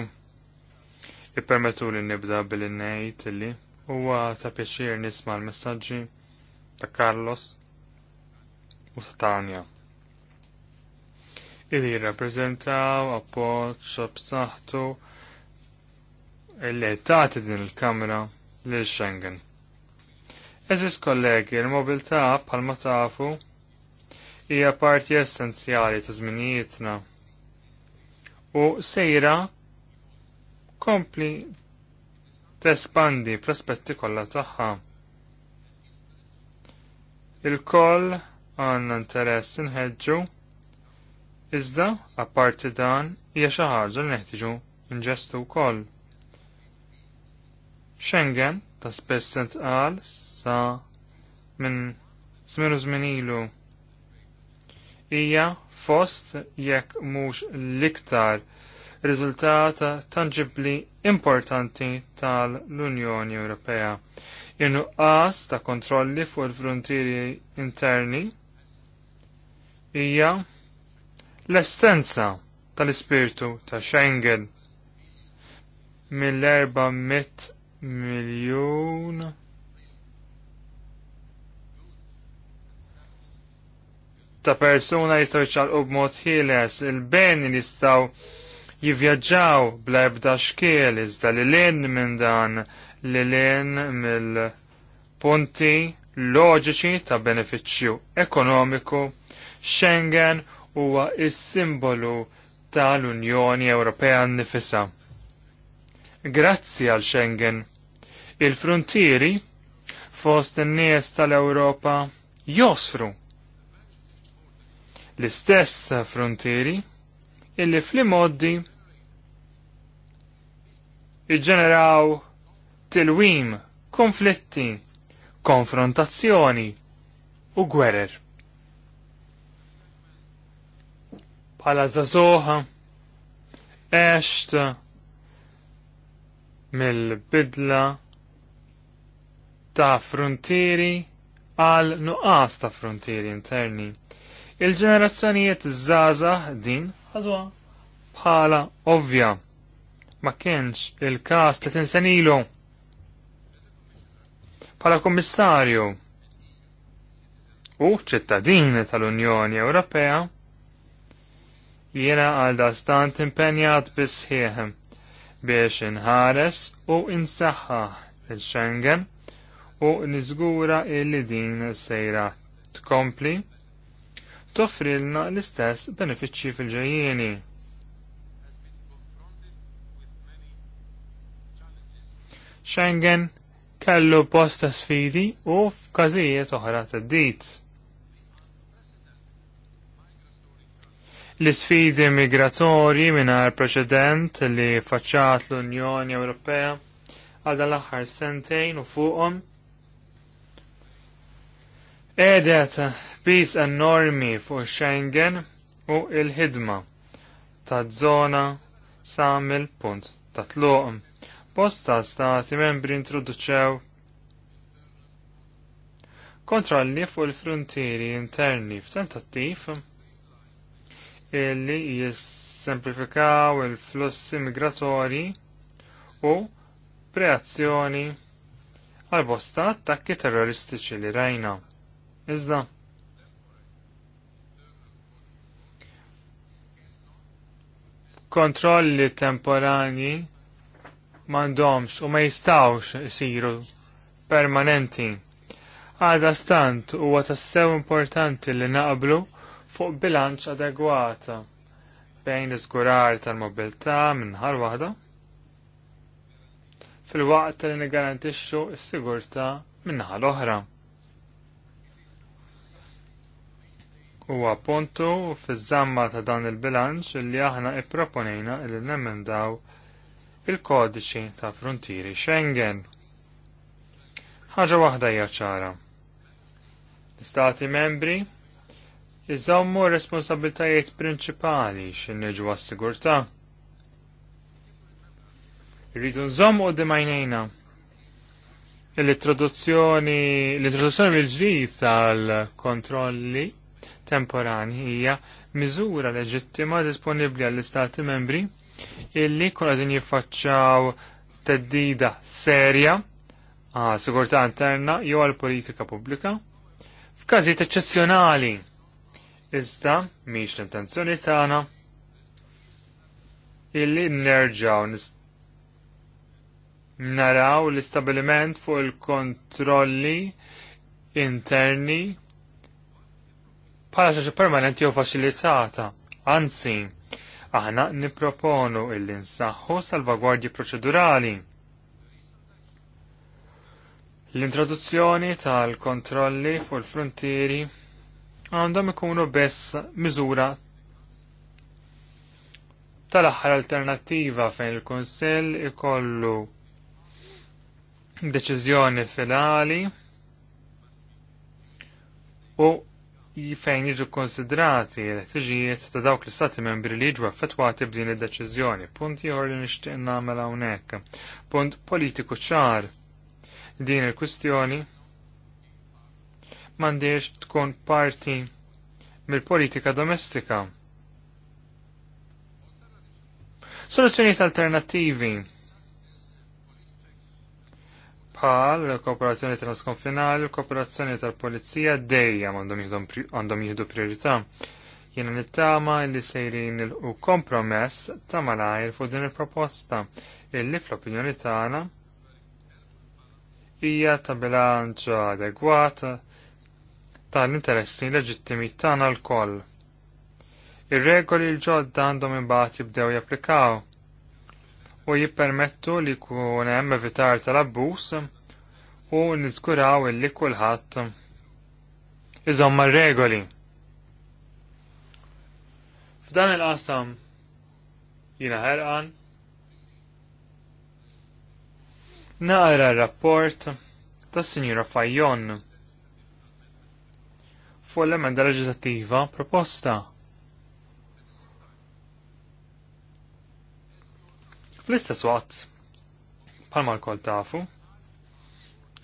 Ippermetu li nibda bil-innejt li huwa ta' pjaċir nisma' l-messaġġi ta' Carlos u ta' Tanja. Ili jirrappreżentaw appoġġ b'saħħtu li tagħti din il-Kamra lil Schengen. Eżis kollegi, il-mobilità bħalma tafu hija parti essenzjali ta' żminijietna u sejra kompli tespandi fl-aspetti kollha tagħha. Il-koll għanna interess nħedġu, iżda, apparti dan, hija xi ħaġa li neħtiġu nġestu wkoll. Schengen ta' spess qal sa minn zminu zminilu hija fost jekk mhux l-iktar riżultata tanġibbli importanti tal-Unjoni Ewropea nuqqas ta' kontrolli fuq il-frontieri interni hija l-essenza tal-ispirtu ta' Schengen mill-400 miljun ta' persuna jistaw ċalqu b'mod ħieles il-beni li jistaw jivjaġġaw bla ebda xkiel iżda li lin minn dan li l mill-punti loġiċi ta' benefiċċju ekonomiku, Schengen huwa is-simbolu tal-Unjoni Ewropea nifisa. Grazzi għal Schengen, il-frontieri fost in-nies tal-Ewropa josru. l-istess frontieri illi fl-imoddi iġġeneraw tilwim, konflitti, konfrontazzjoni u gwerer. Pala zazoha, eċt, mill-bidla ta' frontieri għal nuqqas ta' frontieri interni. Il-ġenerazzjonijiet zaza din għadwa bħala ovvja. Ma kienx il-kas li tinsanilu bħala Kommissarju u ċittadini tal-Unjoni Ewropea jiena għal dastant impenjat bisħieħ biex inħares u insaħħaħ il-Schengen u nizgura illi din sejra tkompli toffrilna l-istess benefiċċji fil-ġejjieni. Schengen kellu bosta sfidi u f'każijiet oħra tad-dit. L-sfidi migratorji mingħajr preċedent li faċċat l-Unjoni Ewropea għal dan l-aħħar sentejn u fuqhom Edet bis enormi fuq Schengen u il-ħidma ta' zona samil punt ta' tluqm bosta stati membri introduċew kontrolli fuq il-frontieri interni f'tentattiv illi jissemplifikaw il-flussi migratori u preazzjoni għal bosta attakki terroristiċi li rajna. Iżda, kontrolli temporani mandomx u ma jistawx isiru permanenti. Għada stant u tassew importanti li naqblu fuq bilanċ adegwata bejn l-izgurar tal-mobilta minnħal waħda fil-waqt li nigarantixxu s-sigurta minnaħa l-oħra. U puntu fiż-żamma ta' dan il-bilanċ li aħna ipproponejna li nemendaw il il-kodiċi ta' frontieri Schengen. Ħaġa waħda hija ċara. L-Istati membri iżommu responsabiltajiet prinċipali x'inniġu għas-sigurtà. Irridu nżommu qudiem għajnejna l-introduzzjoni l-introduzzjoni mill-ġdid tal-kontrolli temporani hija miżura leġittima disponibbli għall-Istati membri illi kun għadin jiffaċċaw teddida serja għal sigurtà interna jew għal politika pubblika f'każijiet eċċezzjonali. Iżda miex l-intenzjoni tagħna illi nerġaw naraw l-istabiliment fuq il-kontrolli interni bħala xi permanenti jew faċilitata. Anzi, Aħna nipproponu illi nsaħħu salvagwardji proċedurali. L-introduzzjoni tal-kontrolli fuq il-frontieri għandhom ikunu bess miżura tal-aħħar alternattiva fejn il kunsell ikollu deċiżjoni finali u fejn jiġu konsidrati l-ħtiġijiet ta' dawk l-istati membri li jiġu affettwati b'din id-deċiżjoni. Punt ieħor li nixtieq nagħmel hawnhekk. Punt politiku ċar. Din il-kwistjoni m'għandix tkun parti mill-politika domestika. Soluzzjonijiet alternattivi bħal kooperazzjoni transkonfinali, kooperazzjoni tal-polizija dejjem għandhom jihdu priorità. Jena nittama li sejrin u kompromess ta' malajr fuq din il-proposta illi fl-opinjoni tagħna hija ta' bilanċ adegwat tal-interessi leġittimi tagħna l-koll. Ir-regoli l-ġodda għandhom imbagħad jibdew japplikaw u jippermettu li kun hemm evitar tal-abbuż u niżguraw illi kulħadd iżomma regoli. F'dan il-qasam jina ħerqan naqra r-rapport tas Sinjura Fajjon fuq l-emenda leġislattiva proposta Fl-istess waqt, palma l-kol tafu,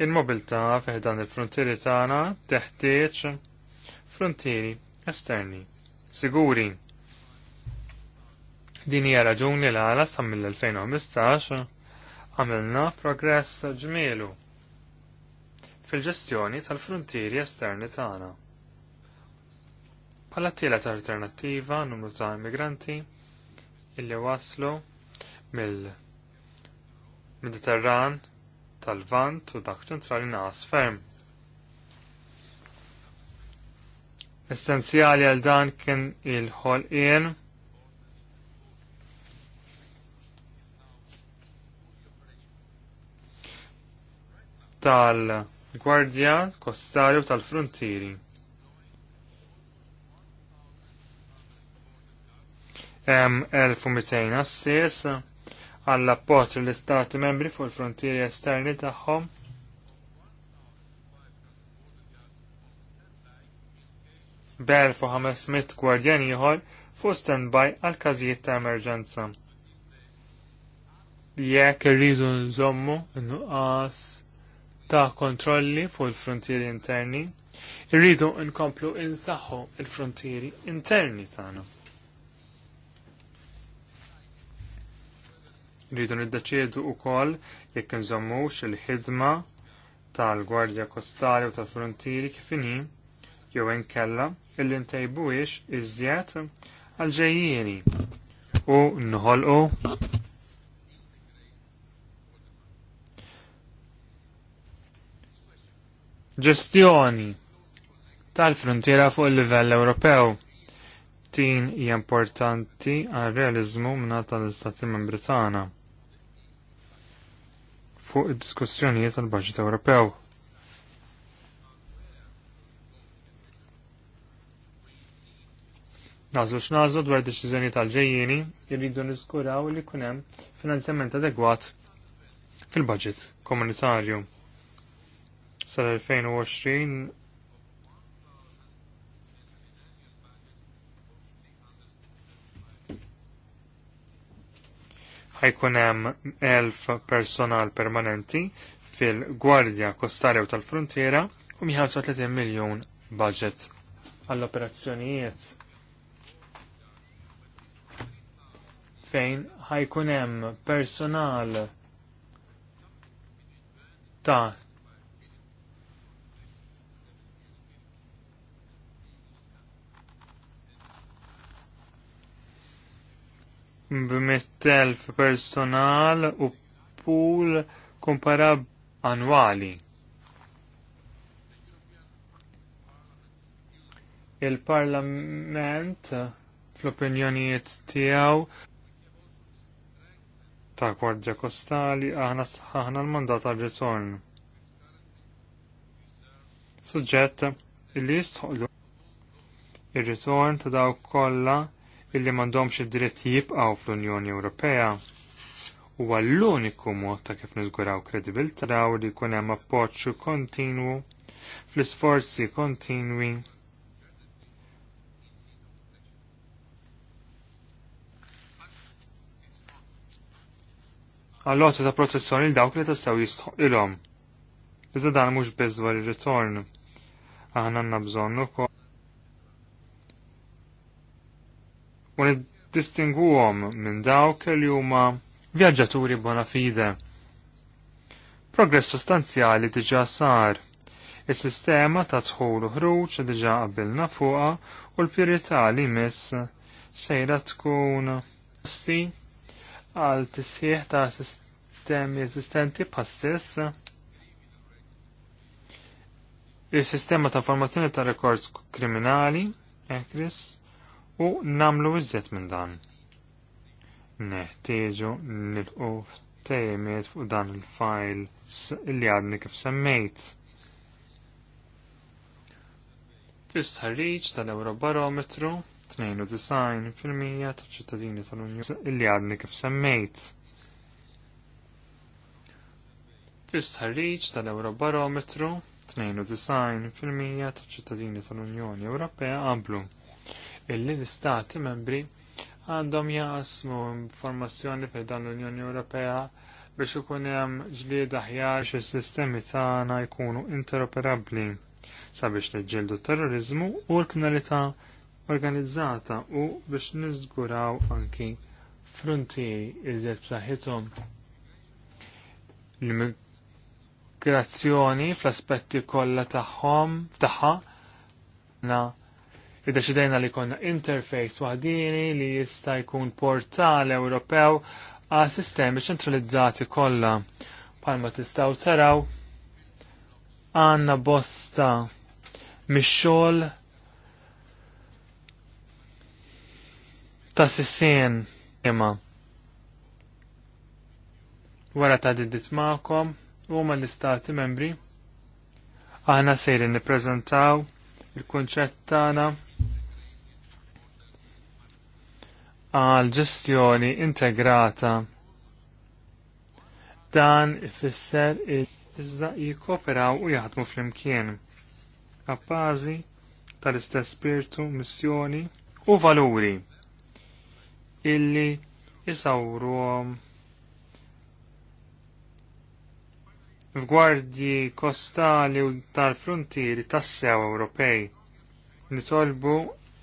il-mobilta fiħdan il-frontieri tagħna teħtieġ frontieri esterni, siguri. Din hija raġuni l għala sa mill-2015 għamilna progress ġmielu fil-ġestjoni tal-frontieri esterni tagħna. Pala tielet alternattiva numru ta' immigranti illi waslu mill-Mediterran tal-Vant u dak ċentrali naqas ferm. Essenzjali għal dan kien il-ħolqien tal-Gwardja Kostarju tal-Frontieri. Hemm 1200 assis għall appoġġ l-Istati membri fuq il-frontieri esterni tagħhom. b'1500 gwardjan ieħor fuq standby għal każijiet ta' emerġenza. Jekk irridu nżommu nuqqas ta' kontrolli fuq il-frontieri interni, irridu nkomplu insaħħu il-frontieri interni tagħna. Rridu niddeċiedu wkoll jekk nżommux il-ħidma tal-Gwardja Kostali u tal-Frontieri kif inhi jew inkella illi ntejbuhiex iżjed għal-ġejjieni u nħolqu ġestjoni tal-frontiera fuq il-livell Ewropew. Tin hija importanti għal realizmu minna tal-Istati Membri fuq id-diskussjonijiet tal-Baġit Ewropew. Nażlu x'nażlu dwar deċiżjoni tal-ġejjieni irridu niskuraw li jkun hemm finanzjament adegwat fil-budget komunitarju. Sal-2020 ħajkun hemm elf personal permanenti fil-Gwardja Kostarja u tal-Frontiera u miħalsu 30 miljun budget għall-operazzjonijiet fejn ħajkun hemm personal ta' b personal u pool komparab annwali. Il-parlament fl-opinjonijiet tiegħu ta' Gwardja Kostali aħna l-mandat għal ritorn. Suġġett li jistħollu ir-ritorn ta' dawk kollha illi m'għandhomx id-dritt jibqgħu fl-Unjoni Ewropea huwa l-uniku mod ta' kif niżguraw kredibilta u li jkun hemm appoġġ kontinwu fl-isforzi kontinwi għall-lotta ta' protezzjoni l dawk li tassaw jistħuq ilhom. Iżda dan mhux biss dwar ir-ritorn. Aħna għandna bżonn ukoll u niddistinguhom minn dawk li huma vjaġġaturi bona fide. Progress sostanzjali diġa sar. Is-sistema ta' dħul u ħruġ diġa qabilna fuqha u l-pjurità li miss sejra tkun sti għal tisjieħ ta' sistemi eżistenti passess. Il-sistema ta' formazzjoni ta' rekords kriminali, ekris, eh, u namlu iżjed minn dan. Neħtieġu nilqu f'temiet fuq dan il-fajl li għadni kif semmejt. Fis-ħarriġ tal-Eurobarometru 92% tal-ċittadini tal-Unjoni li għadni kif semmejt. Fis-ħarriġ tal-Eurobarometru 92% tal-ċittadini tal-Unjoni Ewropea qablu illi l-istati membri għandhom jaqsmu informazzjoni fil dan l-Unjoni Ewropea biex ikun hemm ġlieda aħjar xi sistemi tagħna jkunu interoperabbli sabiex niġġieldu terrorizmu u l-kriminalità organizzata u biex niżguraw anki frontieri iżjed b'saħħithom. L-immigrazzjoni fl-aspetti kollha tagħhom tagħha na Iddeċidejna li konna interface waħdini li jista' jkun portal Ewropew għal sistemi ċentralizzati kollha. Palma tistgħu taraw għandna bosta mix-xogħol ta' sissien imma. Wara ta' diddit ma'kom u ma' l-istati membri. Aħna sejri nippreżentaw il-konċett tagħna għal ġestjoni integrata. Dan ifisser iżda jikoperaw u jaħdmu fl-imkien. Appazi tal-istess spiritu, missjoni u valuri illi jisawruhom f'gwardji kostali u tal-frontieri tas-sew Ewropej. Nitolbu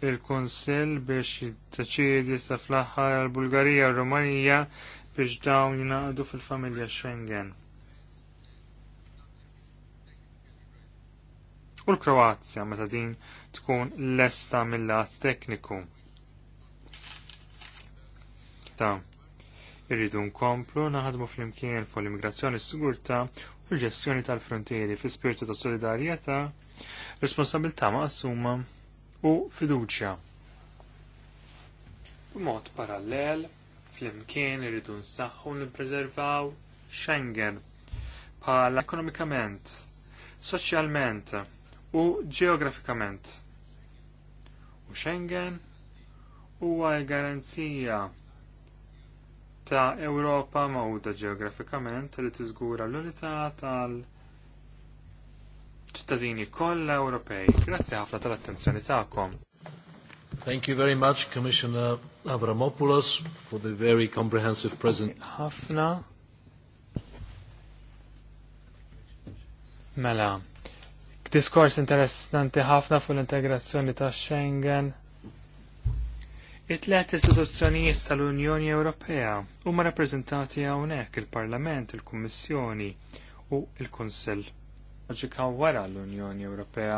il-Konsil biex jiddeċiedi sa fl-aħħar għal-Bulgarija u Rumanija biex dawn jinaqdu fil-familja Schengen. U l-Kroazja meta din tkun lesta mill-lat tekniku. Ta' irridu nkomplu naħdmu fl-imkien fuq l-immigrazzjoni s-sigurta u l-ġestjoni tal-frontieri fi spirtu ta' solidarjetà, responsabilità assuma' u fiduċja. B'mod parallel, flimkien irridu nsaħħu nippreservaw Schengen bħala ekonomikament, soċjalment u ġeografikament. U Schengen huwa l-garanzija ta' Ewropa mawda ġeografikament li tiżgura l-unità tal- -ta ċittadini kollha Ewropej. Grazzi ħafna tal-attenzjoni tagħkom. Thank you very much, Commissioner Avramopoulos, for the very comprehensive present. Ħafna. Mela, diskors interessanti ħafna fuq l-integrazzjoni ta' Schengen. It-tlet istituzzjonijiet tal-Unjoni Ewropea huma rappreżentati hawnhekk il-Parlament, il-Kummissjoni u il-Kunsill loġika wara l-Unjoni Ewropea.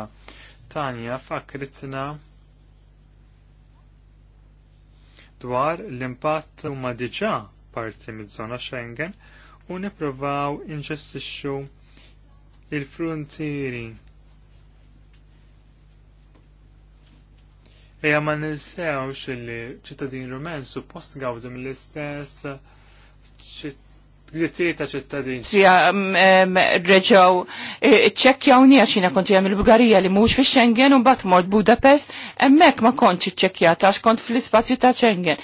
Tanja fakritna dwar l-impatt huma diġà parti mid zona Schengen u niprovaw inġestixxu il-frontieri Eja ma ninsewx li ċittadin rumen suppost gawdu mill-istess drittijiet ta' ċittadin. Sija, mm, reġaw, e, ċekjawni għax konti għam il-Bulgarija li mux fi Schengen un bat mort Budapest, emmek ma konti ċekjata għax kont fl-ispazju ta' Schengen.